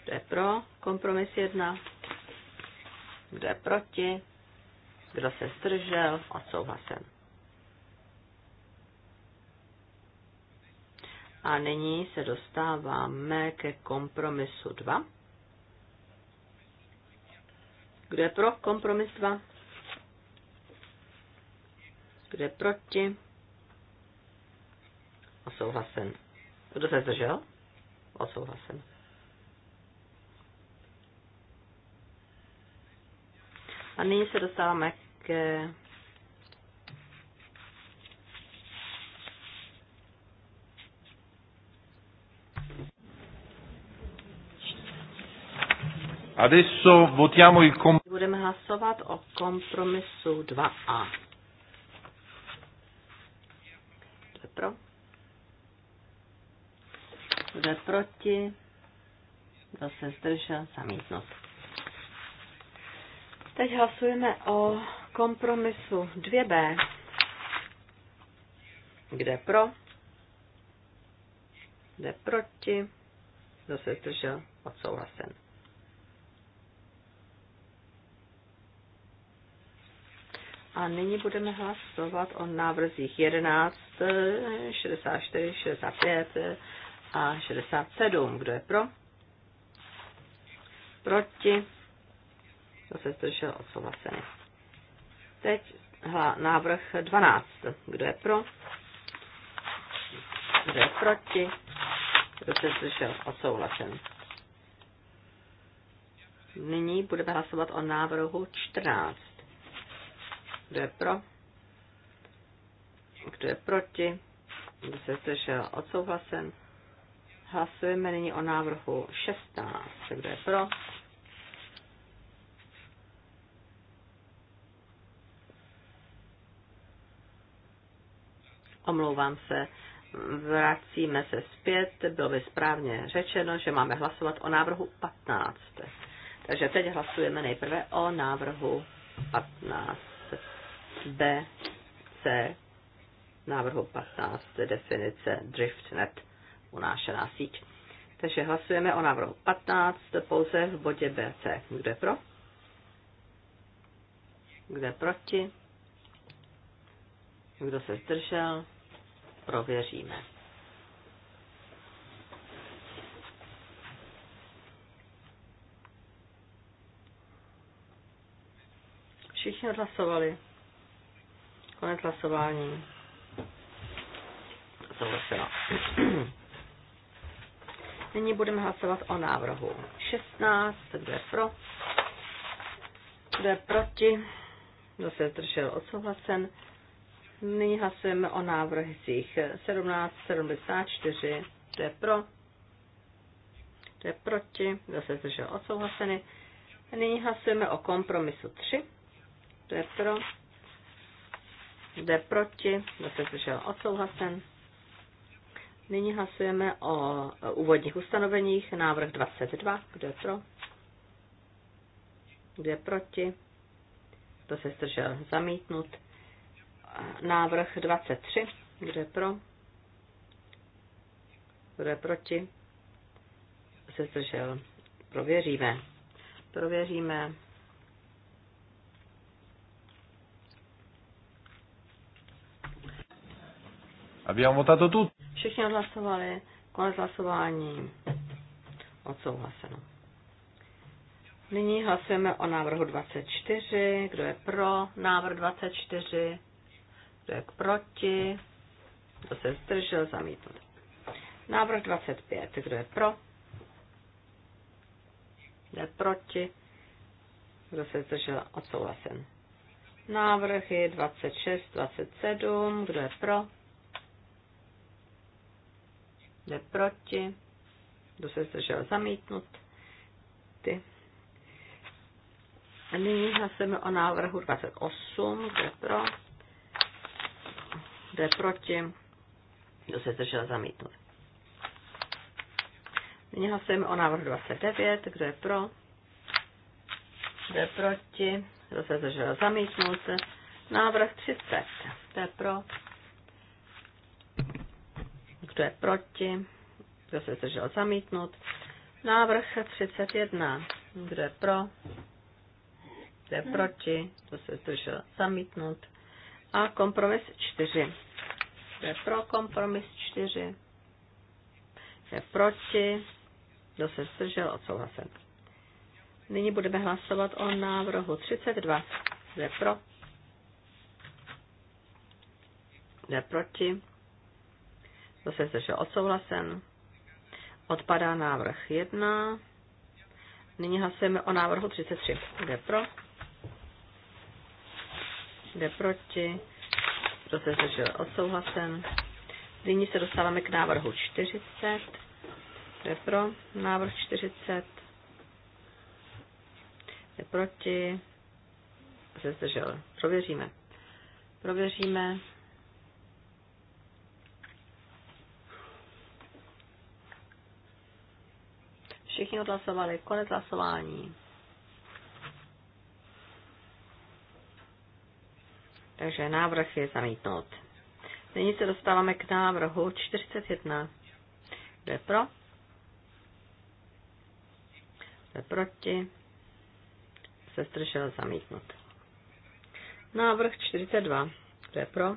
Kdo je pro? Kompromis jedna. Kdo je proti? Kdo se zdržel? A souhlasem. A nyní se dostáváme ke kompromisu 2. Kdo je pro kompromis 2? Kdo je proti? Odsouhlasen. Kdo se zdržel? Odsouhlasen. A nyní se dostáváme k Adesso votiamo il com- Budeme hlasovat o kompromisu 2A. Kdo je pro? Kdo je proti? Kdo zdržel? Zamítnost. Teď hlasujeme o kompromisu 2b. Kde pro? Kde proti? Kdo se zdržel? Odsouhlasen. A nyní budeme hlasovat o návrzích 11, 64, 65 a 67. Kdo je pro? Proti? Kdo se zdržel? Odsouhlasený. Teď hla, návrh 12. Kdo je pro? Kdo je proti? Kdo se zdržel? Odsouhlasený. Nyní budeme hlasovat o návrhu 14. Kdo je pro? Kdo je proti? Kdo se zdržel? Odsouhlasen. Hlasujeme nyní o návrhu 16. Kdo je pro? Omlouvám se, vracíme se zpět. Bylo by správně řečeno, že máme hlasovat o návrhu 15. Takže teď hlasujeme nejprve o návrhu 15. B, C, návrhu 15, definice DriftNet, unášená síť. Takže hlasujeme o návrhu 15 pouze v bodě B Kdo je pro? Kdo je proti? Kdo se zdržel? prověříme. Všichni hlasovali. Konec hlasování. Souhlasila. Nyní budeme hlasovat o návrhu 16. Kdo je pro? Kdo je proti? Kdo se zdržel odsouhlasen? Nyní hlasujeme o návrhcích 1774, to je pro, to je proti, Zase zdržel odsouhlaseny. Nyní hlasujeme o kompromisu 3, to je pro, Jde je proti, kdo se zdržel odsouhlasen. Nyní hlasujeme o úvodních ustanoveních, návrh 22, kdo je pro, kdo je proti, kdo se zdržel zamítnut návrh 23. Kdo je pro? Kdo je proti? Se zdržel. Prověříme. Prověříme. Abbiamo votato tutti. Všichni odhlasovali. Konec hlasování. Odsouhlaseno. Nyní hlasujeme o návrhu 24. Kdo je pro návrh 24? Kdo je proti? Kdo se zdržel? Zamítnut. Návrh 25. Kdo je pro? Kdo je proti? Kdo se zdržel? Odsouhlasen. je 26, 27. Kdo je pro? Kdo je proti? Kdo se zdržel? Zamítnut. Ty. A nyní hlasujeme o návrhu 28. Kdo je pro? Kdo je proti? Kdo se zdržel zamítnout? Nyní hlasujeme o návrhu 29. Kdo je pro? Kdo je proti? Kdo se zdržel zamítnout? Návrh 30. Kdo je pro? Kdo je proti? Kdo se zdržel zamítnout? Návrh 31. Kdo je pro? Kdo je proti? Kdo se zdržel zamítnout? A kompromis 4. Kdo je pro kompromis 4? Kdo je proti? Kdo se zdržel? Odsouhlasen. Nyní budeme hlasovat o návrhu 32. Kdo je pro? Kdo je proti? Kdo se zdržel? Odsouhlasen. Odpadá návrh 1. Nyní hlasujeme o návrhu 33. Kdo je pro? jde proti, kdo se zdržel odsouhlasen. Nyní se dostáváme k návrhu 40, kde pro návrh 40, Jde proti, se zdržel. Prověříme. Prověříme. Všichni odhlasovali. Konec hlasování. Takže návrh je zamítnut. Nyní se dostáváme k návrhu 41. Kdo je pro? Kdo je proti? Se zdržel zamítnut. Návrh 42. Kdo je pro?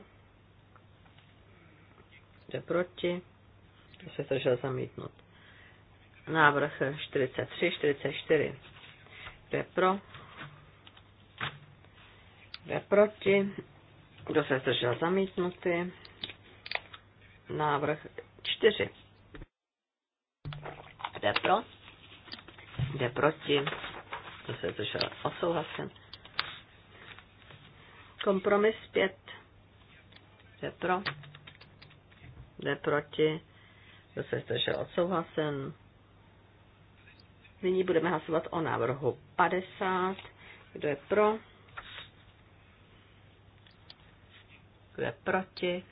Kdo je proti? Kdo se zdržel zamítnut? Návrh 43, 44. Kdo je pro? Kdo je proti? Kdo se zdržel zamítnutý? Návrh 4. Kdo je pro? Kdo je proti? Kdo se zdržel osouhlasen? Kompromis 5. Kdo je pro? Kdo je proti? Kdo se zdržel odsouhlasen? Nyní budeme hlasovat o návrhu 50. Kdo je pro? kdo je proti,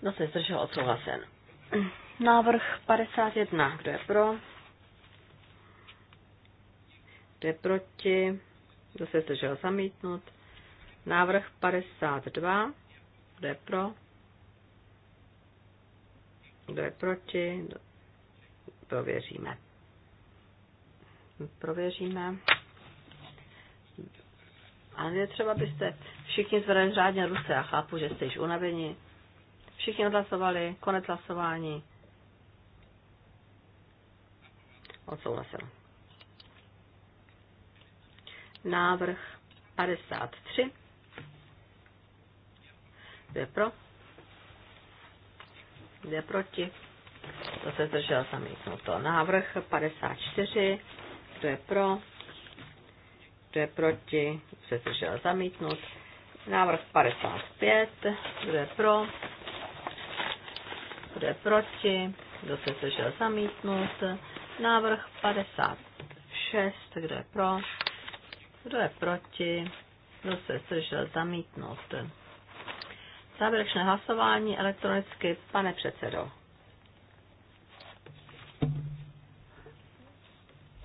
kdo no, se zdržel odsouhlasen. Návrh 51, kdo je pro, kdo je proti, kdo se zdržel zamítnut. Návrh 52, kdo je pro, kdo je proti, prověříme. Prověříme. A je třeba, byste všichni zvedali řádně ruce. Já chápu, že jste již unavení. Všichni odhlasovali, konec hlasování. Odsouhlasil. Návrh 53. Kdo je pro? Kdo je proti? To se zdržel to Návrh 54. Kdo je pro? kdo je proti, se zdržel zamítnut. Návrh 55, kdo je pro, kdo je proti, kdo se zdržel zamítnut. Návrh 56, kdo je pro, kdo je proti, kdo se zdržel zamítnut. Závěrečné hlasování elektronicky, pane předsedo.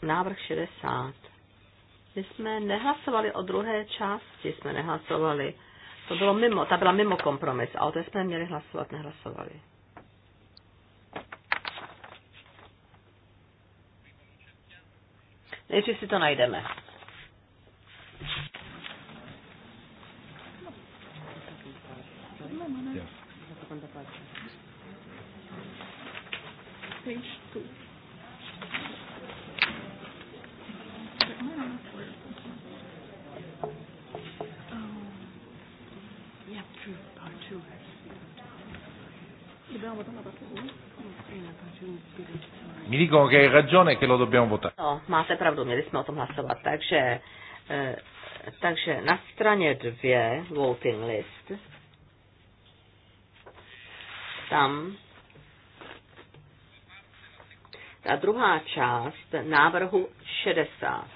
Návrh 60. My jsme nehlasovali o druhé části, jsme nehlasovali. To bylo mimo, ta byla mimo kompromis Ale o té jsme měli hlasovat, nehlasovali. Nejdřív si to najdeme. Thank you. Mi dicono che hai ragione e che lo dobbiamo votare. No, ma se pravdu, měli jsme o tom hlasovat. Takže, eh, takže na straně dvě voting list, tam ta druhá část návrhu 60.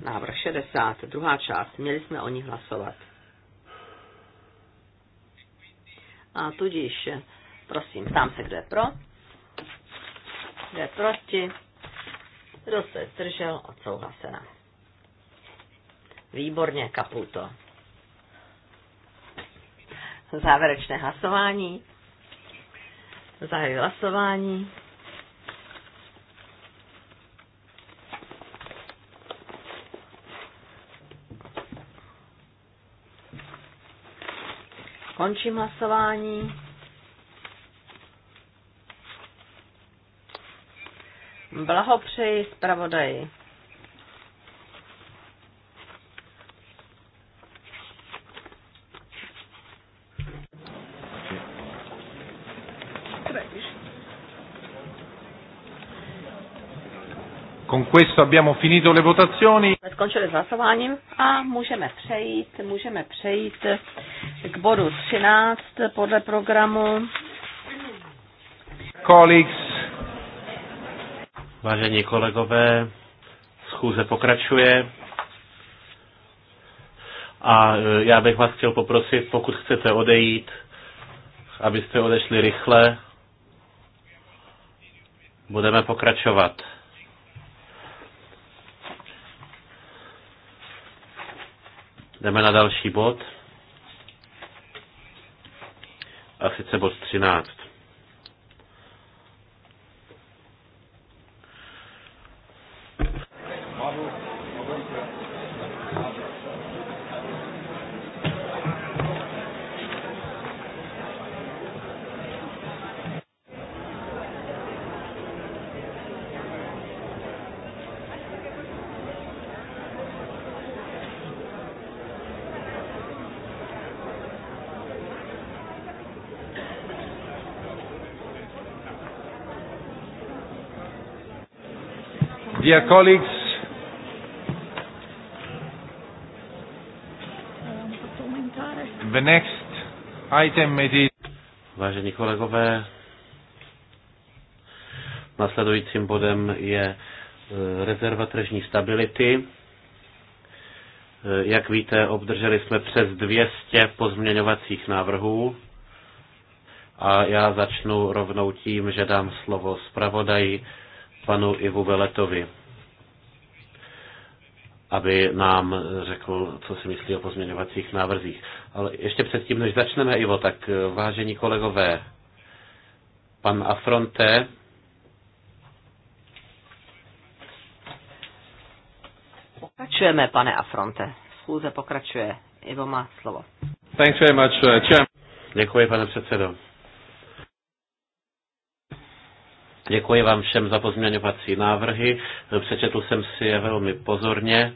Návrh 60, druhá část, měli jsme o ní hlasovat. A tudíž, prosím, tam se, kde je pro. Kdo proti? Kdo se zdržel? Odsouhlasena. Výborně, Kaputo. Závěrečné hlasování. Zahajuji hlasování. Končím hlasování. Blahopřeji zpravodaji. Con questo abbiamo finito le votazioni. Skončili s hlasováním a můžeme přejít, můžeme přejít k bodu 13 podle programu. Colleagues, Vážení kolegové, schůze pokračuje. A e, já bych vás chtěl poprosit, pokud chcete odejít, abyste odešli rychle. Budeme pokračovat. Jdeme na další bod. A sice bod 13. Dear colleagues, the next item it is... Vážení kolegové, nasledujícím bodem je e, rezerva tržní stability. E, jak víte, obdrželi jsme přes 200 pozměňovacích návrhů a já začnu rovnou tím, že dám slovo zpravodaji panu Ivu Veletovi aby nám řekl, co si myslí o pozměňovacích návrzích. Ale ještě předtím, než začneme, Ivo, tak eh, vážení kolegové, pan Afronte, Pokračujeme, pane Afronte. Schůze pokračuje. Ivo má slovo. Thanks very much, uh, Děkuji, pane předsedo. Děkuji vám všem za pozměňovací návrhy. Přečetl jsem si je velmi pozorně.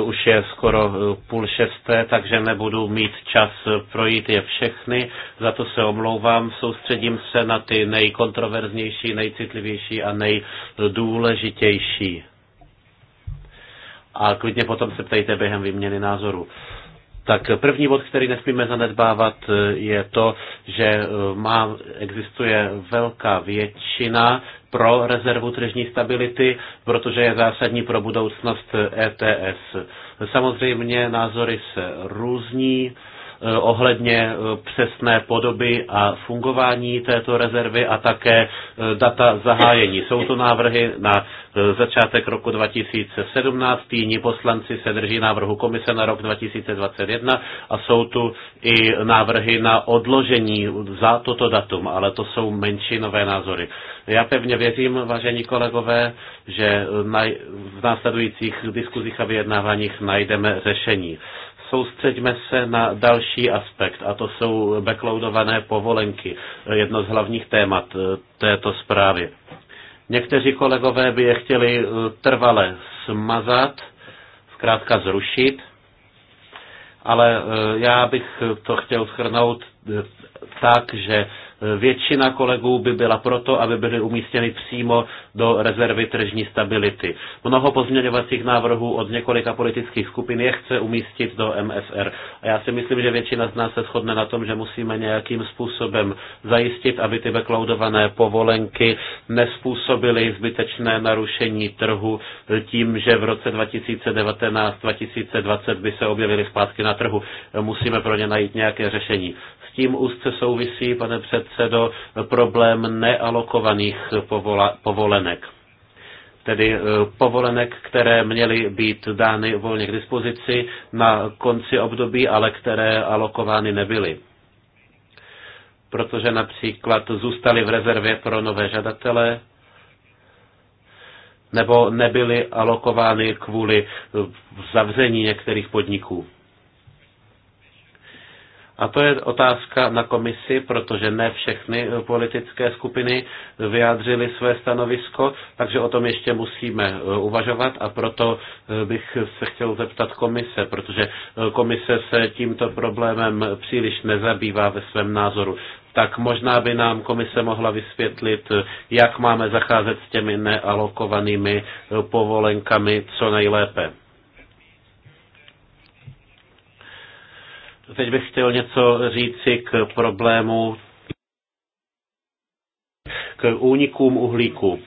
Uh, už je skoro uh, půl šesté, takže nebudu mít čas projít je všechny. Za to se omlouvám. Soustředím se na ty nejkontroverznější, nejcitlivější a nejdůležitější. A klidně potom se ptejte během výměny názoru. Tak první bod, který nesmíme zanedbávat, je to, že eh, má, existuje velká většina pro rezervu tržní stability, protože je zásadní pro budoucnost ETS. Samozřejmě názory se různí, Eh, ohledně eh, přesné podoby a fungování této rezervy a také eh, data zahájení. Jsou to návrhy na začátek roku 2017, jiní poslanci se drží návrhu komise na rok 2021 a jsou tu i návrhy na odložení za toto datum, ale to jsou menšinové názory. Já pevně věřím, vážení kolegové, že v následujících diskuzích a vyjednáváních najdeme řešení soustřeďme se na další aspekt, a to jsou backloadované povolenky, jedno z hlavních témat eh, této zprávy. Někteří kolegové by je chtěli eh, trvale smazat, zkrátka zrušit, ale eh, já bych to chtěl schrnout tak, že Většina kolegů by byla proto, aby byly umístěny přímo do rezervy tržní stability. Mnoho pozměňovacích návrhů od několika politických skupin je chce umístit do MSR. A já si myslím, že většina z nás se shodne na tom, že musíme nějakým způsobem zajistit, aby ty backloadované povolenky nespůsobily zbytečné narušení trhu tím, že v roce 2019-2020 by se objevily zpátky na trhu. Musíme pro ně najít nějaké řešení tím úzce souvisí, pane předsedo, problém nealokovaných povola, povolenek tedy eh, povolenek, které měly být dány volně k dispozici na konci období, ale které alokovány nebyly. Protože například zůstaly v rezervě pro nové žadatele, nebo nebyly alokovány kvůli eh, zavření některých podniků. A to je otázka na komisi, protože ne všechny politické skupiny vyjádřily své stanovisko, takže o tom ještě musíme e, uvažovat a proto e, bych se chtěl zeptat komise, protože e, komise se tímto problémem příliš nezabývá ve svém názoru. Tak možná by nám komise mohla vysvětlit, jak máme zacházet s těmi nealokovanými povolenkami co nejlépe. Teď bych chtěl něco říci k problému, k únikům uhlíku.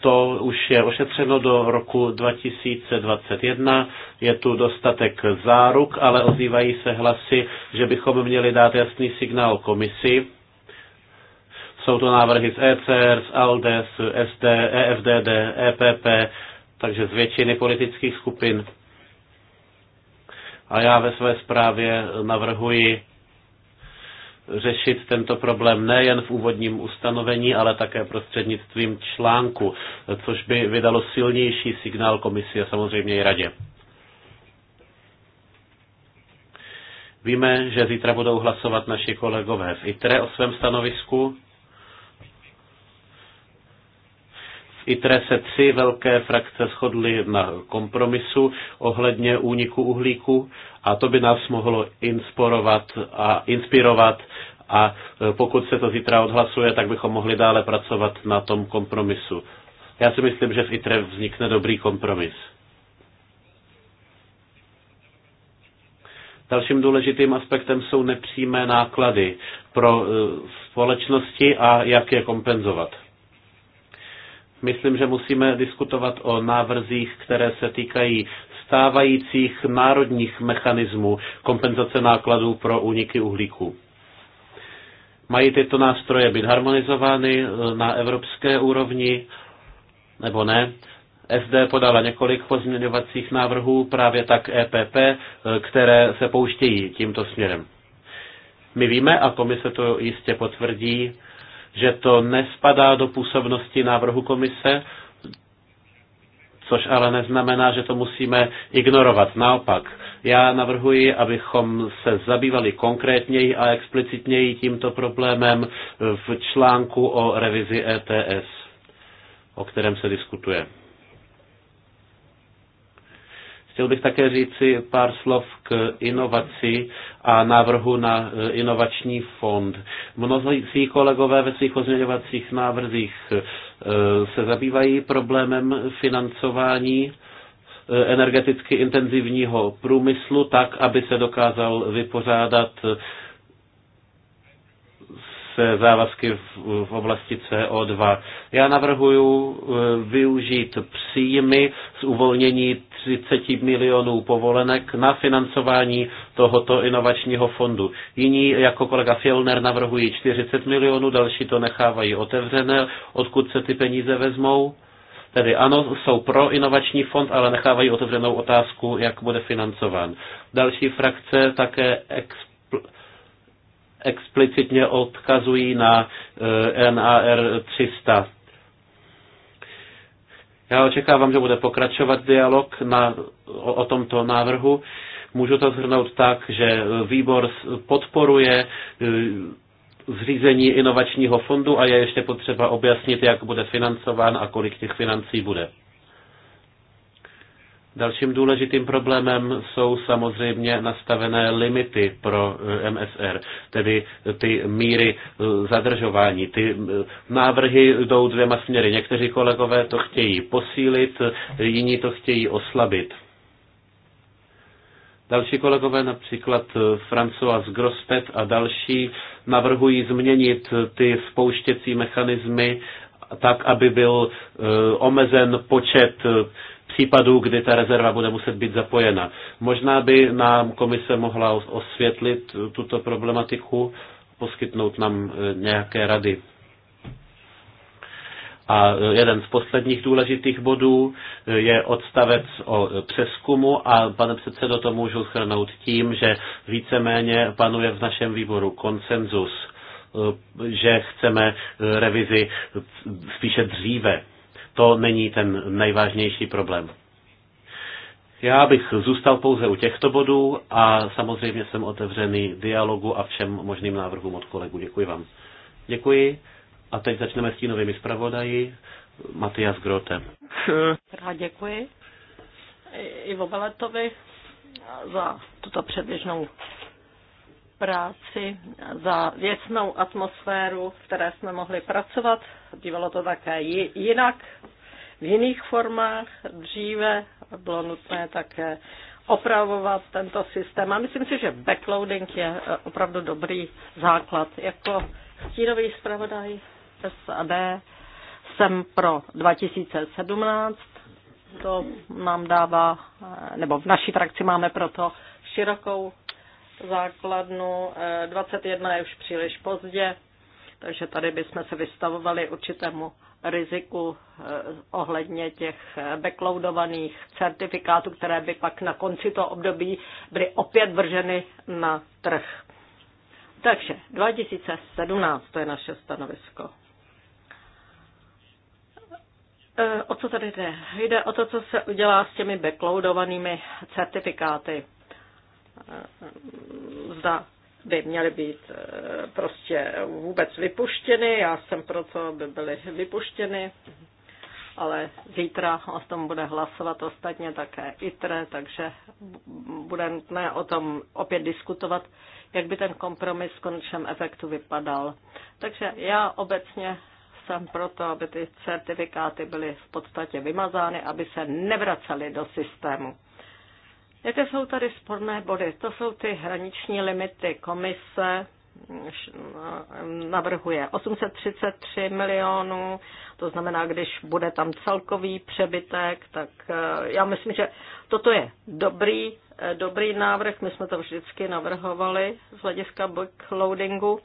To už je ošetřeno do roku 2021. Je tu dostatek záruk, ale ozývají se hlasy, že bychom měli dát jasný signál komisi. Jsou to návrhy z ECR, z ALDE, z SD, EFDD, EPP, takže z většiny politických skupin. A já ve své zprávě navrhuji řešit tento problém nejen v úvodním ustanovení, ale také prostřednictvím článku, což by vydalo silnější signál komisi a samozřejmě i radě. Víme, že zítra budou hlasovat naši kolegové v ITRE o svém stanovisku ITRE se tři velké frakce shodly na kompromisu ohledně úniku uhlíku a to by nás mohlo inspirovat a inspirovat a e, pokud se to zítra odhlasuje, tak bychom mohli dále pracovat na tom kompromisu. Já si myslím, že v ITRE vznikne dobrý kompromis. Dalším důležitým aspektem jsou nepřímé náklady pro e, společnosti a jak je kompenzovat. Myslím, že musíme diskutovat o návrzích, které se týkají stávajících národních mechanismů kompenzace nákladů pro úniky uhlíku. Mají tyto nástroje být harmonizovány eh, na evropské úrovni nebo ne? SD podala několik pozměňovacích návrhů, právě tak EPP, eh, které se pouštějí tímto směrem. My víme, a komise to jistě potvrdí, že to nespadá do působnosti návrhu komise, což ale neznamená, že to musíme ignorovat. Naopak, já navrhuji, abychom se zabývali konkrétněji a explicitněji tímto problémem v článku o revizi ETS, o kterém se diskutuje. Chtěl bych také říci pár slov k inovaci a návrhu na eh, inovační fond. Mnozí kolegové ve svých pozměňovacích návrzích eh, se zabývají problémem financování eh, energeticky intenzivního průmyslu tak, aby se dokázal vypořádat se závazky v, v oblasti CO2. Já navrhuji eh, využít příjmy z uvolnění 30 milionů povolenek na financování tohoto inovačního fondu. Jiní, jako kolega Fjellner, navrhují 40 milionů, další to nechávají otevřené, odkud se ty peníze vezmou. Tedy ano, jsou pro inovační fond, ale nechávají otevřenou otázku, jak bude financován. Další frakce také expl- explicitně odkazují na eh, NAR 300. Já očekávám, že bude pokračovat dialog na, o, o tomto návrhu. Můžu to zhrnout tak, že výbor podporuje eh, zřízení inovačního fondu a je ještě potřeba objasnit, jak bude financován a kolik těch financí bude. Dalším důležitým problémem jsou samozřejmě nastavené limity pro eh, MSR, tedy ty míry eh, zadržování. Ty eh, návrhy jdou dvěma směry. Někteří kolegové to chtějí posílit, jiní to chtějí oslabit. Další kolegové, například François Grospet a další, navrhují změnit ty spouštěcí mechanismy tak, aby byl omezen počet případů, kdy ta rezerva bude muset být zapojena. Možná by nám komise mohla osvětlit tuto problematiku, poskytnout nám eh, nějaké rady. A eh, jeden z posledních důležitých bodů eh, je odstavec o přeskumu a pane předsedo to můžu shrnout tím, že víceméně panuje v našem výboru konsenzus, že chceme revizi spíše dříve to není ten nejvážnější problém. Já bych zůstal pouze u těchto bodů a samozřejmě jsem otevřený dialogu a všem možným návrhům od kolegů. Děkuji vám. Děkuji. A teď začneme s tínovými zpravodaji. Matias Grote. Já děkuji Ivo Beletovi za tuto předběžnou práci, za věcnou atmosféru, v které jsme mohli pracovat. Bývalo to také jinak, v jiných formách. Dříve bylo nutné také opravovat tento systém. A myslím si, že backloading je eh, opravdu dobrý základ. Jako stínový zpravodaj SAD jsem pro 2017. To nám dává, eh, nebo v naší frakci máme proto širokou základnu. 21 eh, je už příliš pozdě, takže tady bychom se vystavovali určitému riziku eh, ohledně těch eh, backloadovaných certifikátů, které by pak na konci toho období byly opět vrženy na trh. Takže 2017 to je naše stanovisko. O co tady jde? Jde o to, co se udělá s těmi backloadovanými certifikáty. Eh, zda by měly být eh, prostě vůbec vypuštěny. Já jsem pro to, aby byly vypuštěny, ale zítra o tom bude hlasovat ostatně také ITRE, takže bude nutné o tom opět diskutovat, jak by ten kompromis v konečném efektu vypadal. Takže já obecně jsem proto, aby ty certifikáty byly v podstatě vymazány, aby se nevracely do systému. Jaké jsou tady sporné body? To jsou ty hraniční limity. Komise mm, navrhuje 833 milionů, to znamená, když bude tam celkový přebytek, tak eh, já myslím, že toto je dobrý, eh, dobrý návrh, my jsme to vždycky navrhovali z hlediska backloadingu,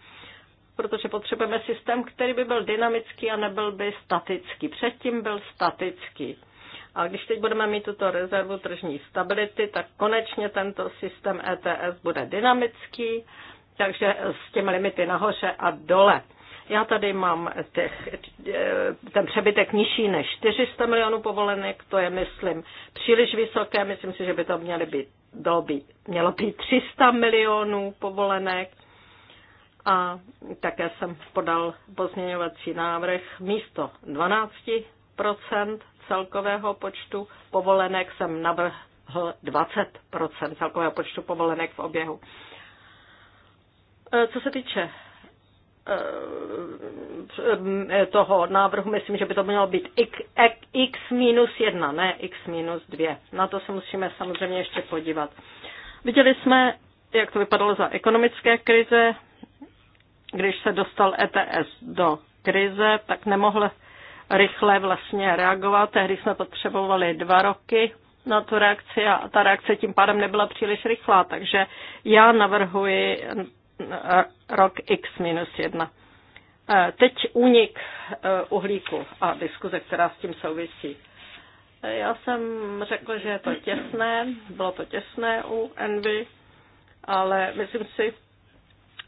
protože potřebujeme systém, který by byl dynamický a nebyl by statický. Předtím byl statický. A když teď budeme mít tuto rezervu tržní stability, tak konečně tento systém ETS bude dynamický, takže s těmi limity nahoře a dole. Já tady mám těch, eh, ten přebytek nižší než 400 milionů povolenek, to je, myslím, příliš vysoké, myslím si, že by to měly být, bylo mělo být 300 milionů povolenek. A také jsem podal pozměňovací návrh místo 12 celkového počtu povolenek jsem navrhl 20 celkového počtu povolenek v oběhu. E, co se týče e, e, toho návrhu, myslím, že by to mělo být x, minus 1, ne x minus 2. Na to se musíme samozřejmě ještě podívat. Viděli jsme, jak to vypadalo za ekonomické krize. Když se dostal ETS do krize, tak nemohl rychle vlastně reagovat. Tehdy jsme potřebovali dva roky na tu reakci a ta reakce tím pádem nebyla příliš rychlá, takže já navrhuji rok X minus jedna. Eh, teď únik eh, uhlíku a diskuze, která s tím souvisí. Eh, já jsem řekl, že je to těsné, bylo to těsné u Envy, ale myslím si,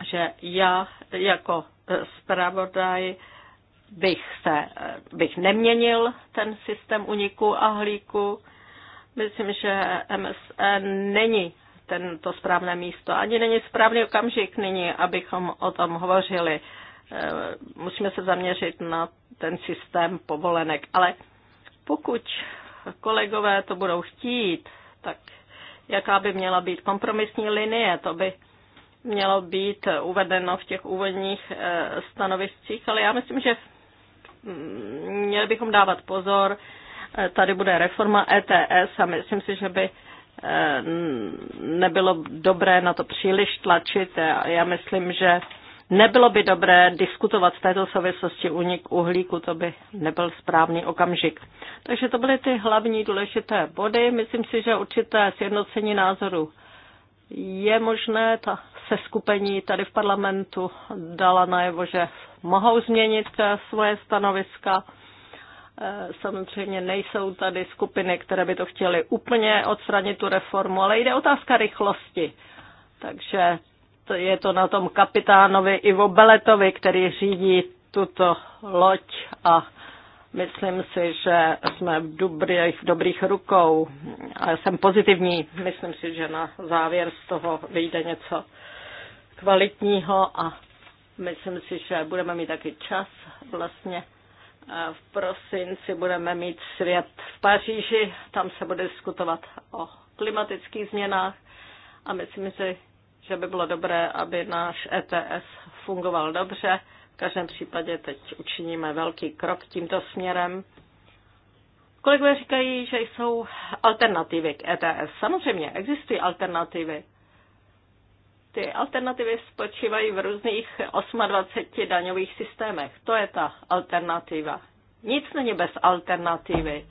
že já jako zpravodaj bych, se, bych neměnil ten systém uniku a hlíku. Myslím, že MSN není tento správné místo. Ani není správný okamžik nyní, abychom o tom hovořili. E, musíme se zaměřit na ten systém povolenek. Ale pokud kolegové to budou chtít, tak jaká by měla být kompromisní linie, to by mělo být uvedeno v těch úvodních e, stanoviscích, ale já myslím, že měli bychom dávat pozor, tady bude reforma ETS a myslím si, že by eh, nebylo dobré na to příliš tlačit. Já myslím, že nebylo by dobré diskutovat v této souvislosti únik uhlíku, to by nebyl správný okamžik. Takže to byly ty hlavní důležité body. Myslím si, že určité sjednocení názoru je možné ta seskupení tady v parlamentu dala najevo, že mohou změnit eh, svoje stanoviska. Eh, samozřejmě nejsou tady skupiny, které by to chtěly úplně odstranit tu reformu, ale jde otázka rychlosti. Takže je to na tom kapitánovi Ivo Beletovi, který řídí tuto loď a Myslím si, že jsme v dobrých, dobrých rukou. A jsem pozitivní. Myslím si, že na závěr z toho vyjde něco kvalitního a myslím si, že budeme mít taky čas vlastně. Eh, v prosinci budeme mít svět v Paříži, tam se bude diskutovat o klimatických změnách a myslím si, že by bylo dobré, aby náš ETS fungoval dobře v každém případě teď učiníme velký krok tímto směrem. Kolegové říkají, že jsou alternativy k ETS. Samozřejmě existují alternativy. Ty alternativy spočívají v různých 28 daňových systémech. To je ta alternativa. Nic není bez alternativy.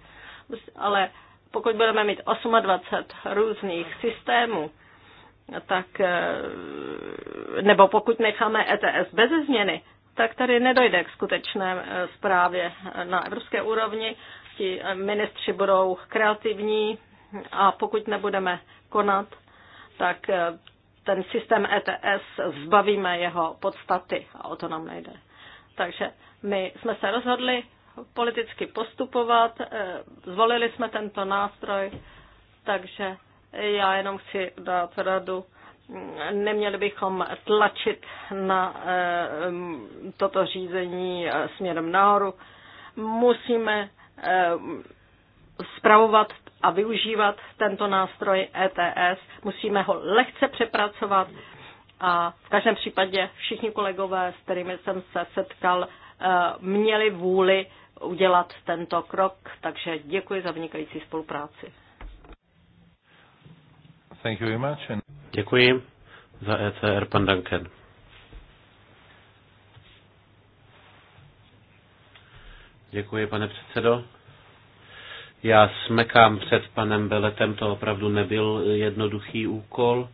Ale pokud budeme mít 28 různých systémů, tak eh, nebo pokud necháme ETS bez změny, tak tady nedojde k skutečné zprávě eh, eh, na evropské úrovni. Ti eh, ministři budou kreativní a pokud nebudeme konat, tak ten systém ETS zbavíme jeho podstaty a o to nám nejde. Takže my jsme se rozhodli politicky postupovat, zvolili jsme tento nástroj, takže já jenom chci dát radu neměli bychom tlačit na eh, toto řízení eh, směrem nahoru. Musíme eh, spravovat a využívat tento nástroj ETS, musíme ho lehce přepracovat a v každém případě všichni kolegové, s kterými jsem se setkal, měli vůli udělat tento krok, takže děkuji za vynikající spolupráci. Thank you very much. Děkuji za ECR, pan Duncan. Děkuji, pane předsedo. Já smekám před panem Beletem, to opravdu nebyl jednoduchý úkol.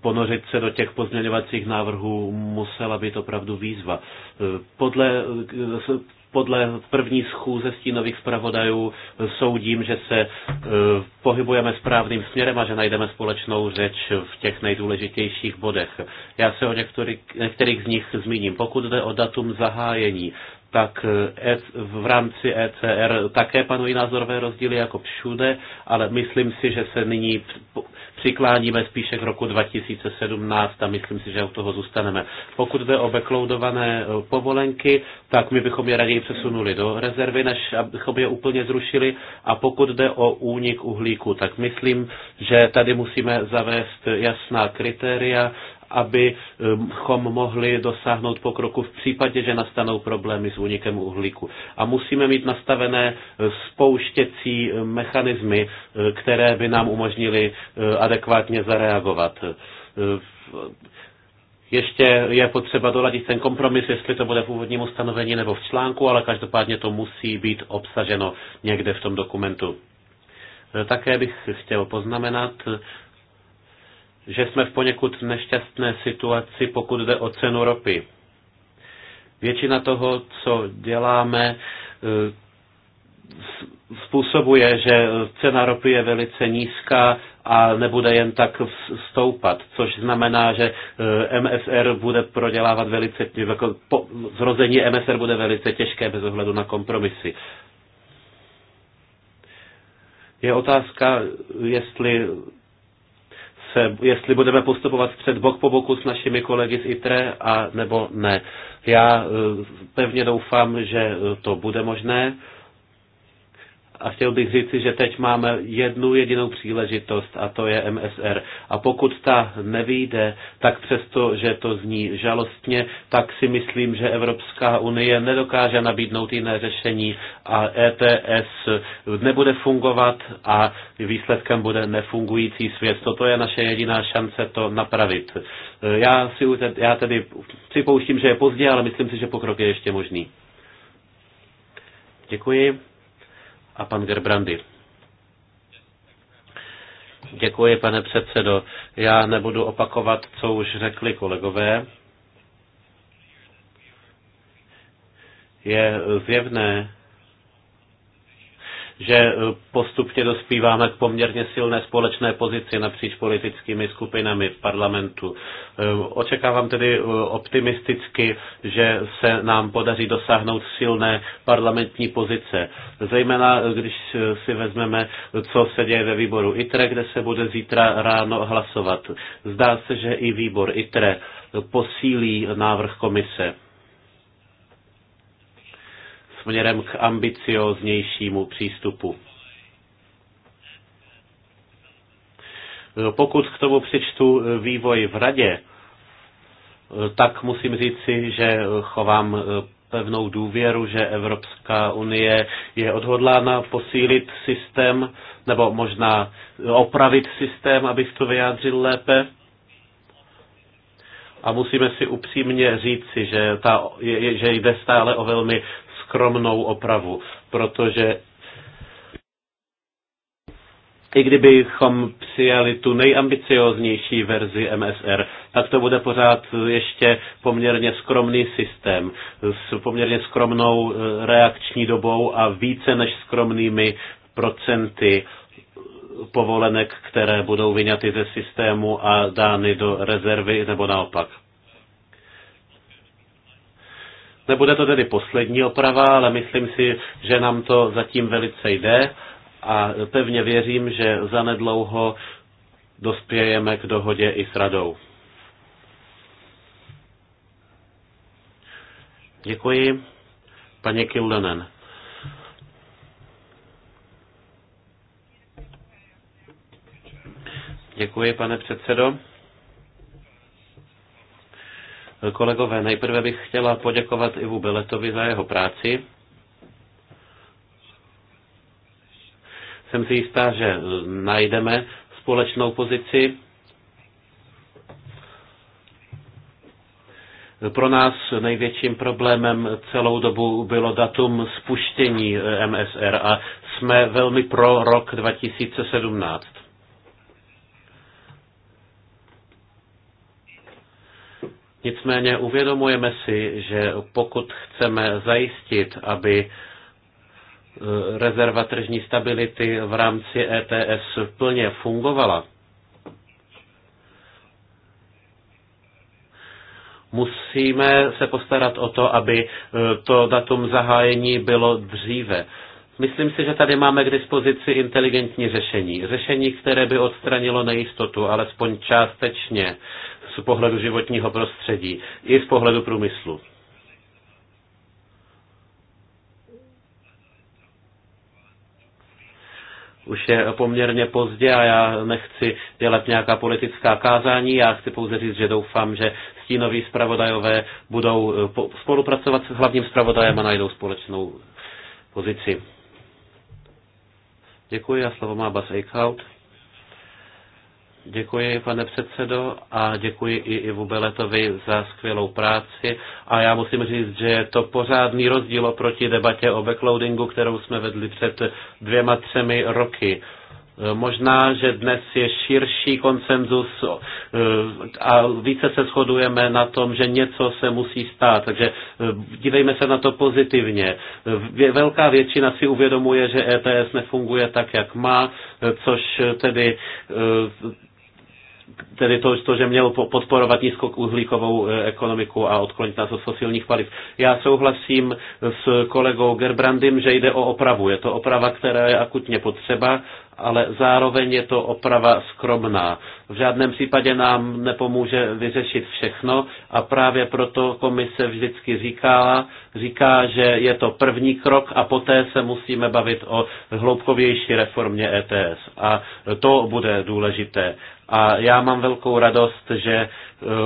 Ponořit se do těch pozměňovacích návrhů musela být opravdu výzva. Podle podle první schůze stínových zpravodajů soudím, že se e, pohybujeme správným směrem a že najdeme společnou řeč v těch nejdůležitějších bodech. Já se o některých, některých z nich zmíním. Pokud jde o datum zahájení, tak eh, e v rámci ECR také panují názorové rozdíly jako všude, ale myslím si, že se nyní přikláníme spíše k roku 2017 a myslím si, že u toho zůstaneme. Pokud jde o backloadované eh, povolenky, tak my bychom je raději přesunuli do rezervy, než abychom je úplně zrušili. A pokud jde o únik uhlíku, tak myslím, že tady musíme zavést jasná kritéria, abychom mohli dosáhnout pokroku v případě, že nastanou problémy s únikem uhlíku. A musíme mít nastavené spouštěcí mechanismy, které by nám umožnily eh, adekvátně zareagovat. Eh, ještě je potřeba doladit ten kompromis, jestli to bude v úvodním ustanovení nebo v článku, ale každopádně to musí být obsaženo někde v tom dokumentu. Eh, také bych chtěl poznamenat, že jsme v poněkud nešťastné situaci, pokud jde o cenu ropy. Většina toho, co děláme, e, způsobuje, že cena ropy je velice nízká a nebude jen tak stoupat, což znamená, že e, MSR bude prodělávat velice, jako po, zrození MSR bude velice těžké bez ohledu na kompromisy. Je otázka, jestli se, jestli budeme postupovat před bok po boku s našimi kolegy z ITRE a nebo ne. Já eh, pevně doufám, že eh, to bude možné a chtěl bych říci, že teď máme jednu jedinou příležitost a to je MSR. A pokud ta nevýjde, tak přesto, že to zní žalostně, tak si myslím, že Evropská unie nedokáže nabídnout jiné řešení a ETS nebude fungovat a výsledkem bude nefungující svět. Toto je naše jediná šance to napravit. Já, si, já tedy připouštím, že je pozdě, ale myslím si, že pokrok je ještě možný. Děkuji a pan Gerbrandy. Děkuji, pane předsedo. Já nebudu opakovat, co už řekli kolegové. Je zjevné, že e, postupně dospíváme k poměrně silné společné pozici napříč politickými skupinami v parlamentu. E, očekávám tedy e, optimisticky, že se nám podaří dosáhnout silné parlamentní pozice. Zejména, když si vezmeme, co se děje ve výboru ITRE, kde se bude zítra ráno hlasovat. Zdá se, že i výbor ITRE posílí návrh komise směrem k ambicioznějšímu přístupu. Pokud k tomu přičtu vývoj v radě, tak musím říci, že chovám pevnou důvěru, že Evropská unie je odhodlána posílit systém, nebo možná opravit systém, abych to vyjádřil lépe. A musíme si upřímně říci, že, ta, že jde stále o velmi skromnou opravu, protože i kdybychom přijali tu nejambicioznější verzi MSR, tak to bude pořád ještě poměrně skromný systém s poměrně skromnou eh, reakční dobou a více než skromnými procenty povolenek, které budou vyňaty ze systému a dány do rezervy nebo naopak. Nebude to tedy poslední oprava, ale myslím si, že nám to zatím velice jde a pevně věřím, že zanedlouho dospějeme k dohodě i s radou. Děkuji. Paní Kildanen. Děkuji, pane předsedo. Kolegové, nejprve bych chtěla poděkovat Ivu Beletovi za jeho práci. Jsem si jistá, že najdeme společnou pozici. Pro nás největším problémem celou dobu bylo datum spuštění MSR a jsme velmi pro rok 2017. Nicméně uvědomujeme si, že pokud chceme zajistit, aby e, rezerva tržní stability v rámci ETS plně fungovala, musíme se postarat o to, aby e, to datum zahájení bylo dříve. Myslím si, že tady máme k dispozici inteligentní řešení. Řešení, které by odstranilo nejistotu, alespoň částečně, z pohledu životního prostředí i z pohledu průmyslu. Už je poměrně pozdě a já nechci dělat nějaká politická kázání, já chci pouze říct, že doufám, že stínoví zpravodajové budou eh, spolupracovat s hlavním zpravodajem a najdou společnou pozici. Děkuji a slovo má Bas Eichhout. Děkuji, pane předsedo, a děkuji i Ivu Beletovi za skvělou práci. A já musím říct, že je to pořádný rozdíl oproti debatě o backloadingu, kterou jsme vedli před dvěma, třemi roky. Možná, že dnes je širší konsenzus e, a více se shodujeme na tom, že něco se musí stát. Takže e, dívejme se na to pozitivně. Velká většina si uvědomuje, že ETS nefunguje tak, jak má, e, což tedy tedy to, to, že měl podporovat nízkouhlíkovou e, ekonomiku a odklonit nás od fosilních paliv. Já souhlasím s kolegou Gerbrandem, že jde o opravu. Je to oprava, která je akutně potřeba, ale zároveň je to oprava skromná. V žádném případě nám nepomůže vyřešit všechno a právě proto komise vždycky říká, říká, že je to první krok a poté se musíme bavit o hloubkovější reformě ETS. A to bude důležité. A já mám velkou radost, že e,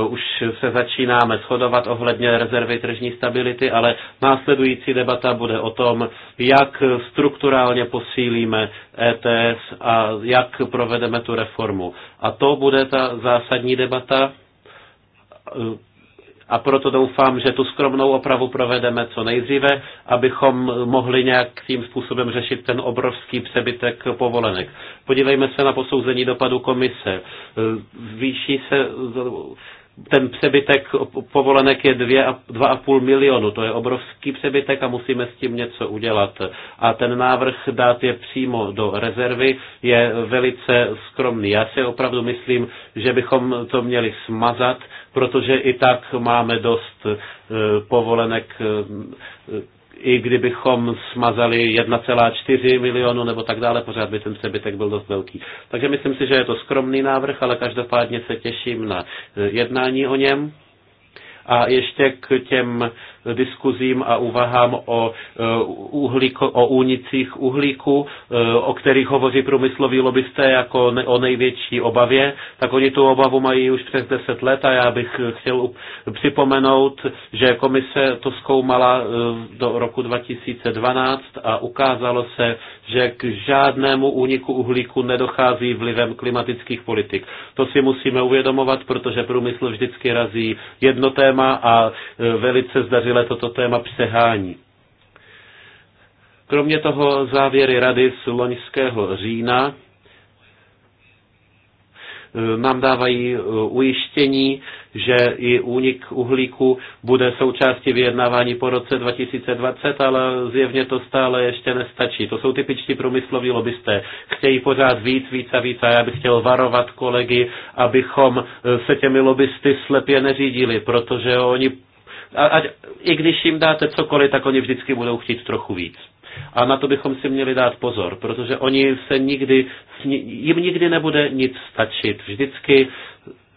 už se začínáme shodovat ohledně rezervy tržní stability, ale následující debata bude o tom, jak strukturálně posílíme ETS a jak provedeme tu reformu. A to bude ta zásadní debata e, a proto doufám, že tu skromnou opravu provedeme co nejdříve, abychom mohli nějakým způsobem řešit ten obrovský přebytek povolenek. Podívejme se na posouzení dopadu komise. Výší se ten přebytek povolenek je 2,5 milionu. To je obrovský přebytek a musíme s tím něco udělat. A ten návrh dát je přímo do rezervy je velice skromný. Já si opravdu myslím, že bychom to měli smazat protože i tak máme dost eh, povolenek, eh, i kdybychom smazali 1,4 milionu nebo tak dále, pořád by ten přebytek byl dost velký. Takže myslím si, že je to skromný návrh, ale každopádně se těším na eh, jednání o něm. A ještě k těm diskuzím a úvahám o, e, uhlíko, o únicích uhlíku, e, o kterých hovoří průmysloví lobbysté jako o největší obavě, tak oni tu obavu mají už přes 10 let a já bych chtěl připomenout, že komise to zkoumala e, do roku 2012 a ukázalo se, že k žádnému úniku uhlíku nedochází vlivem klimatických politik. To si musíme uvědomovat, protože průmysl vždycky razí jedno téma a velice zdaří. Brazile toto téma přehání. Kromě toho závěry rady z loňského října eh, nám dávají eh, ujištění, že i únik uhlíku bude součástí vyjednávání po roce 2020, ale zjevně to stále ještě nestačí. To jsou typičtí průmysloví lobbysté. Chtějí pořád víc, víc a víc a já bych chtěl varovat kolegy, abychom eh, se těmi lobbysty slepě neřídili, protože oni a, a, i když jim dáte cokoliv, tak oni vždycky budou chtít trochu víc. A na to bychom si měli dát pozor, protože oni se nikdy, jim nikdy nebude nic stačit. Vždycky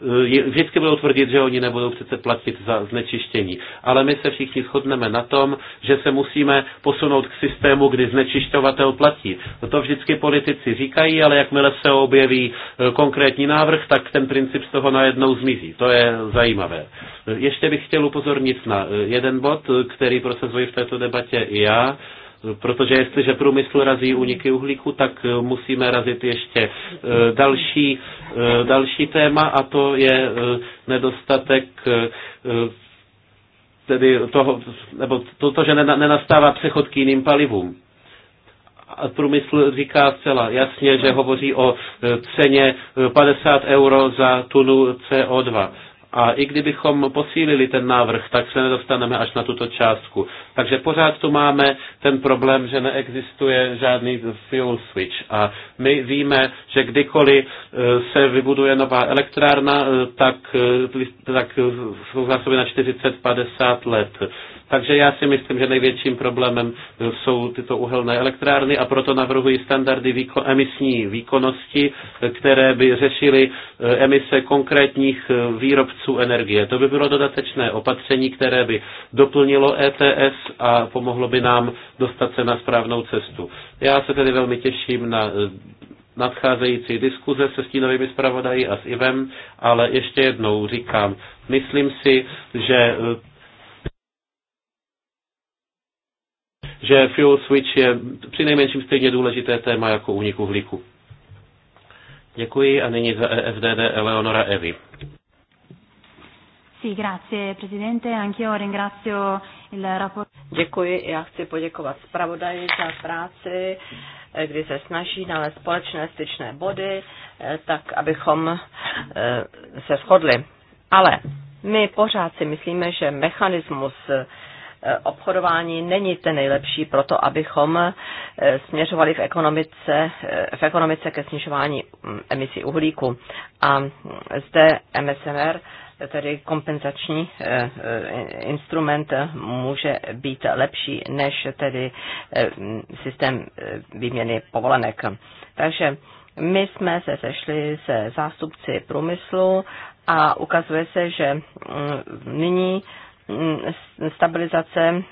Eh, vždycky budou tvrdit, že oni nebudou přece platit za znečištění. Ale my se všichni shodneme na tom, že se musíme posunout k systému, kdy znečišťovatel platí. To vždycky politici říkají, ale jakmile se objeví eh, konkrétní návrh, tak ten princip z toho najednou zmizí. To je zajímavé. Eh, ještě bych chtěl upozornit na jeden bod, který prosazuji v této debatě i já Protože jestliže průmysl razí úniky uhlíku, tak eh, musíme razit ještě eh, další, eh, další téma a to je nedostatek tedy toho, nebo to, že nenastává přechod k jiným palivům. A průmysl říká zcela jasně, že hovoří o ceně 50 euro za tunu CO2. A i kdybychom posílili ten návrh, tak se nedostaneme až na tuto částku. Takže pořád tu máme ten problém, že neexistuje žádný fuel switch. A my víme, že kdykoliv e, se vybuduje nová elektrárna, e, tak, e, tak jsou zásoby na 40-50 let. Takže já si myslím, že největším problémem eh, jsou tyto uhelné elektrárny a proto navrhuji standardy výko- emisní výkonnosti, eh, které by řešily eh, emise konkrétních výrobců energie. To by bylo dodatečné opatření, které by doplnilo ETS a pomohlo by nám dostat se na správnou cestu. Já se tedy velmi těším na nadcházející diskuze se stínovými zpravodají a s IVem, ale ještě jednou říkám, myslím si, že že fuel switch je při nejmenším stejně důležité téma jako únik uhlíku. Děkuji a nyní za EFDD Eleonora Evi. Děkuji, já chci poděkovat zpravodaji za práci, kdy se snaží nalézt společné styčné body, eh, tak abychom eh, se shodli. Ale my pořád si myslíme, že mechanismus eh, Eh, obchodování není ten nejlepší pro to, abychom eh, směřovali v ekonomice, eh, v ekonomice ke snižování mm, emisí uhlíku. A mm, zde MSMR tedy kompenzační instrument může být lepší než tedy mm, systém výměny povolenek. Takže my jsme se sešli se zástupci průmyslu a ukazuje se, že nyní Mm, stabilizace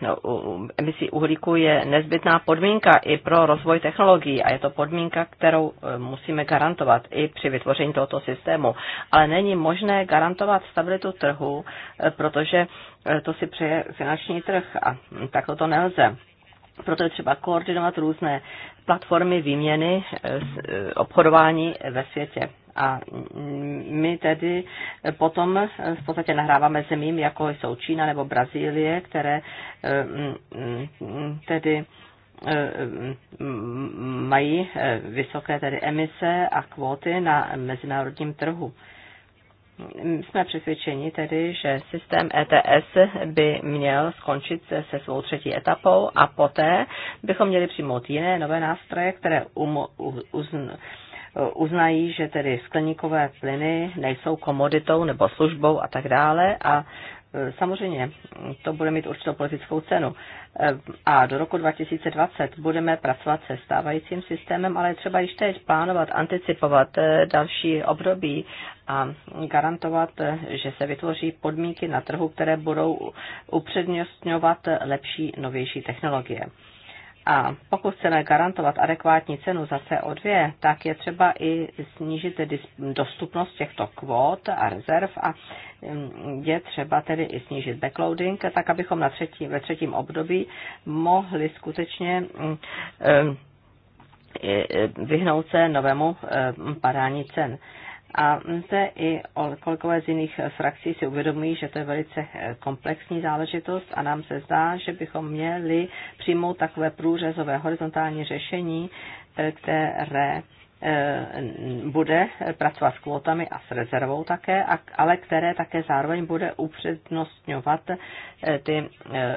emisí uhlíku je nezbytná podmínka i pro rozvoj technologií a je to podmínka, kterou e, musíme garantovat i při vytvoření tohoto systému. Ale není možné garantovat stabilitu trhu, e, protože e, to si přeje finanční trh a mm, takto to nelze. Proto je třeba koordinovat různé platformy výměny obchodování ve světě. A my tedy potom v podstatě nahráváme zemím, jako jsou Čína nebo Brazílie, které eh, tedy eh, mají eh, vysoké tedy emise a kvóty na mezinárodním trhu. Jsme přesvědčeni tedy, že systém ETS by měl skončit se svou třetí etapou a poté bychom měli přijmout jiné nové nástroje, které um, uzn, Eh, uznají, že tedy skleníkové plyny nejsou komoditou nebo službou a tak dále a eh, Samozřejmě to bude mít určitou politickou cenu. Eh, a do roku 2020 budeme pracovat se stávajícím systémem, ale třeba již teď plánovat, anticipovat další období a garantovat, že se vytvoří podmínky na trhu, které budou upřednostňovat lepší, novější technologie. A pokud chceme garantovat adekvátní cenu za CO2, tak je třeba i snížit dostupnost těchto kvót a rezerv a mm, je třeba tedy i snížit backloading, tak abychom na třetí, ve třetím období mohli skutečně mm, e, e, vyhnout se novému e, padání cen. A zde i kolegové z jiných frakcí si uvědomují, že to je velice eh, komplexní záležitost a nám se zdá, že bychom měli přijmout takové průřezové horizontální řešení, eh, které eh, bude pracovat s kvótami a s rezervou také, ale které také zároveň bude upřednostňovat ty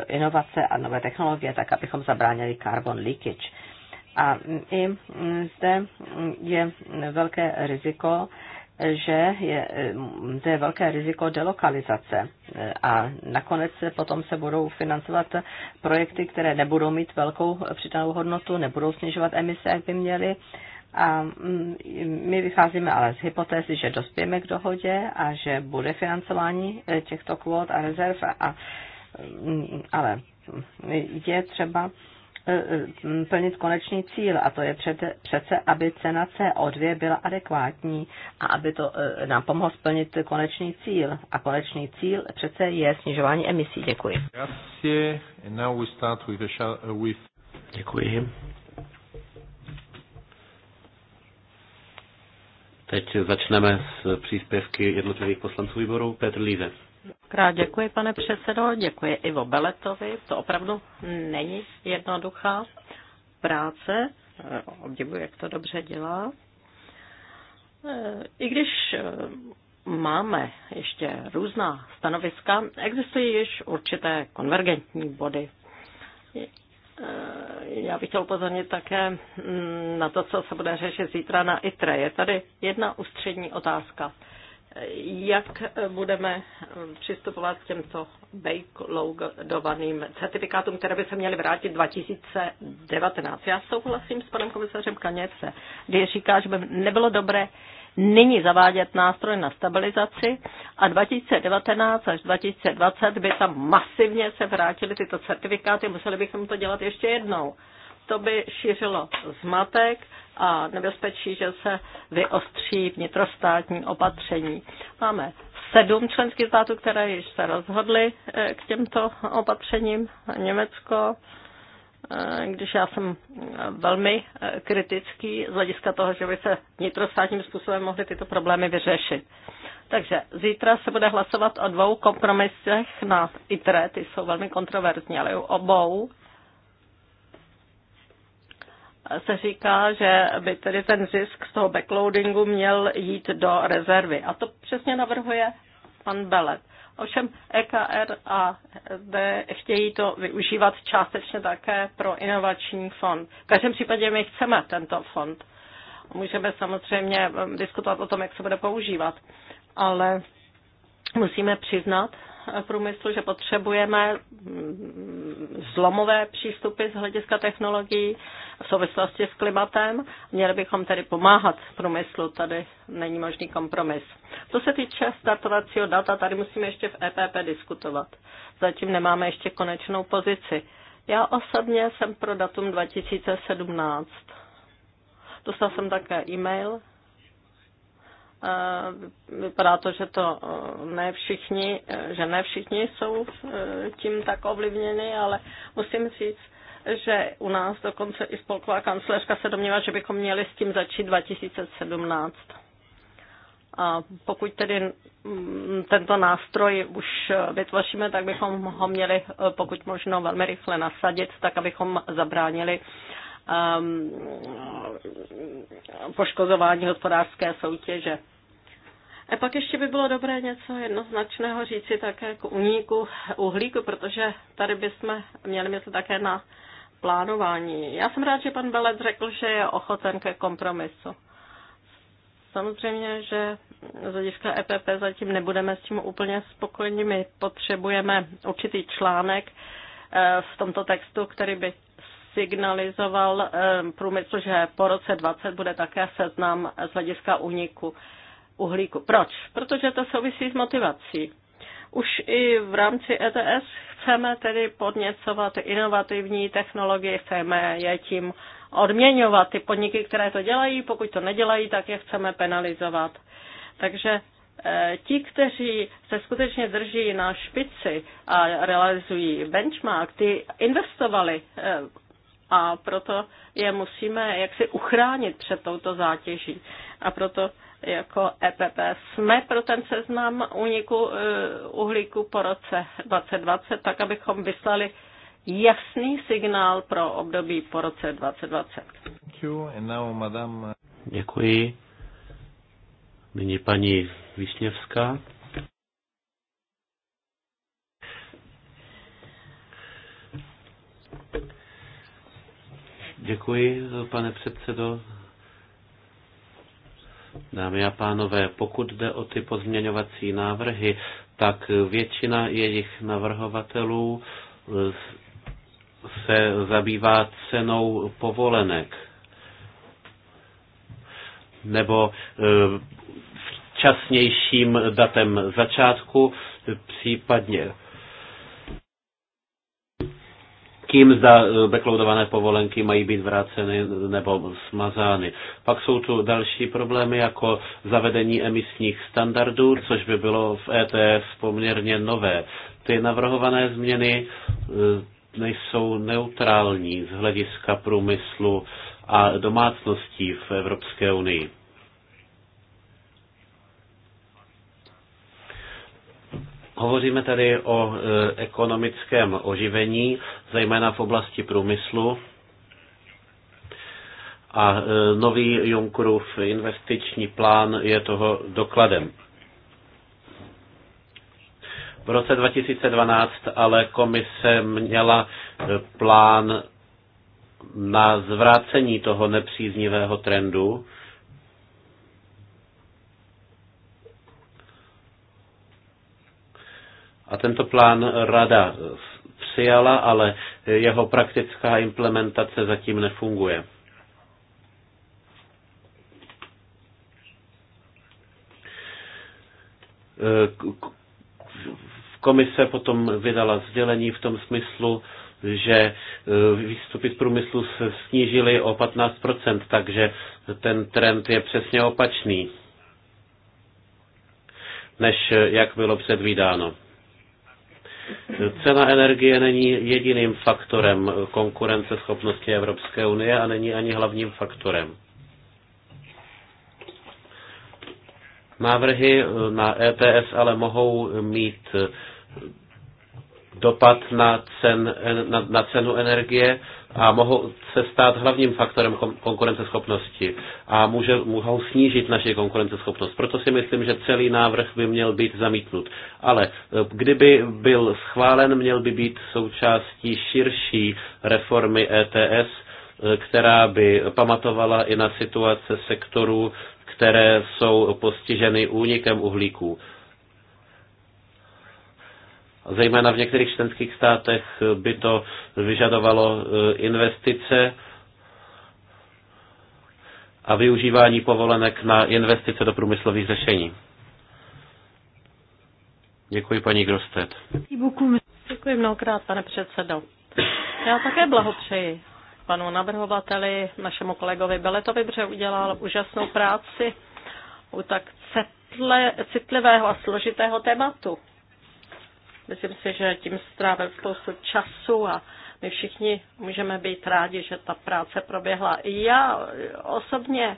inovace a nové technologie, tak abychom zabránili carbon leakage. A i mm, zde je velké riziko, že je zde eh, je velké riziko delokalizace eh, a nakonec potom se budou financovat projekty, které nebudou mít velkou přidanou hodnotu, nebudou snižovat emise, jak by měly. A mm, my vycházíme ale z hypotézy, že dospějeme k dohodě a že bude financování eh, těchto kvót a rezerv. A, mm, ale je třeba Eh, plnit konečný cíl, a to je před, přece, aby cena CO2 byla adekvátní a aby to eh, nám pomohlo splnit konečný cíl. A konečný cíl přece je snižování emisí. Děkuji. Eh, Děkuji. Teď začneme s příspěvky jednotlivých poslanců výboru. Petr Lízec. Krát děkuji, pane předsedo, děkuji Ivo Beletovi. To opravdu není jednoduchá práce. Obdivuji, jak to dobře dělá. I když eh, máme ještě různá stanoviska, existují již určité konvergentní body. Eh, já bych chtěl upozornit také mm, na to, co se bude řešit zítra na ITRE. Je tady jedna ústřední otázka jak budeme um, přistupovat k těmto backloadovaným certifikátům, které by se měly vrátit 2019. Já souhlasím s panem komisařem Kaněce, kdy říká, že by nebylo dobré nyní zavádět nástroj na stabilizaci a 2019 až 2020 by tam masivně se vrátily tyto certifikáty, museli bychom to dělat ještě jednou. To by šířilo zmatek, a nebezpečí, že se vyostří vnitrostátní opatření. Máme sedm členských států, které již se rozhodly eh, k těmto opatřením. Německo, eh, když já jsem eh, velmi kritický z hlediska toho, že by se vnitrostátním způsobem mohly tyto problémy vyřešit. Takže zítra se bude hlasovat o dvou kompromisech na ITRE, ty jsou velmi kontroverzní, ale u obou se říká, že by tedy ten zisk z toho backloadingu měl jít do rezervy. A to přesně navrhuje pan Belet. Ovšem EKR a D chtějí to využívat částečně také pro inovační fond. V každém případě my chceme tento fond. Můžeme samozřejmě um, diskutovat o tom, jak se bude používat, ale musíme přiznat, průmyslu, že potřebujeme zlomové přístupy z hlediska technologií v souvislosti s klimatem. Měli bychom tedy pomáhat průmyslu, tady není možný kompromis. Co se týče startovacího data, tady musíme ještě v EPP diskutovat. Zatím nemáme ještě konečnou pozici. Já osobně jsem pro datum 2017. Dostal jsem také e-mail Vypadá to, že to eh, ne všichni, eh, že ne všichni jsou eh, tím tak ovlivněni, ale musím říct, že u nás dokonce i spolková kancelářka se domnívá, že bychom měli s tím začít 2017. A pokud tedy mm, tento nástroj už vytvoříme, tak bychom ho měli pokud možno velmi rychle nasadit, tak abychom zabránili um, poškozování hospodářské soutěže. A pak ještě by bylo dobré něco jednoznačného říci také k uníku uhlíku, protože tady bychom měli myslet také na plánování. Já jsem rád, že pan Belec řekl, že je ochoten ke kompromisu. Samozřejmě, že z hlediska EPP zatím nebudeme s tím úplně spokojeni. My potřebujeme určitý článek eh, v tomto textu, který by signalizoval eh, průmysl, že po roce 20 bude také seznam z hlediska úniku uhlíku. Proč? Protože to souvisí s motivací. Už i v rámci ETS chceme tedy podněcovat inovativní technologie, chceme je tím odměňovat. Ty podniky, které to dělají, pokud to nedělají, tak je chceme penalizovat. Takže eh, ti, kteří se skutečně drží na špici a realizují benchmark, ty investovali eh, a proto je musíme jaksi uchránit před touto zátěží. A proto jako EPP jsme pro ten seznam úniku e, uhlíku po roce 2020, tak abychom vyslali jasný signál pro období po roce 2020. Děkuji. Nyní paní Višněvská. Děkuji, pane předsedo. Dámy a pánové, pokud jde o ty pozměňovací návrhy, tak většina jejich navrhovatelů eh, se zabývá cenou povolenek nebo eh, včasnějším datem začátku, případně tím, zda eh, backloadované povolenky mají být vráceny nebo smazány. Pak jsou tu další problémy jako zavedení emisních standardů, což by bylo v ETS poměrně nové. Ty navrhované změny eh, nejsou neutrální z hlediska průmyslu a domácností v Evropské unii. Hovoříme tady o e, ekonomickém oživení, zejména v oblasti průmyslu a e, nový Junckerův investiční plán je toho dokladem. V roce 2012 ale komise měla e, plán na zvrácení toho nepříznivého trendu A tento plán rada přijala, ale jeho praktická implementace zatím nefunguje. Komise potom vydala sdělení v tom smyslu, že e, výstupy z průmyslu se snížily o 15%, takže ten trend je přesně opačný, než jak bylo předvídáno. Cena energie není jediným faktorem konkurenceschopnosti Evropské unie a není ani hlavním faktorem. Návrhy na ETS ale mohou mít dopad na, cen, na, na cenu energie a mohou se stát hlavním faktorem konkurenceschopnosti a může, mohou snížit naši konkurenceschopnost. Proto si myslím, že celý návrh by měl být zamítnut. Ale e, kdyby byl schválen, měl by být součástí širší reformy ETS, e, která by pamatovala i na situace sektorů, které jsou postiženy únikem uhlíků Zejména v některých členských státech by to vyžadovalo e, investice a využívání povolenek na investice do průmyslových řešení. Děkuji paní Grostet. Děkuji mnohokrát, pane předsedo. Já také blahopřeji panu navrhovateli, našemu kolegovi Beletovi, protože udělal úžasnou práci u tak citlivého a složitého tématu. Myslím si, že tím strávil spoustu času a my všichni můžeme být rádi, že ta práce proběhla. I já osobně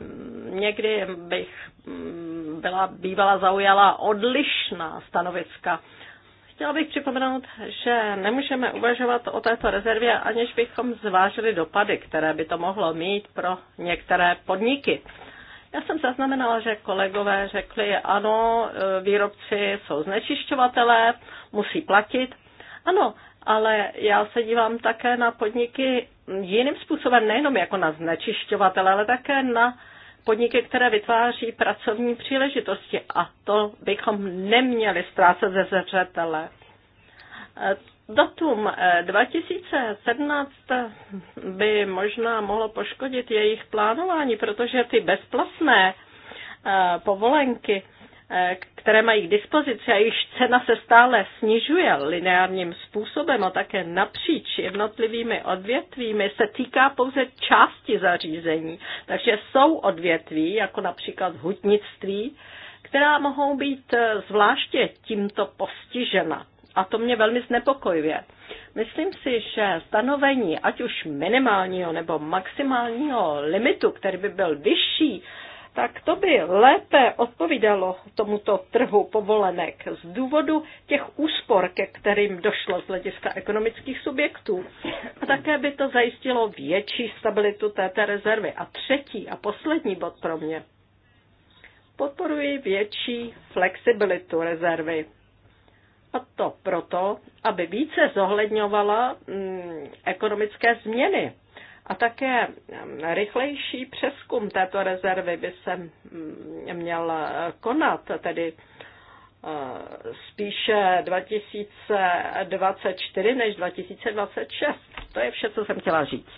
mm, někdy bych mm, byla bývala zaujala odlišná stanoviska. Chtěla bych připomenout, že nemůžeme uvažovat o této rezervě, aniž bychom zvážili dopady, které by to mohlo mít pro některé podniky. Já jsem zaznamenala, že kolegové řekli, ano, e, výrobci jsou znečišťovatelé, musí platit. Ano, ale já se dívám také na podniky jiným způsobem, nejenom jako na znečišťovatele, ale také na podniky, které vytváří pracovní příležitosti. A to bychom neměli ztrácet ze zřetele. Datum 2017 eh, by možná mohlo poškodit jejich plánování, protože ty bezplatné eh, povolenky, eh, které mají k dispozici a již cena se stále snižuje lineárním způsobem a také napříč jednotlivými odvětvími, se týká pouze části zařízení. Takže jsou odvětví, jako například hutnictví, která mohou být zvláště tímto postižena a to mě velmi znepokojuje. Myslím si, že stanovení ať už minimálního nebo maximálního limitu, který by byl vyšší, tak to by lépe odpovídalo tomuto trhu povolenek z důvodu těch úspor, ke kterým došlo z hlediska ekonomických subjektů. A také by to zajistilo větší stabilitu této rezervy. A třetí a poslední bod pro mě. Podporuji větší flexibilitu rezervy. A to proto, aby více zohledňovala mm, ekonomické změny. A také mm, rychlejší přeskum této rezervy by se mm, měl konat, tedy eh, spíše 2024 než 2026. To je vše, co jsem chtěla říct.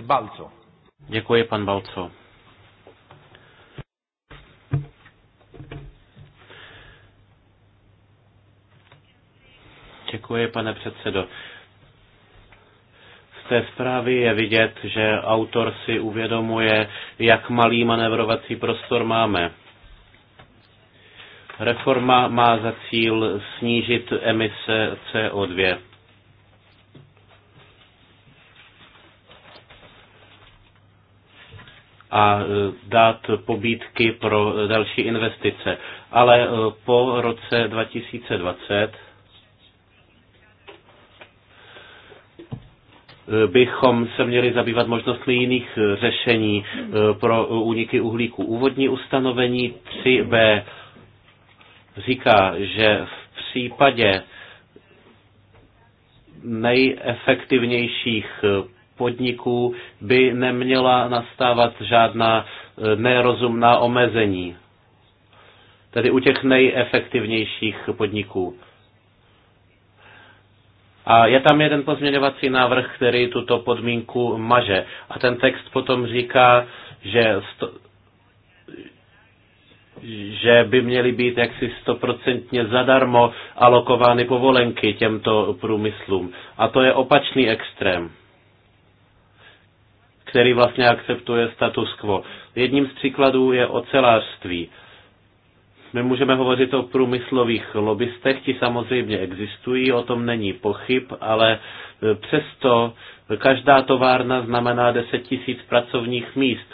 Balco. Děkuji, pan Balco. Děkuji, pane předsedo. Z té zprávy je vidět, že autor si uvědomuje, jak malý manevrovací prostor máme. Reforma má za cíl snížit emise CO2. a e, dát pobídky pro e, další investice. Ale e, po roce 2020 bychom se měli zabývat možnostmi jiných řešení eh, pro úniky uhlíku. Úvodní ustanovení 3b říká, že v případě nejefektivnějších eh, podniků by neměla nastávat žádná eh, nerozumná omezení. Tedy u těch nejefektivnějších podniků. A je tam jeden pozměňovací návrh, který tuto podmínku maže. A ten text potom říká, že, sto, že by měly být jaksi stoprocentně zadarmo alokovány povolenky těmto průmyslům. A to je opačný extrém který vlastně akceptuje status quo. Jedním z příkladů je ocelářství. Nemůžeme hovořit o průmyslových lobbystech, ti samozřejmě existují, o tom není pochyb, ale e, přesto každá továrna znamená 10 tisíc pracovních míst.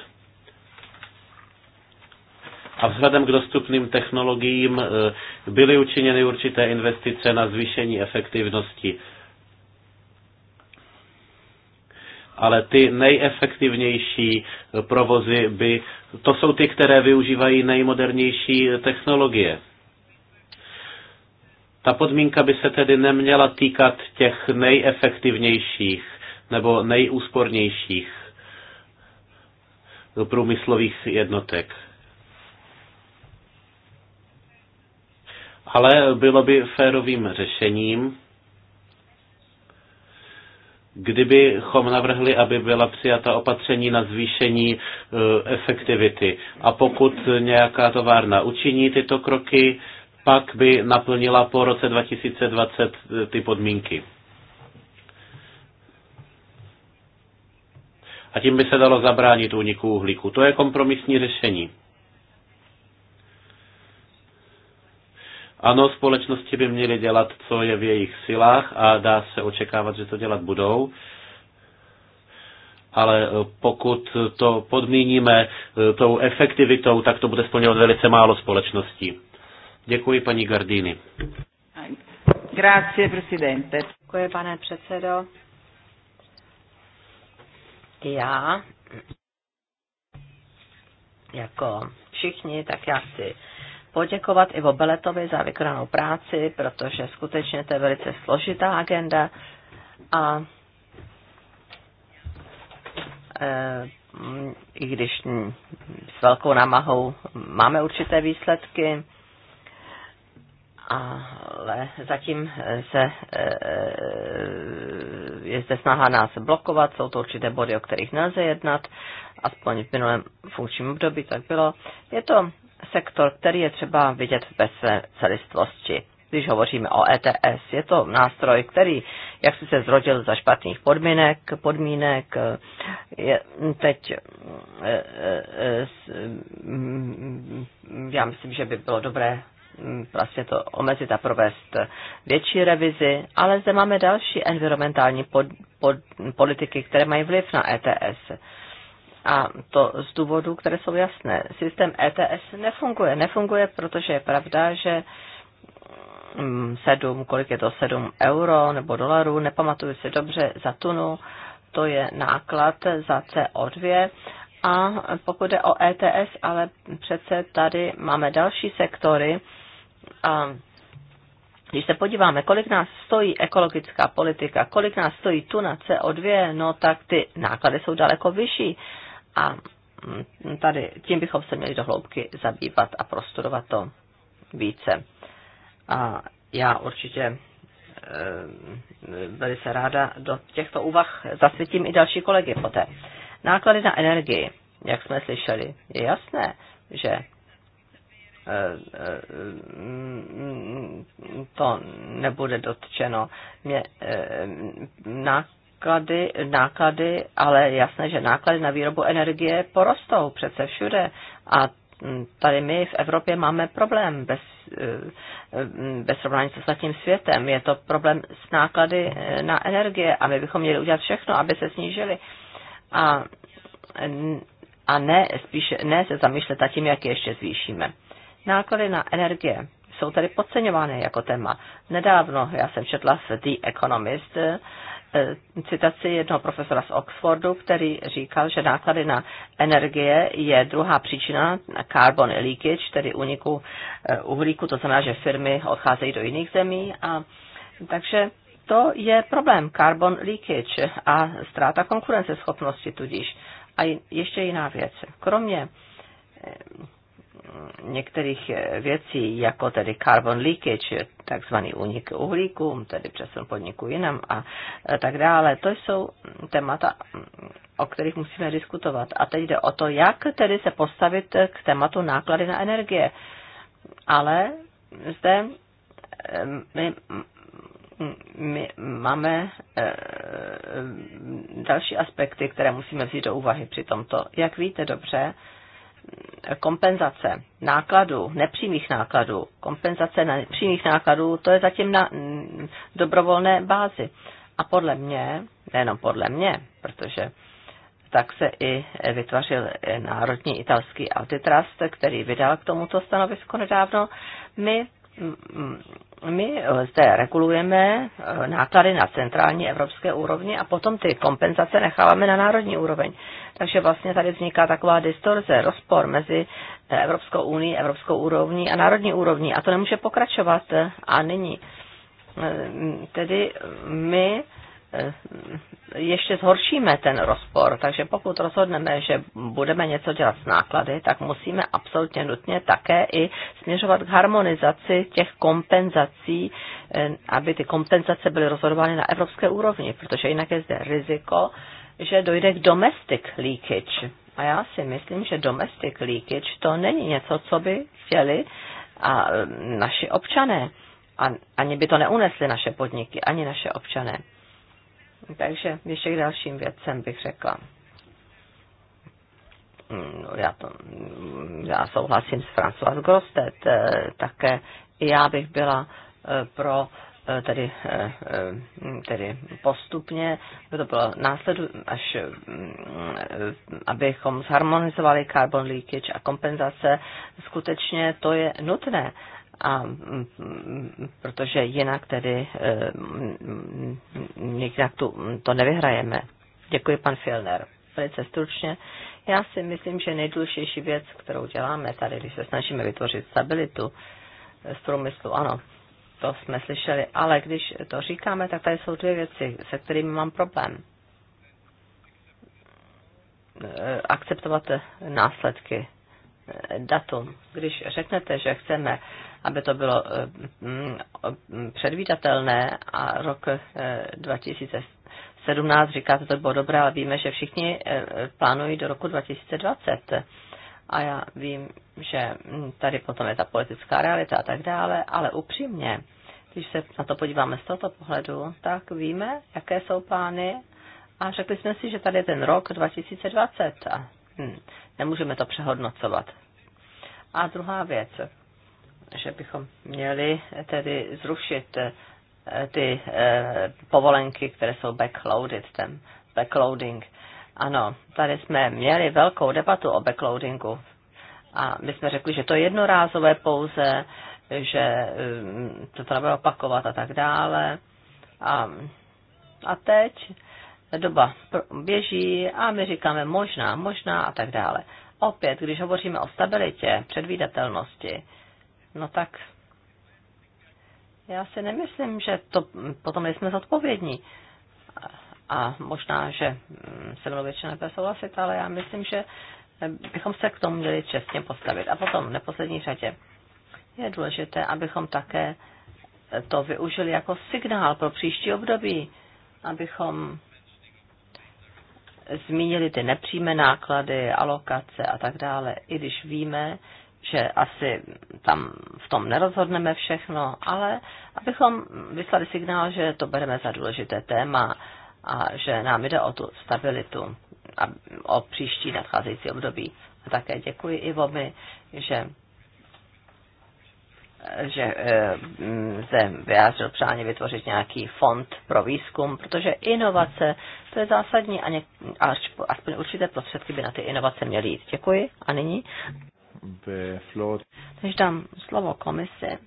A vzhledem k dostupným technologiím e, byly učiněny určité investice na zvýšení efektivnosti ale ty nejefektivnější provozy by, to jsou ty, které využívají nejmodernější technologie. Ta podmínka by se tedy neměla týkat těch nejefektivnějších nebo nejúspornějších průmyslových jednotek. Ale bylo by férovým řešením, kdybychom navrhli, aby byla přijata opatření na zvýšení e, efektivity. A pokud nějaká továrna učiní tyto kroky, pak by naplnila po roce 2020 e, ty podmínky. A tím by se dalo zabránit úniku uhlíku. To je kompromisní řešení. Ano, společnosti by měly dělat, co je v jejich silách a dá se očekávat, že to dělat budou. Ale eh, pokud to podmíníme eh, tou efektivitou, tak to bude splňovat velice málo společností. Děkuji paní Gardini. Grazie, presidente. Děkuji, pane předsedo. Já, jako všichni, tak já si poděkovat Ivo Beletovi za vykonanou práci, protože skutečně to je velice složitá agenda a e, i když s velkou námahou máme určité výsledky, ale zatím se e, e, je zde snaha nás blokovat, jsou to určité body, o kterých nelze jednat, aspoň v minulém funkčním období tak bylo. Je to sektor, který je třeba vidět ve bez své celistvosti. Když hovoříme o ETS, je to nástroj, který, jak si se zrodil za špatných podmínek, podmínek je, teď e, e, mm, já myslím, že by bylo dobré mm, vlastně to omezit a provést větší revizi, ale zde máme další environmentální pod, pod, politiky, které mají vliv na ETS a to z důvodů, které jsou jasné. Systém ETS nefunguje. Nefunguje, protože je pravda, že 7, mm, kolik je to 7 euro nebo dolarů, nepamatuju si dobře, za tunu, to je náklad za CO2. A pokud je o ETS, ale přece tady máme další sektory a když se podíváme, kolik nás stojí ekologická politika, kolik nás stojí tu na CO2, no tak ty náklady jsou daleko vyšší. A tady tím bychom se měli dohloubky zabývat a prostudovat to více. A já určitě eh, velice ráda do těchto úvah zasvětím i další kolegy poté. Náklady na energii, jak jsme slyšeli, je jasné, že eh, eh, mm, to nebude dotčeno. Mě, na náklady, náklady, ale jasné, že náklady na výrobu energie porostou přece všude a mm, tady my v Evropě máme problém bez, eh, eh, bez srovnání s ostatním světem. Je to problém s náklady eh, na energie a my bychom měli udělat všechno, aby se snížily. A, a ne, spíš, ne se zamýšlet nad tím, jak je ještě zvýšíme. Náklady na energie jsou tady podceňovány jako téma. Nedávno já jsem četla v The Economist Eh, citaci jednoho profesora z Oxfordu, který říkal, že náklady na energie je druhá příčina carbon leakage, tedy uniku eh, uhlíku, to znamená, že firmy odcházejí do jiných zemí. A, takže to je problém carbon leakage a ztráta konkurenceschopnosti tudíž. A ještě jiná věc. Kromě eh, některých eh, věcí, jako tedy carbon leakage, takzvaný únik uhlíku, tedy přesun podniku jinam a eh, tak dále. To jsou témata, mm, o kterých musíme diskutovat. A teď jde o to, jak tedy se postavit k tématu náklady na energie. Ale zde eh, my mm, my máme další aspekty, které musíme vzít do úvahy při tomto. Jak víte dobře, kompenzace nákladů, nepřímých nákladů, kompenzace nepřímých nákladů, to je zatím na mm, dobrovolné bázi. A podle mě, nejenom podle mě, protože tak se i vytvořil Národní italský antitrust, který vydal k tomuto stanovisko nedávno. My mm, mm, my eh, zde regulujeme eh, náklady na centrální evropské úrovni a potom ty kompenzace necháváme na národní úroveň. Takže vlastně tady vzniká taková distorze, rozpor mezi eh, Evropskou unii, Evropskou úrovní a národní úrovní. A to nemůže pokračovat. A nyní tedy my Eh, ještě zhoršíme ten rozpor. Takže pokud rozhodneme, že budeme něco dělat s náklady, tak musíme absolutně nutně také i směřovat k harmonizaci těch kompenzací, eh, aby ty kompenzace byly rozhodovány na evropské úrovni, protože jinak je zde riziko, že dojde k domestic leakage. A já si myslím, že domestic leakage to není něco, co by chtěli a eh, naši občané. A ani by to neunesli naše podniky, ani naše občané. Takže ještě k dalším věcem bych řekla. Hmm, no, já, to, já souhlasím s François Grostet, eh, také já bych byla eh, pro eh, tedy, tedy postupně, by to bylo následu, až mm, abychom zharmonizovali carbon leakage a kompenzace, skutečně to je nutné a mm, mm, protože jinak tedy eh, mm, jinak tu, to nevyhrajeme. Děkuji, pan Filner. Velice stručně. Já si myslím, že nejdůležitější věc, kterou děláme tady, když se snažíme vytvořit stabilitu eh, z průmyslu, ano, to jsme slyšeli, ale když to říkáme, tak tady jsou dvě věci, se kterými mám problém. Eh, akceptovat následky datum. Když řeknete, že chceme aby to bylo eh, mm, mm, předvídatelné a rok 2017 eh, říkáte, to bylo dobré, ale víme, že všichni eh, plánují do roku 2020. A já vím, že mm, tady potom je ta politická realita a tak dále, ale upřímně, když se na to podíváme z tohoto pohledu, tak víme, jaké jsou plány a řekli jsme si, že tady je ten rok 2020 a hm, nemůžeme to přehodnocovat. A druhá věc, že bychom měli tedy zrušit eh, ty eh, povolenky, které jsou backloaded, ten backloading. Ano, tady jsme měli velkou debatu o backloadingu a my jsme řekli, že to je jednorázové pouze, že eh, to nebude opakovat a tak dále. A, a teď doba běží a my říkáme možná, možná a tak dále. Opět, když hovoříme o stabilitě, předvídatelnosti, no tak já si nemyslím, že to potom nejsme zodpovědní. A možná, že mm, se mnou většina nebude souhlasit, ale já myslím, že eh, bychom se k tomu měli čestně postavit. A potom v neposlední řadě je důležité, abychom také eh, to využili jako signál pro příští období, abychom eh, zmínili ty nepřímé náklady, alokace a tak dále, i když víme, že asi tam v tom nerozhodneme všechno, ale abychom vyslali signál, že to bereme za důležité téma a že nám jde o tu stabilitu a o příští nadcházející období. A také děkuji Ivomi, že že se eh, vyjádřil přání vytvořit nějaký fond pro výzkum, protože inovace, to je zásadní a, něk, a aspoň určité prostředky by na ty inovace měly jít. Děkuji. A nyní než dám slovo komise,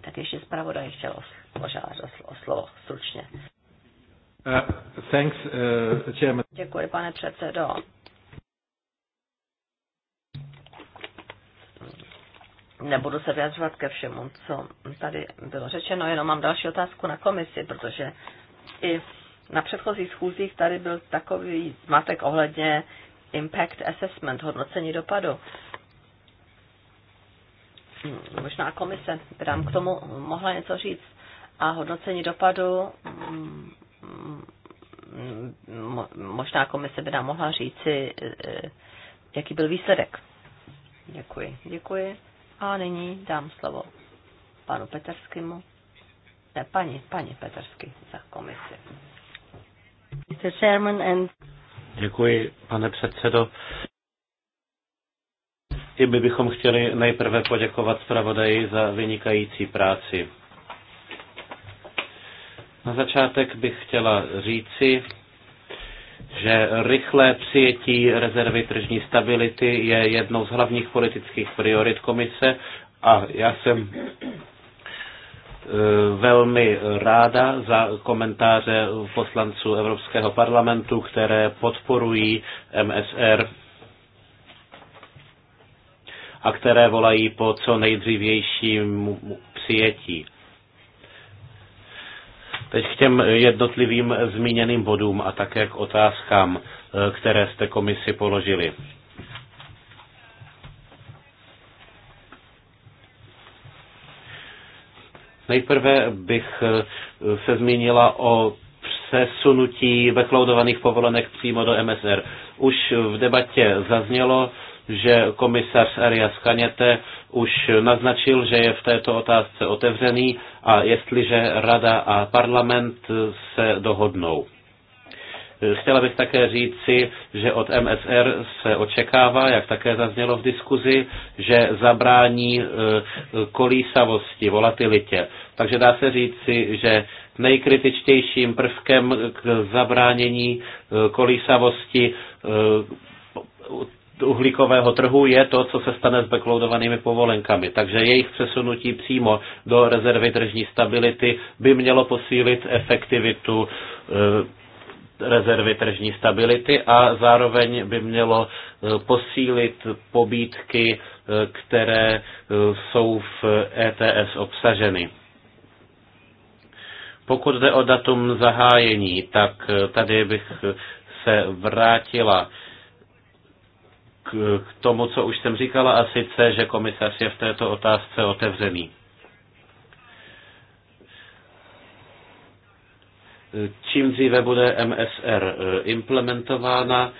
tak ještě zpravodaj chtěl požádat o slovo stručně. Uh, thanks, uh, chairman. Děkuji, pane předsedo. Nebudu se vyjadřovat ke všemu, co tady bylo řečeno, jenom mám další otázku na komisi, protože i na předchozích schůzích tady byl takový zmatek ohledně uh, impact assessment, hodnocení dopadu. Možná komise by nám k tomu mohla něco říct. A hodnocení dopadu, možná komise by nám mohla říci, jaký byl výsledek. Děkuji, děkuji. A nyní dám slovo panu Petrskému. Ne, paní, paní Petersky za komisi. Mr. Chairman and Děkuji, pane předsedo. I my bychom chtěli nejprve poděkovat zpravodaji za vynikající práci. Na začátek bych chtěla říci, že rychlé přijetí rezervy tržní stability je jednou z hlavních politických priorit komise a já jsem Eh, velmi ráda za komentáře poslanců Evropského parlamentu, které podporují MSR a které volají po co nejdřívějším přijetí. Teď k těm jednotlivým zmíněným bodům a také k otázkám, eh, které jste komisi položili. Nejprve bych eh, se zmínila o přesunutí backloadovaných povolenek přímo do MSR. Už v debatě zaznělo, že komisař Arias Kaněte už naznačil, že je v této otázce otevřený a jestliže rada a parlament se dohodnou. Chtěla bych také říci, že od MSR se očekává, jak také zaznělo v diskuzi, že zabrání e, kolísavosti, volatilitě. Takže dá se říci, že nejkritičtějším prvkem k zabránění e, kolísavosti e, uhlíkového trhu je to, co se stane s backloadovanými povolenkami. Takže jejich přesunutí přímo do rezervy tržní stability by mělo posílit efektivitu rezervy tržní stability a zároveň by mělo e, posílit pobídky, e, které e, jsou v ETS obsaženy. Pokud jde o datum zahájení, tak tady bych se vrátila k tomu, co už jsem říkala, a sice, že komisař je v této otázce otevřený. čím dříve bude MSR eh, implementována,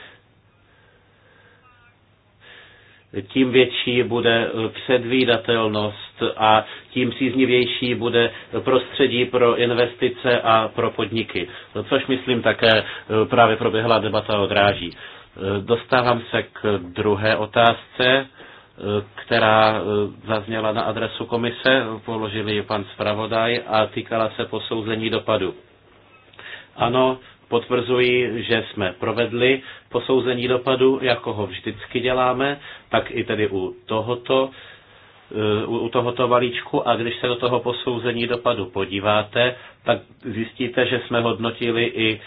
tím větší bude eh, předvídatelnost a tím příznivější bude prostředí pro investice a pro podniky. Což myslím také eh, právě proběhla debata o dráží. Dostávám se k druhé otázce, která zazněla na adresu komise, položili ji pan zpravodaj a týkala se posouzení dopadu. Ano, potvrzuji, že jsme provedli posouzení dopadu, jako ho vždycky děláme, tak i tedy u tohoto eh, u tohoto valíčku a když se do toho posouzení dopadu podíváte, tak zjistíte, že jsme hodnotili i,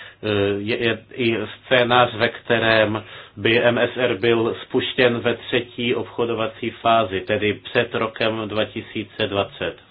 i, eh, i scénář, ve kterém by MSR byl spuštěn ve třetí obchodovací fázi, tedy před rokem 2020.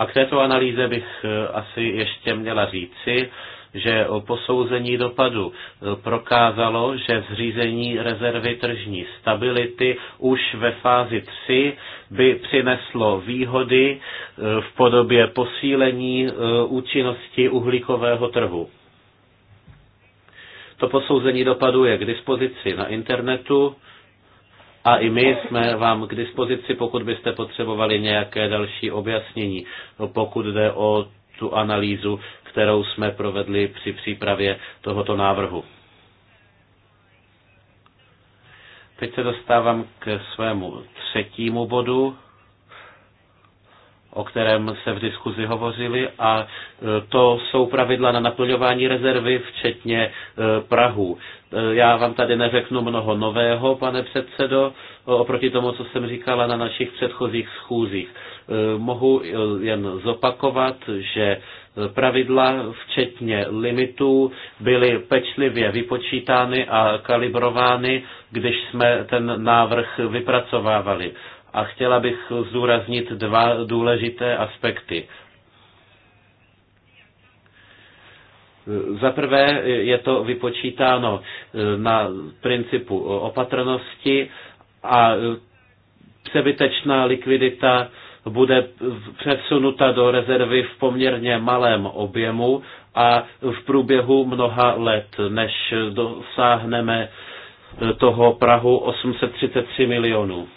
A k této analýze bych eh, asi ještě měla říci, že posouzení dopadu eh, prokázalo, že zřízení rezervy tržní stability už ve fázi 3 by přineslo výhody eh, v podobě posílení účinnosti uhlíkového trhu. To posouzení dopadu je k dispozici na internetu a i my jsme vám k dispozici, pokud byste potřebovali nějaké další objasnění, no, pokud jde o tu analýzu, kterou jsme provedli při přípravě tohoto návrhu. Teď se dostávám k svému třetímu bodu o kterém se v diskuzi hovořili, a e, to jsou pravidla na naplňování rezervy, včetně e, Prahu. E, já vám tady neřeknu mnoho nového, pane předsedo, oproti tomu, co jsem říkala na našich předchozích schůzích. Mohu jen zopakovat, že pravidla, včetně limitů, byly pečlivě vypočítány a kalibrovány, když jsme ten návrh vypracovávali a chtěla bych zdůraznit dva důležité aspekty. Za prvé je to vypočítáno e, na principu opatrnosti a přebytečná likvidita bude přesunuta do rezervy v poměrně malém objemu a v průběhu mnoha let, než dosáhneme toho Prahu 833 milionů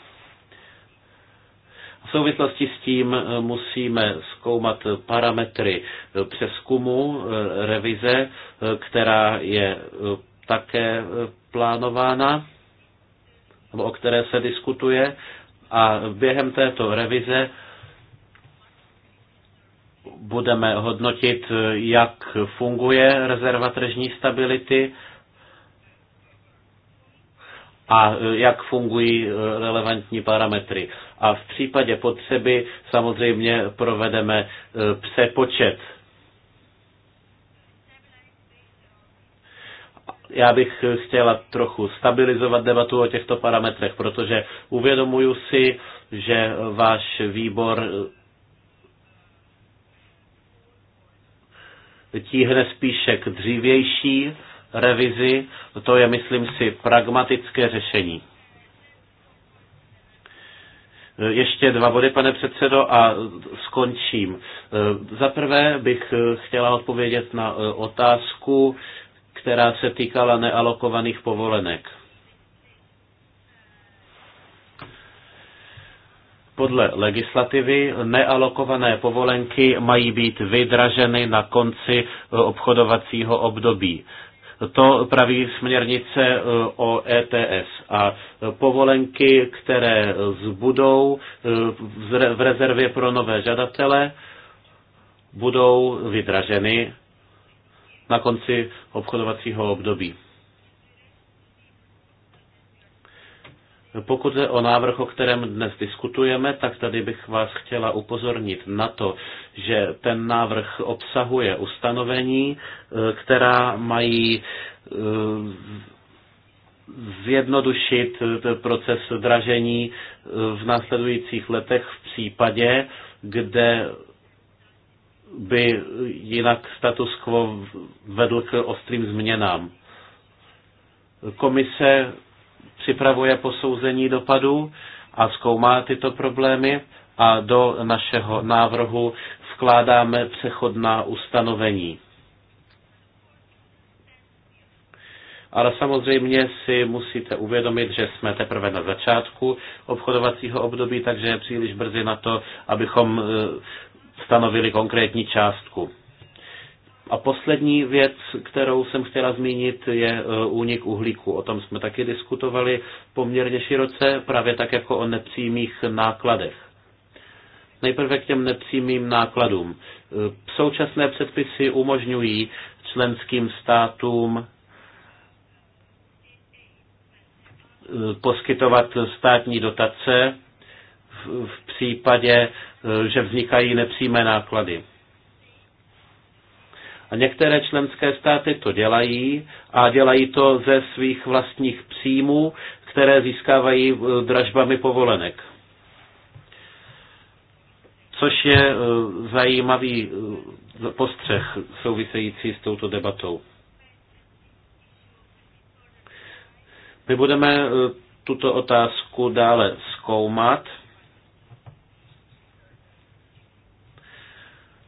souvislosti s tím eh, musíme zkoumat parametry eh, přeskumu, eh, revize, která je také plánována, nebo o které se diskutuje. A během této revize budeme hodnotit, jak funguje rezerva tržní stability, a e, jak fungují e, relevantní parametry. A v případě potřeby samozřejmě provedeme e, přepočet. Já bych chtěla trochu stabilizovat debatu o těchto parametrech, protože uvědomuju si, že váš výbor tíhne spíše k dřívější revizi, to je, myslím si, pragmatické řešení. Ještě dva body, pane předsedo, a skončím. Za prvé bych chtěla odpovědět na otázku, která se týkala nealokovaných povolenek. Podle legislativy nealokované povolenky mají být vydraženy na konci obchodovacího období. To praví směrnice e, o ETS. A povolenky, které zbudou e, v rezervě pro nové žadatele, budou vydraženy na konci obchodovacího období. Pokud je o návrh, o kterém dnes diskutujeme, tak tady bych vás chtěla upozornit na to, že ten návrh obsahuje ustanovení, eh, která mají eh, zjednodušit eh, proces dražení v následujících letech v případě, kde by jinak status quo vedl k ostrým změnám. Komise připravuje posouzení dopadů a zkoumá tyto problémy a do našeho návrhu vkládáme přechodná ustanovení. ale samozřejmě si musíte uvědomit, že jsme teprve na začátku obchodovacího období, takže je příliš brzy na to, abychom eh, stanovili konkrétní částku. A poslední věc, kterou jsem chtěla zmínit, je e, únik uhlíku. O tom jsme taky diskutovali poměrně široce, právě tak jako o nepřímých nákladech. Nejprve k těm nepřímým nákladům. E, současné předpisy umožňují členským státům e, poskytovat státní dotace v případě, že vznikají nepřímé náklady. A některé členské státy to dělají a dělají to ze svých vlastních příjmů, které získávají eh, dražbami povolenek. Což je eh, zajímavý eh, postřeh související s touto debatou. My budeme tuto otázku dále zkoumat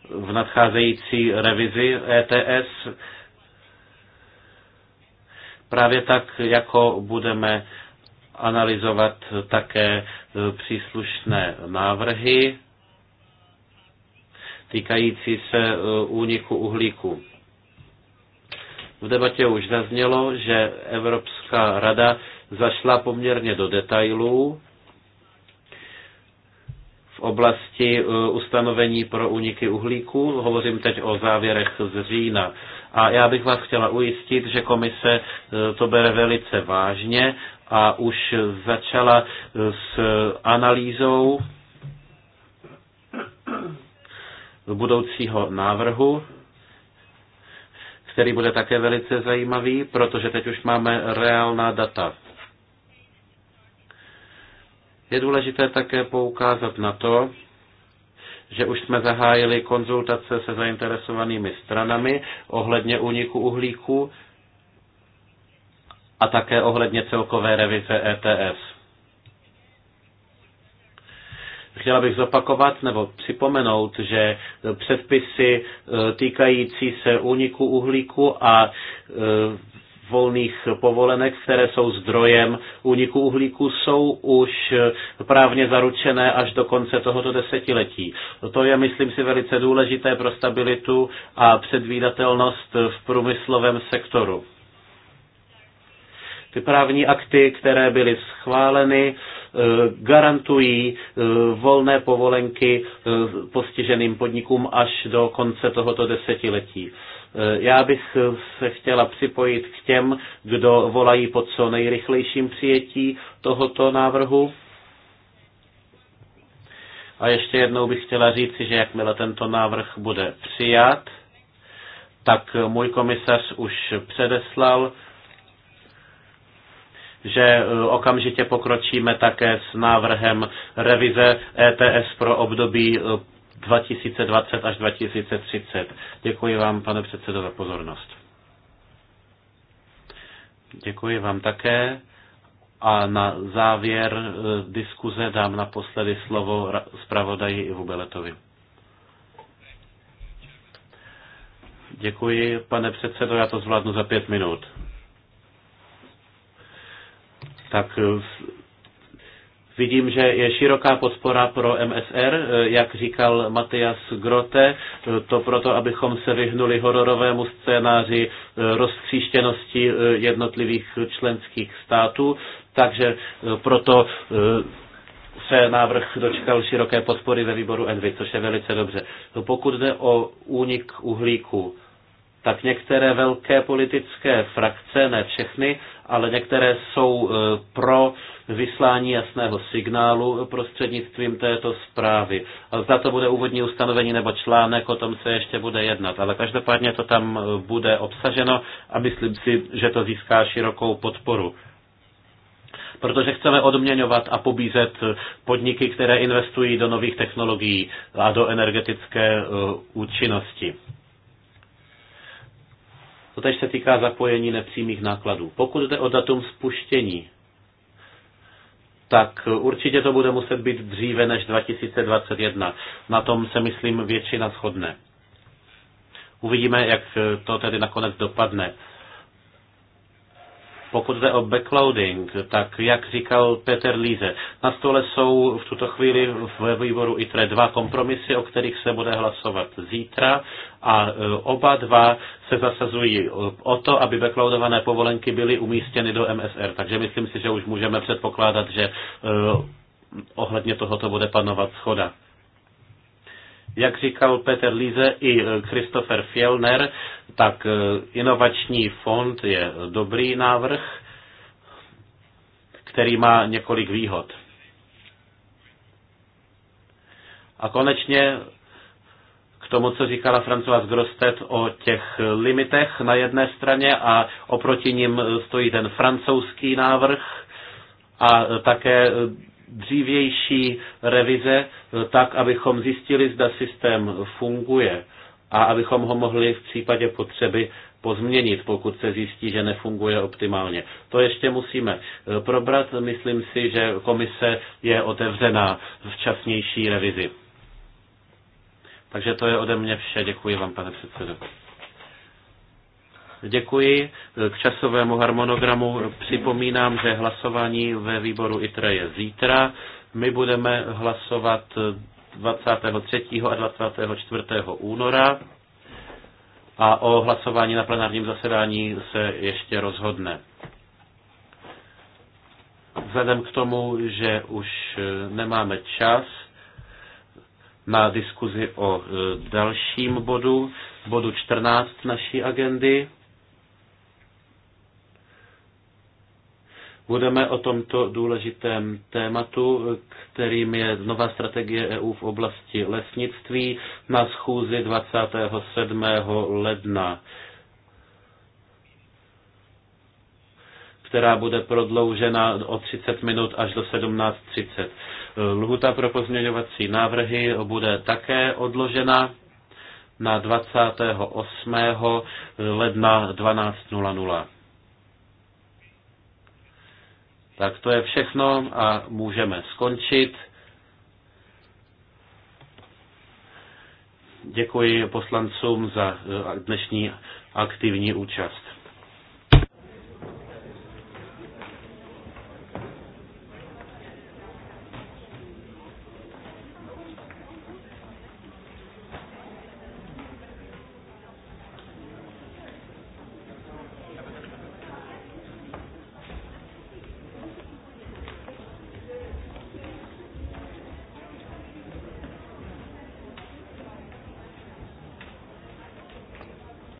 v nadcházející revizi ETS, právě tak, jako budeme analyzovat také e, příslušné návrhy týkající se e, úniku uhlíku. V debatě už zaznělo, že Evropská rada zašla poměrně do detailů oblasti eh, ustanovení pro úniky uhlíku. Hovořím teď o závěrech z října. A já bych vás chtěla ujistit, že komise eh, to bere velice vážně a už začala eh, s analýzou budoucího návrhu který bude také velice zajímavý, protože teď už máme reálná data. Je důležité také poukázat na to, že už jsme zahájili konzultace se zainteresovanými stranami ohledně úniku uhlíku a také ohledně celkové revize ETS. Chtěla bych zopakovat nebo připomenout, že předpisy e, týkající se úniku uhlíku a e, volných povolenek, které jsou zdrojem úniku uhlíku, jsou už právně zaručené až do konce tohoto desetiletí. To je, myslím si, velice důležité pro stabilitu a předvídatelnost v průmyslovém sektoru. Ty právní akty, které byly schváleny, eh, garantují eh, volné povolenky eh, postiženým podnikům až do konce tohoto desetiletí. Eh, já bych eh, se chtěla připojit k těm, kdo volají po co nejrychlejším přijetí tohoto návrhu. A ještě jednou bych chtěla říci, že jakmile tento návrh bude přijat, tak můj komisař už předeslal, že eh, okamžitě pokročíme také s návrhem revize ETS pro období 2020 až 2030. Děkuji vám, pane předsedo, za pozornost. Děkuji vám také. A na závěr e, diskuze dám naposledy slovo zpravodaji Ivu Beletovi. Děkuji, pane předsedo, já to zvládnu za pět minut. Tak e, Vidím, že je široká podpora pro MSR, eh, jak říkal Matias Grote, eh, to proto, abychom se vyhnuli hororovému scénáři eh, roztříštěnosti jednotlivých členských států, takže proto se návrh dočkal široké podpory ve výboru Envy, což je velice dobře. Pokud jde o únik uhlíku, tak některé velké politické frakce, ne všechny, ale některé jsou e, pro vyslání jasného signálu prostřednictvím této zprávy. A zda to bude úvodní ustanovení nebo článek, o tom se ještě bude jednat. Ale každopádně to tam e, bude obsaženo a myslím si, že to získá širokou podporu protože chceme odměňovat a pobízet podniky, které investují do nových technologií a do energetické e, účinnosti. To tež se týká zapojení nepřímých nákladů. Pokud jde o datum spuštění, tak určitě to bude muset být dříve než 2021. Na tom se, myslím, většina shodne. Uvidíme, jak to tedy nakonec dopadne. Pokud jde o backloading, tak jak říkal Peter Líze, na stole jsou v tuto chvíli v výboru ITRE dva kompromisy, o kterých se bude hlasovat zítra a e, oba dva se zasazují o to, aby backloadované povolenky byly umístěny do MSR. Takže myslím si, že už můžeme předpokládat, že e, ohledně tohoto bude panovat schoda jak říkal Peter Líze i e, Christopher Fjellner, tak eh, inovační fond je dobrý návrh, který má několik výhod. A konečně k tomu, co říkala Francois Grostet o těch limitech na jedné straně a oproti ním stojí ten francouzský návrh a také dřívější revize, eh, tak abychom zjistili, zda systém funguje a abychom ho mohli v případě potřeby pozměnit, pokud se zjistí, že nefunguje optimálně. To ještě musíme eh, probrat. Myslím si, že komise je otevřená včasnější revizi. Takže to je ode mě vše. Děkuji vám, pane předsedo. Děkuji. K časovému harmonogramu připomínám, že hlasování ve výboru ITRE je zítra. My budeme hlasovat 23. a 24. února a o hlasování na plenárním zasedání se ještě rozhodne. Vzhledem k tomu, že už eh, nemáme čas na diskuzi o eh, dalším bodu, bodu 14 naší agendy, Budeme o tomto důležitém tématu, kterým je nová strategie EU v oblasti lesnictví, na schůzi 27. ledna, která bude prodloužena o 30 minut až do 17.30. Lhuta pro pozměňovací návrhy bude také odložena na 28. ledna 12.00. Tak to je všechno a můžeme skončit. Děkuji poslancům za eh, dnešní aktivní účast.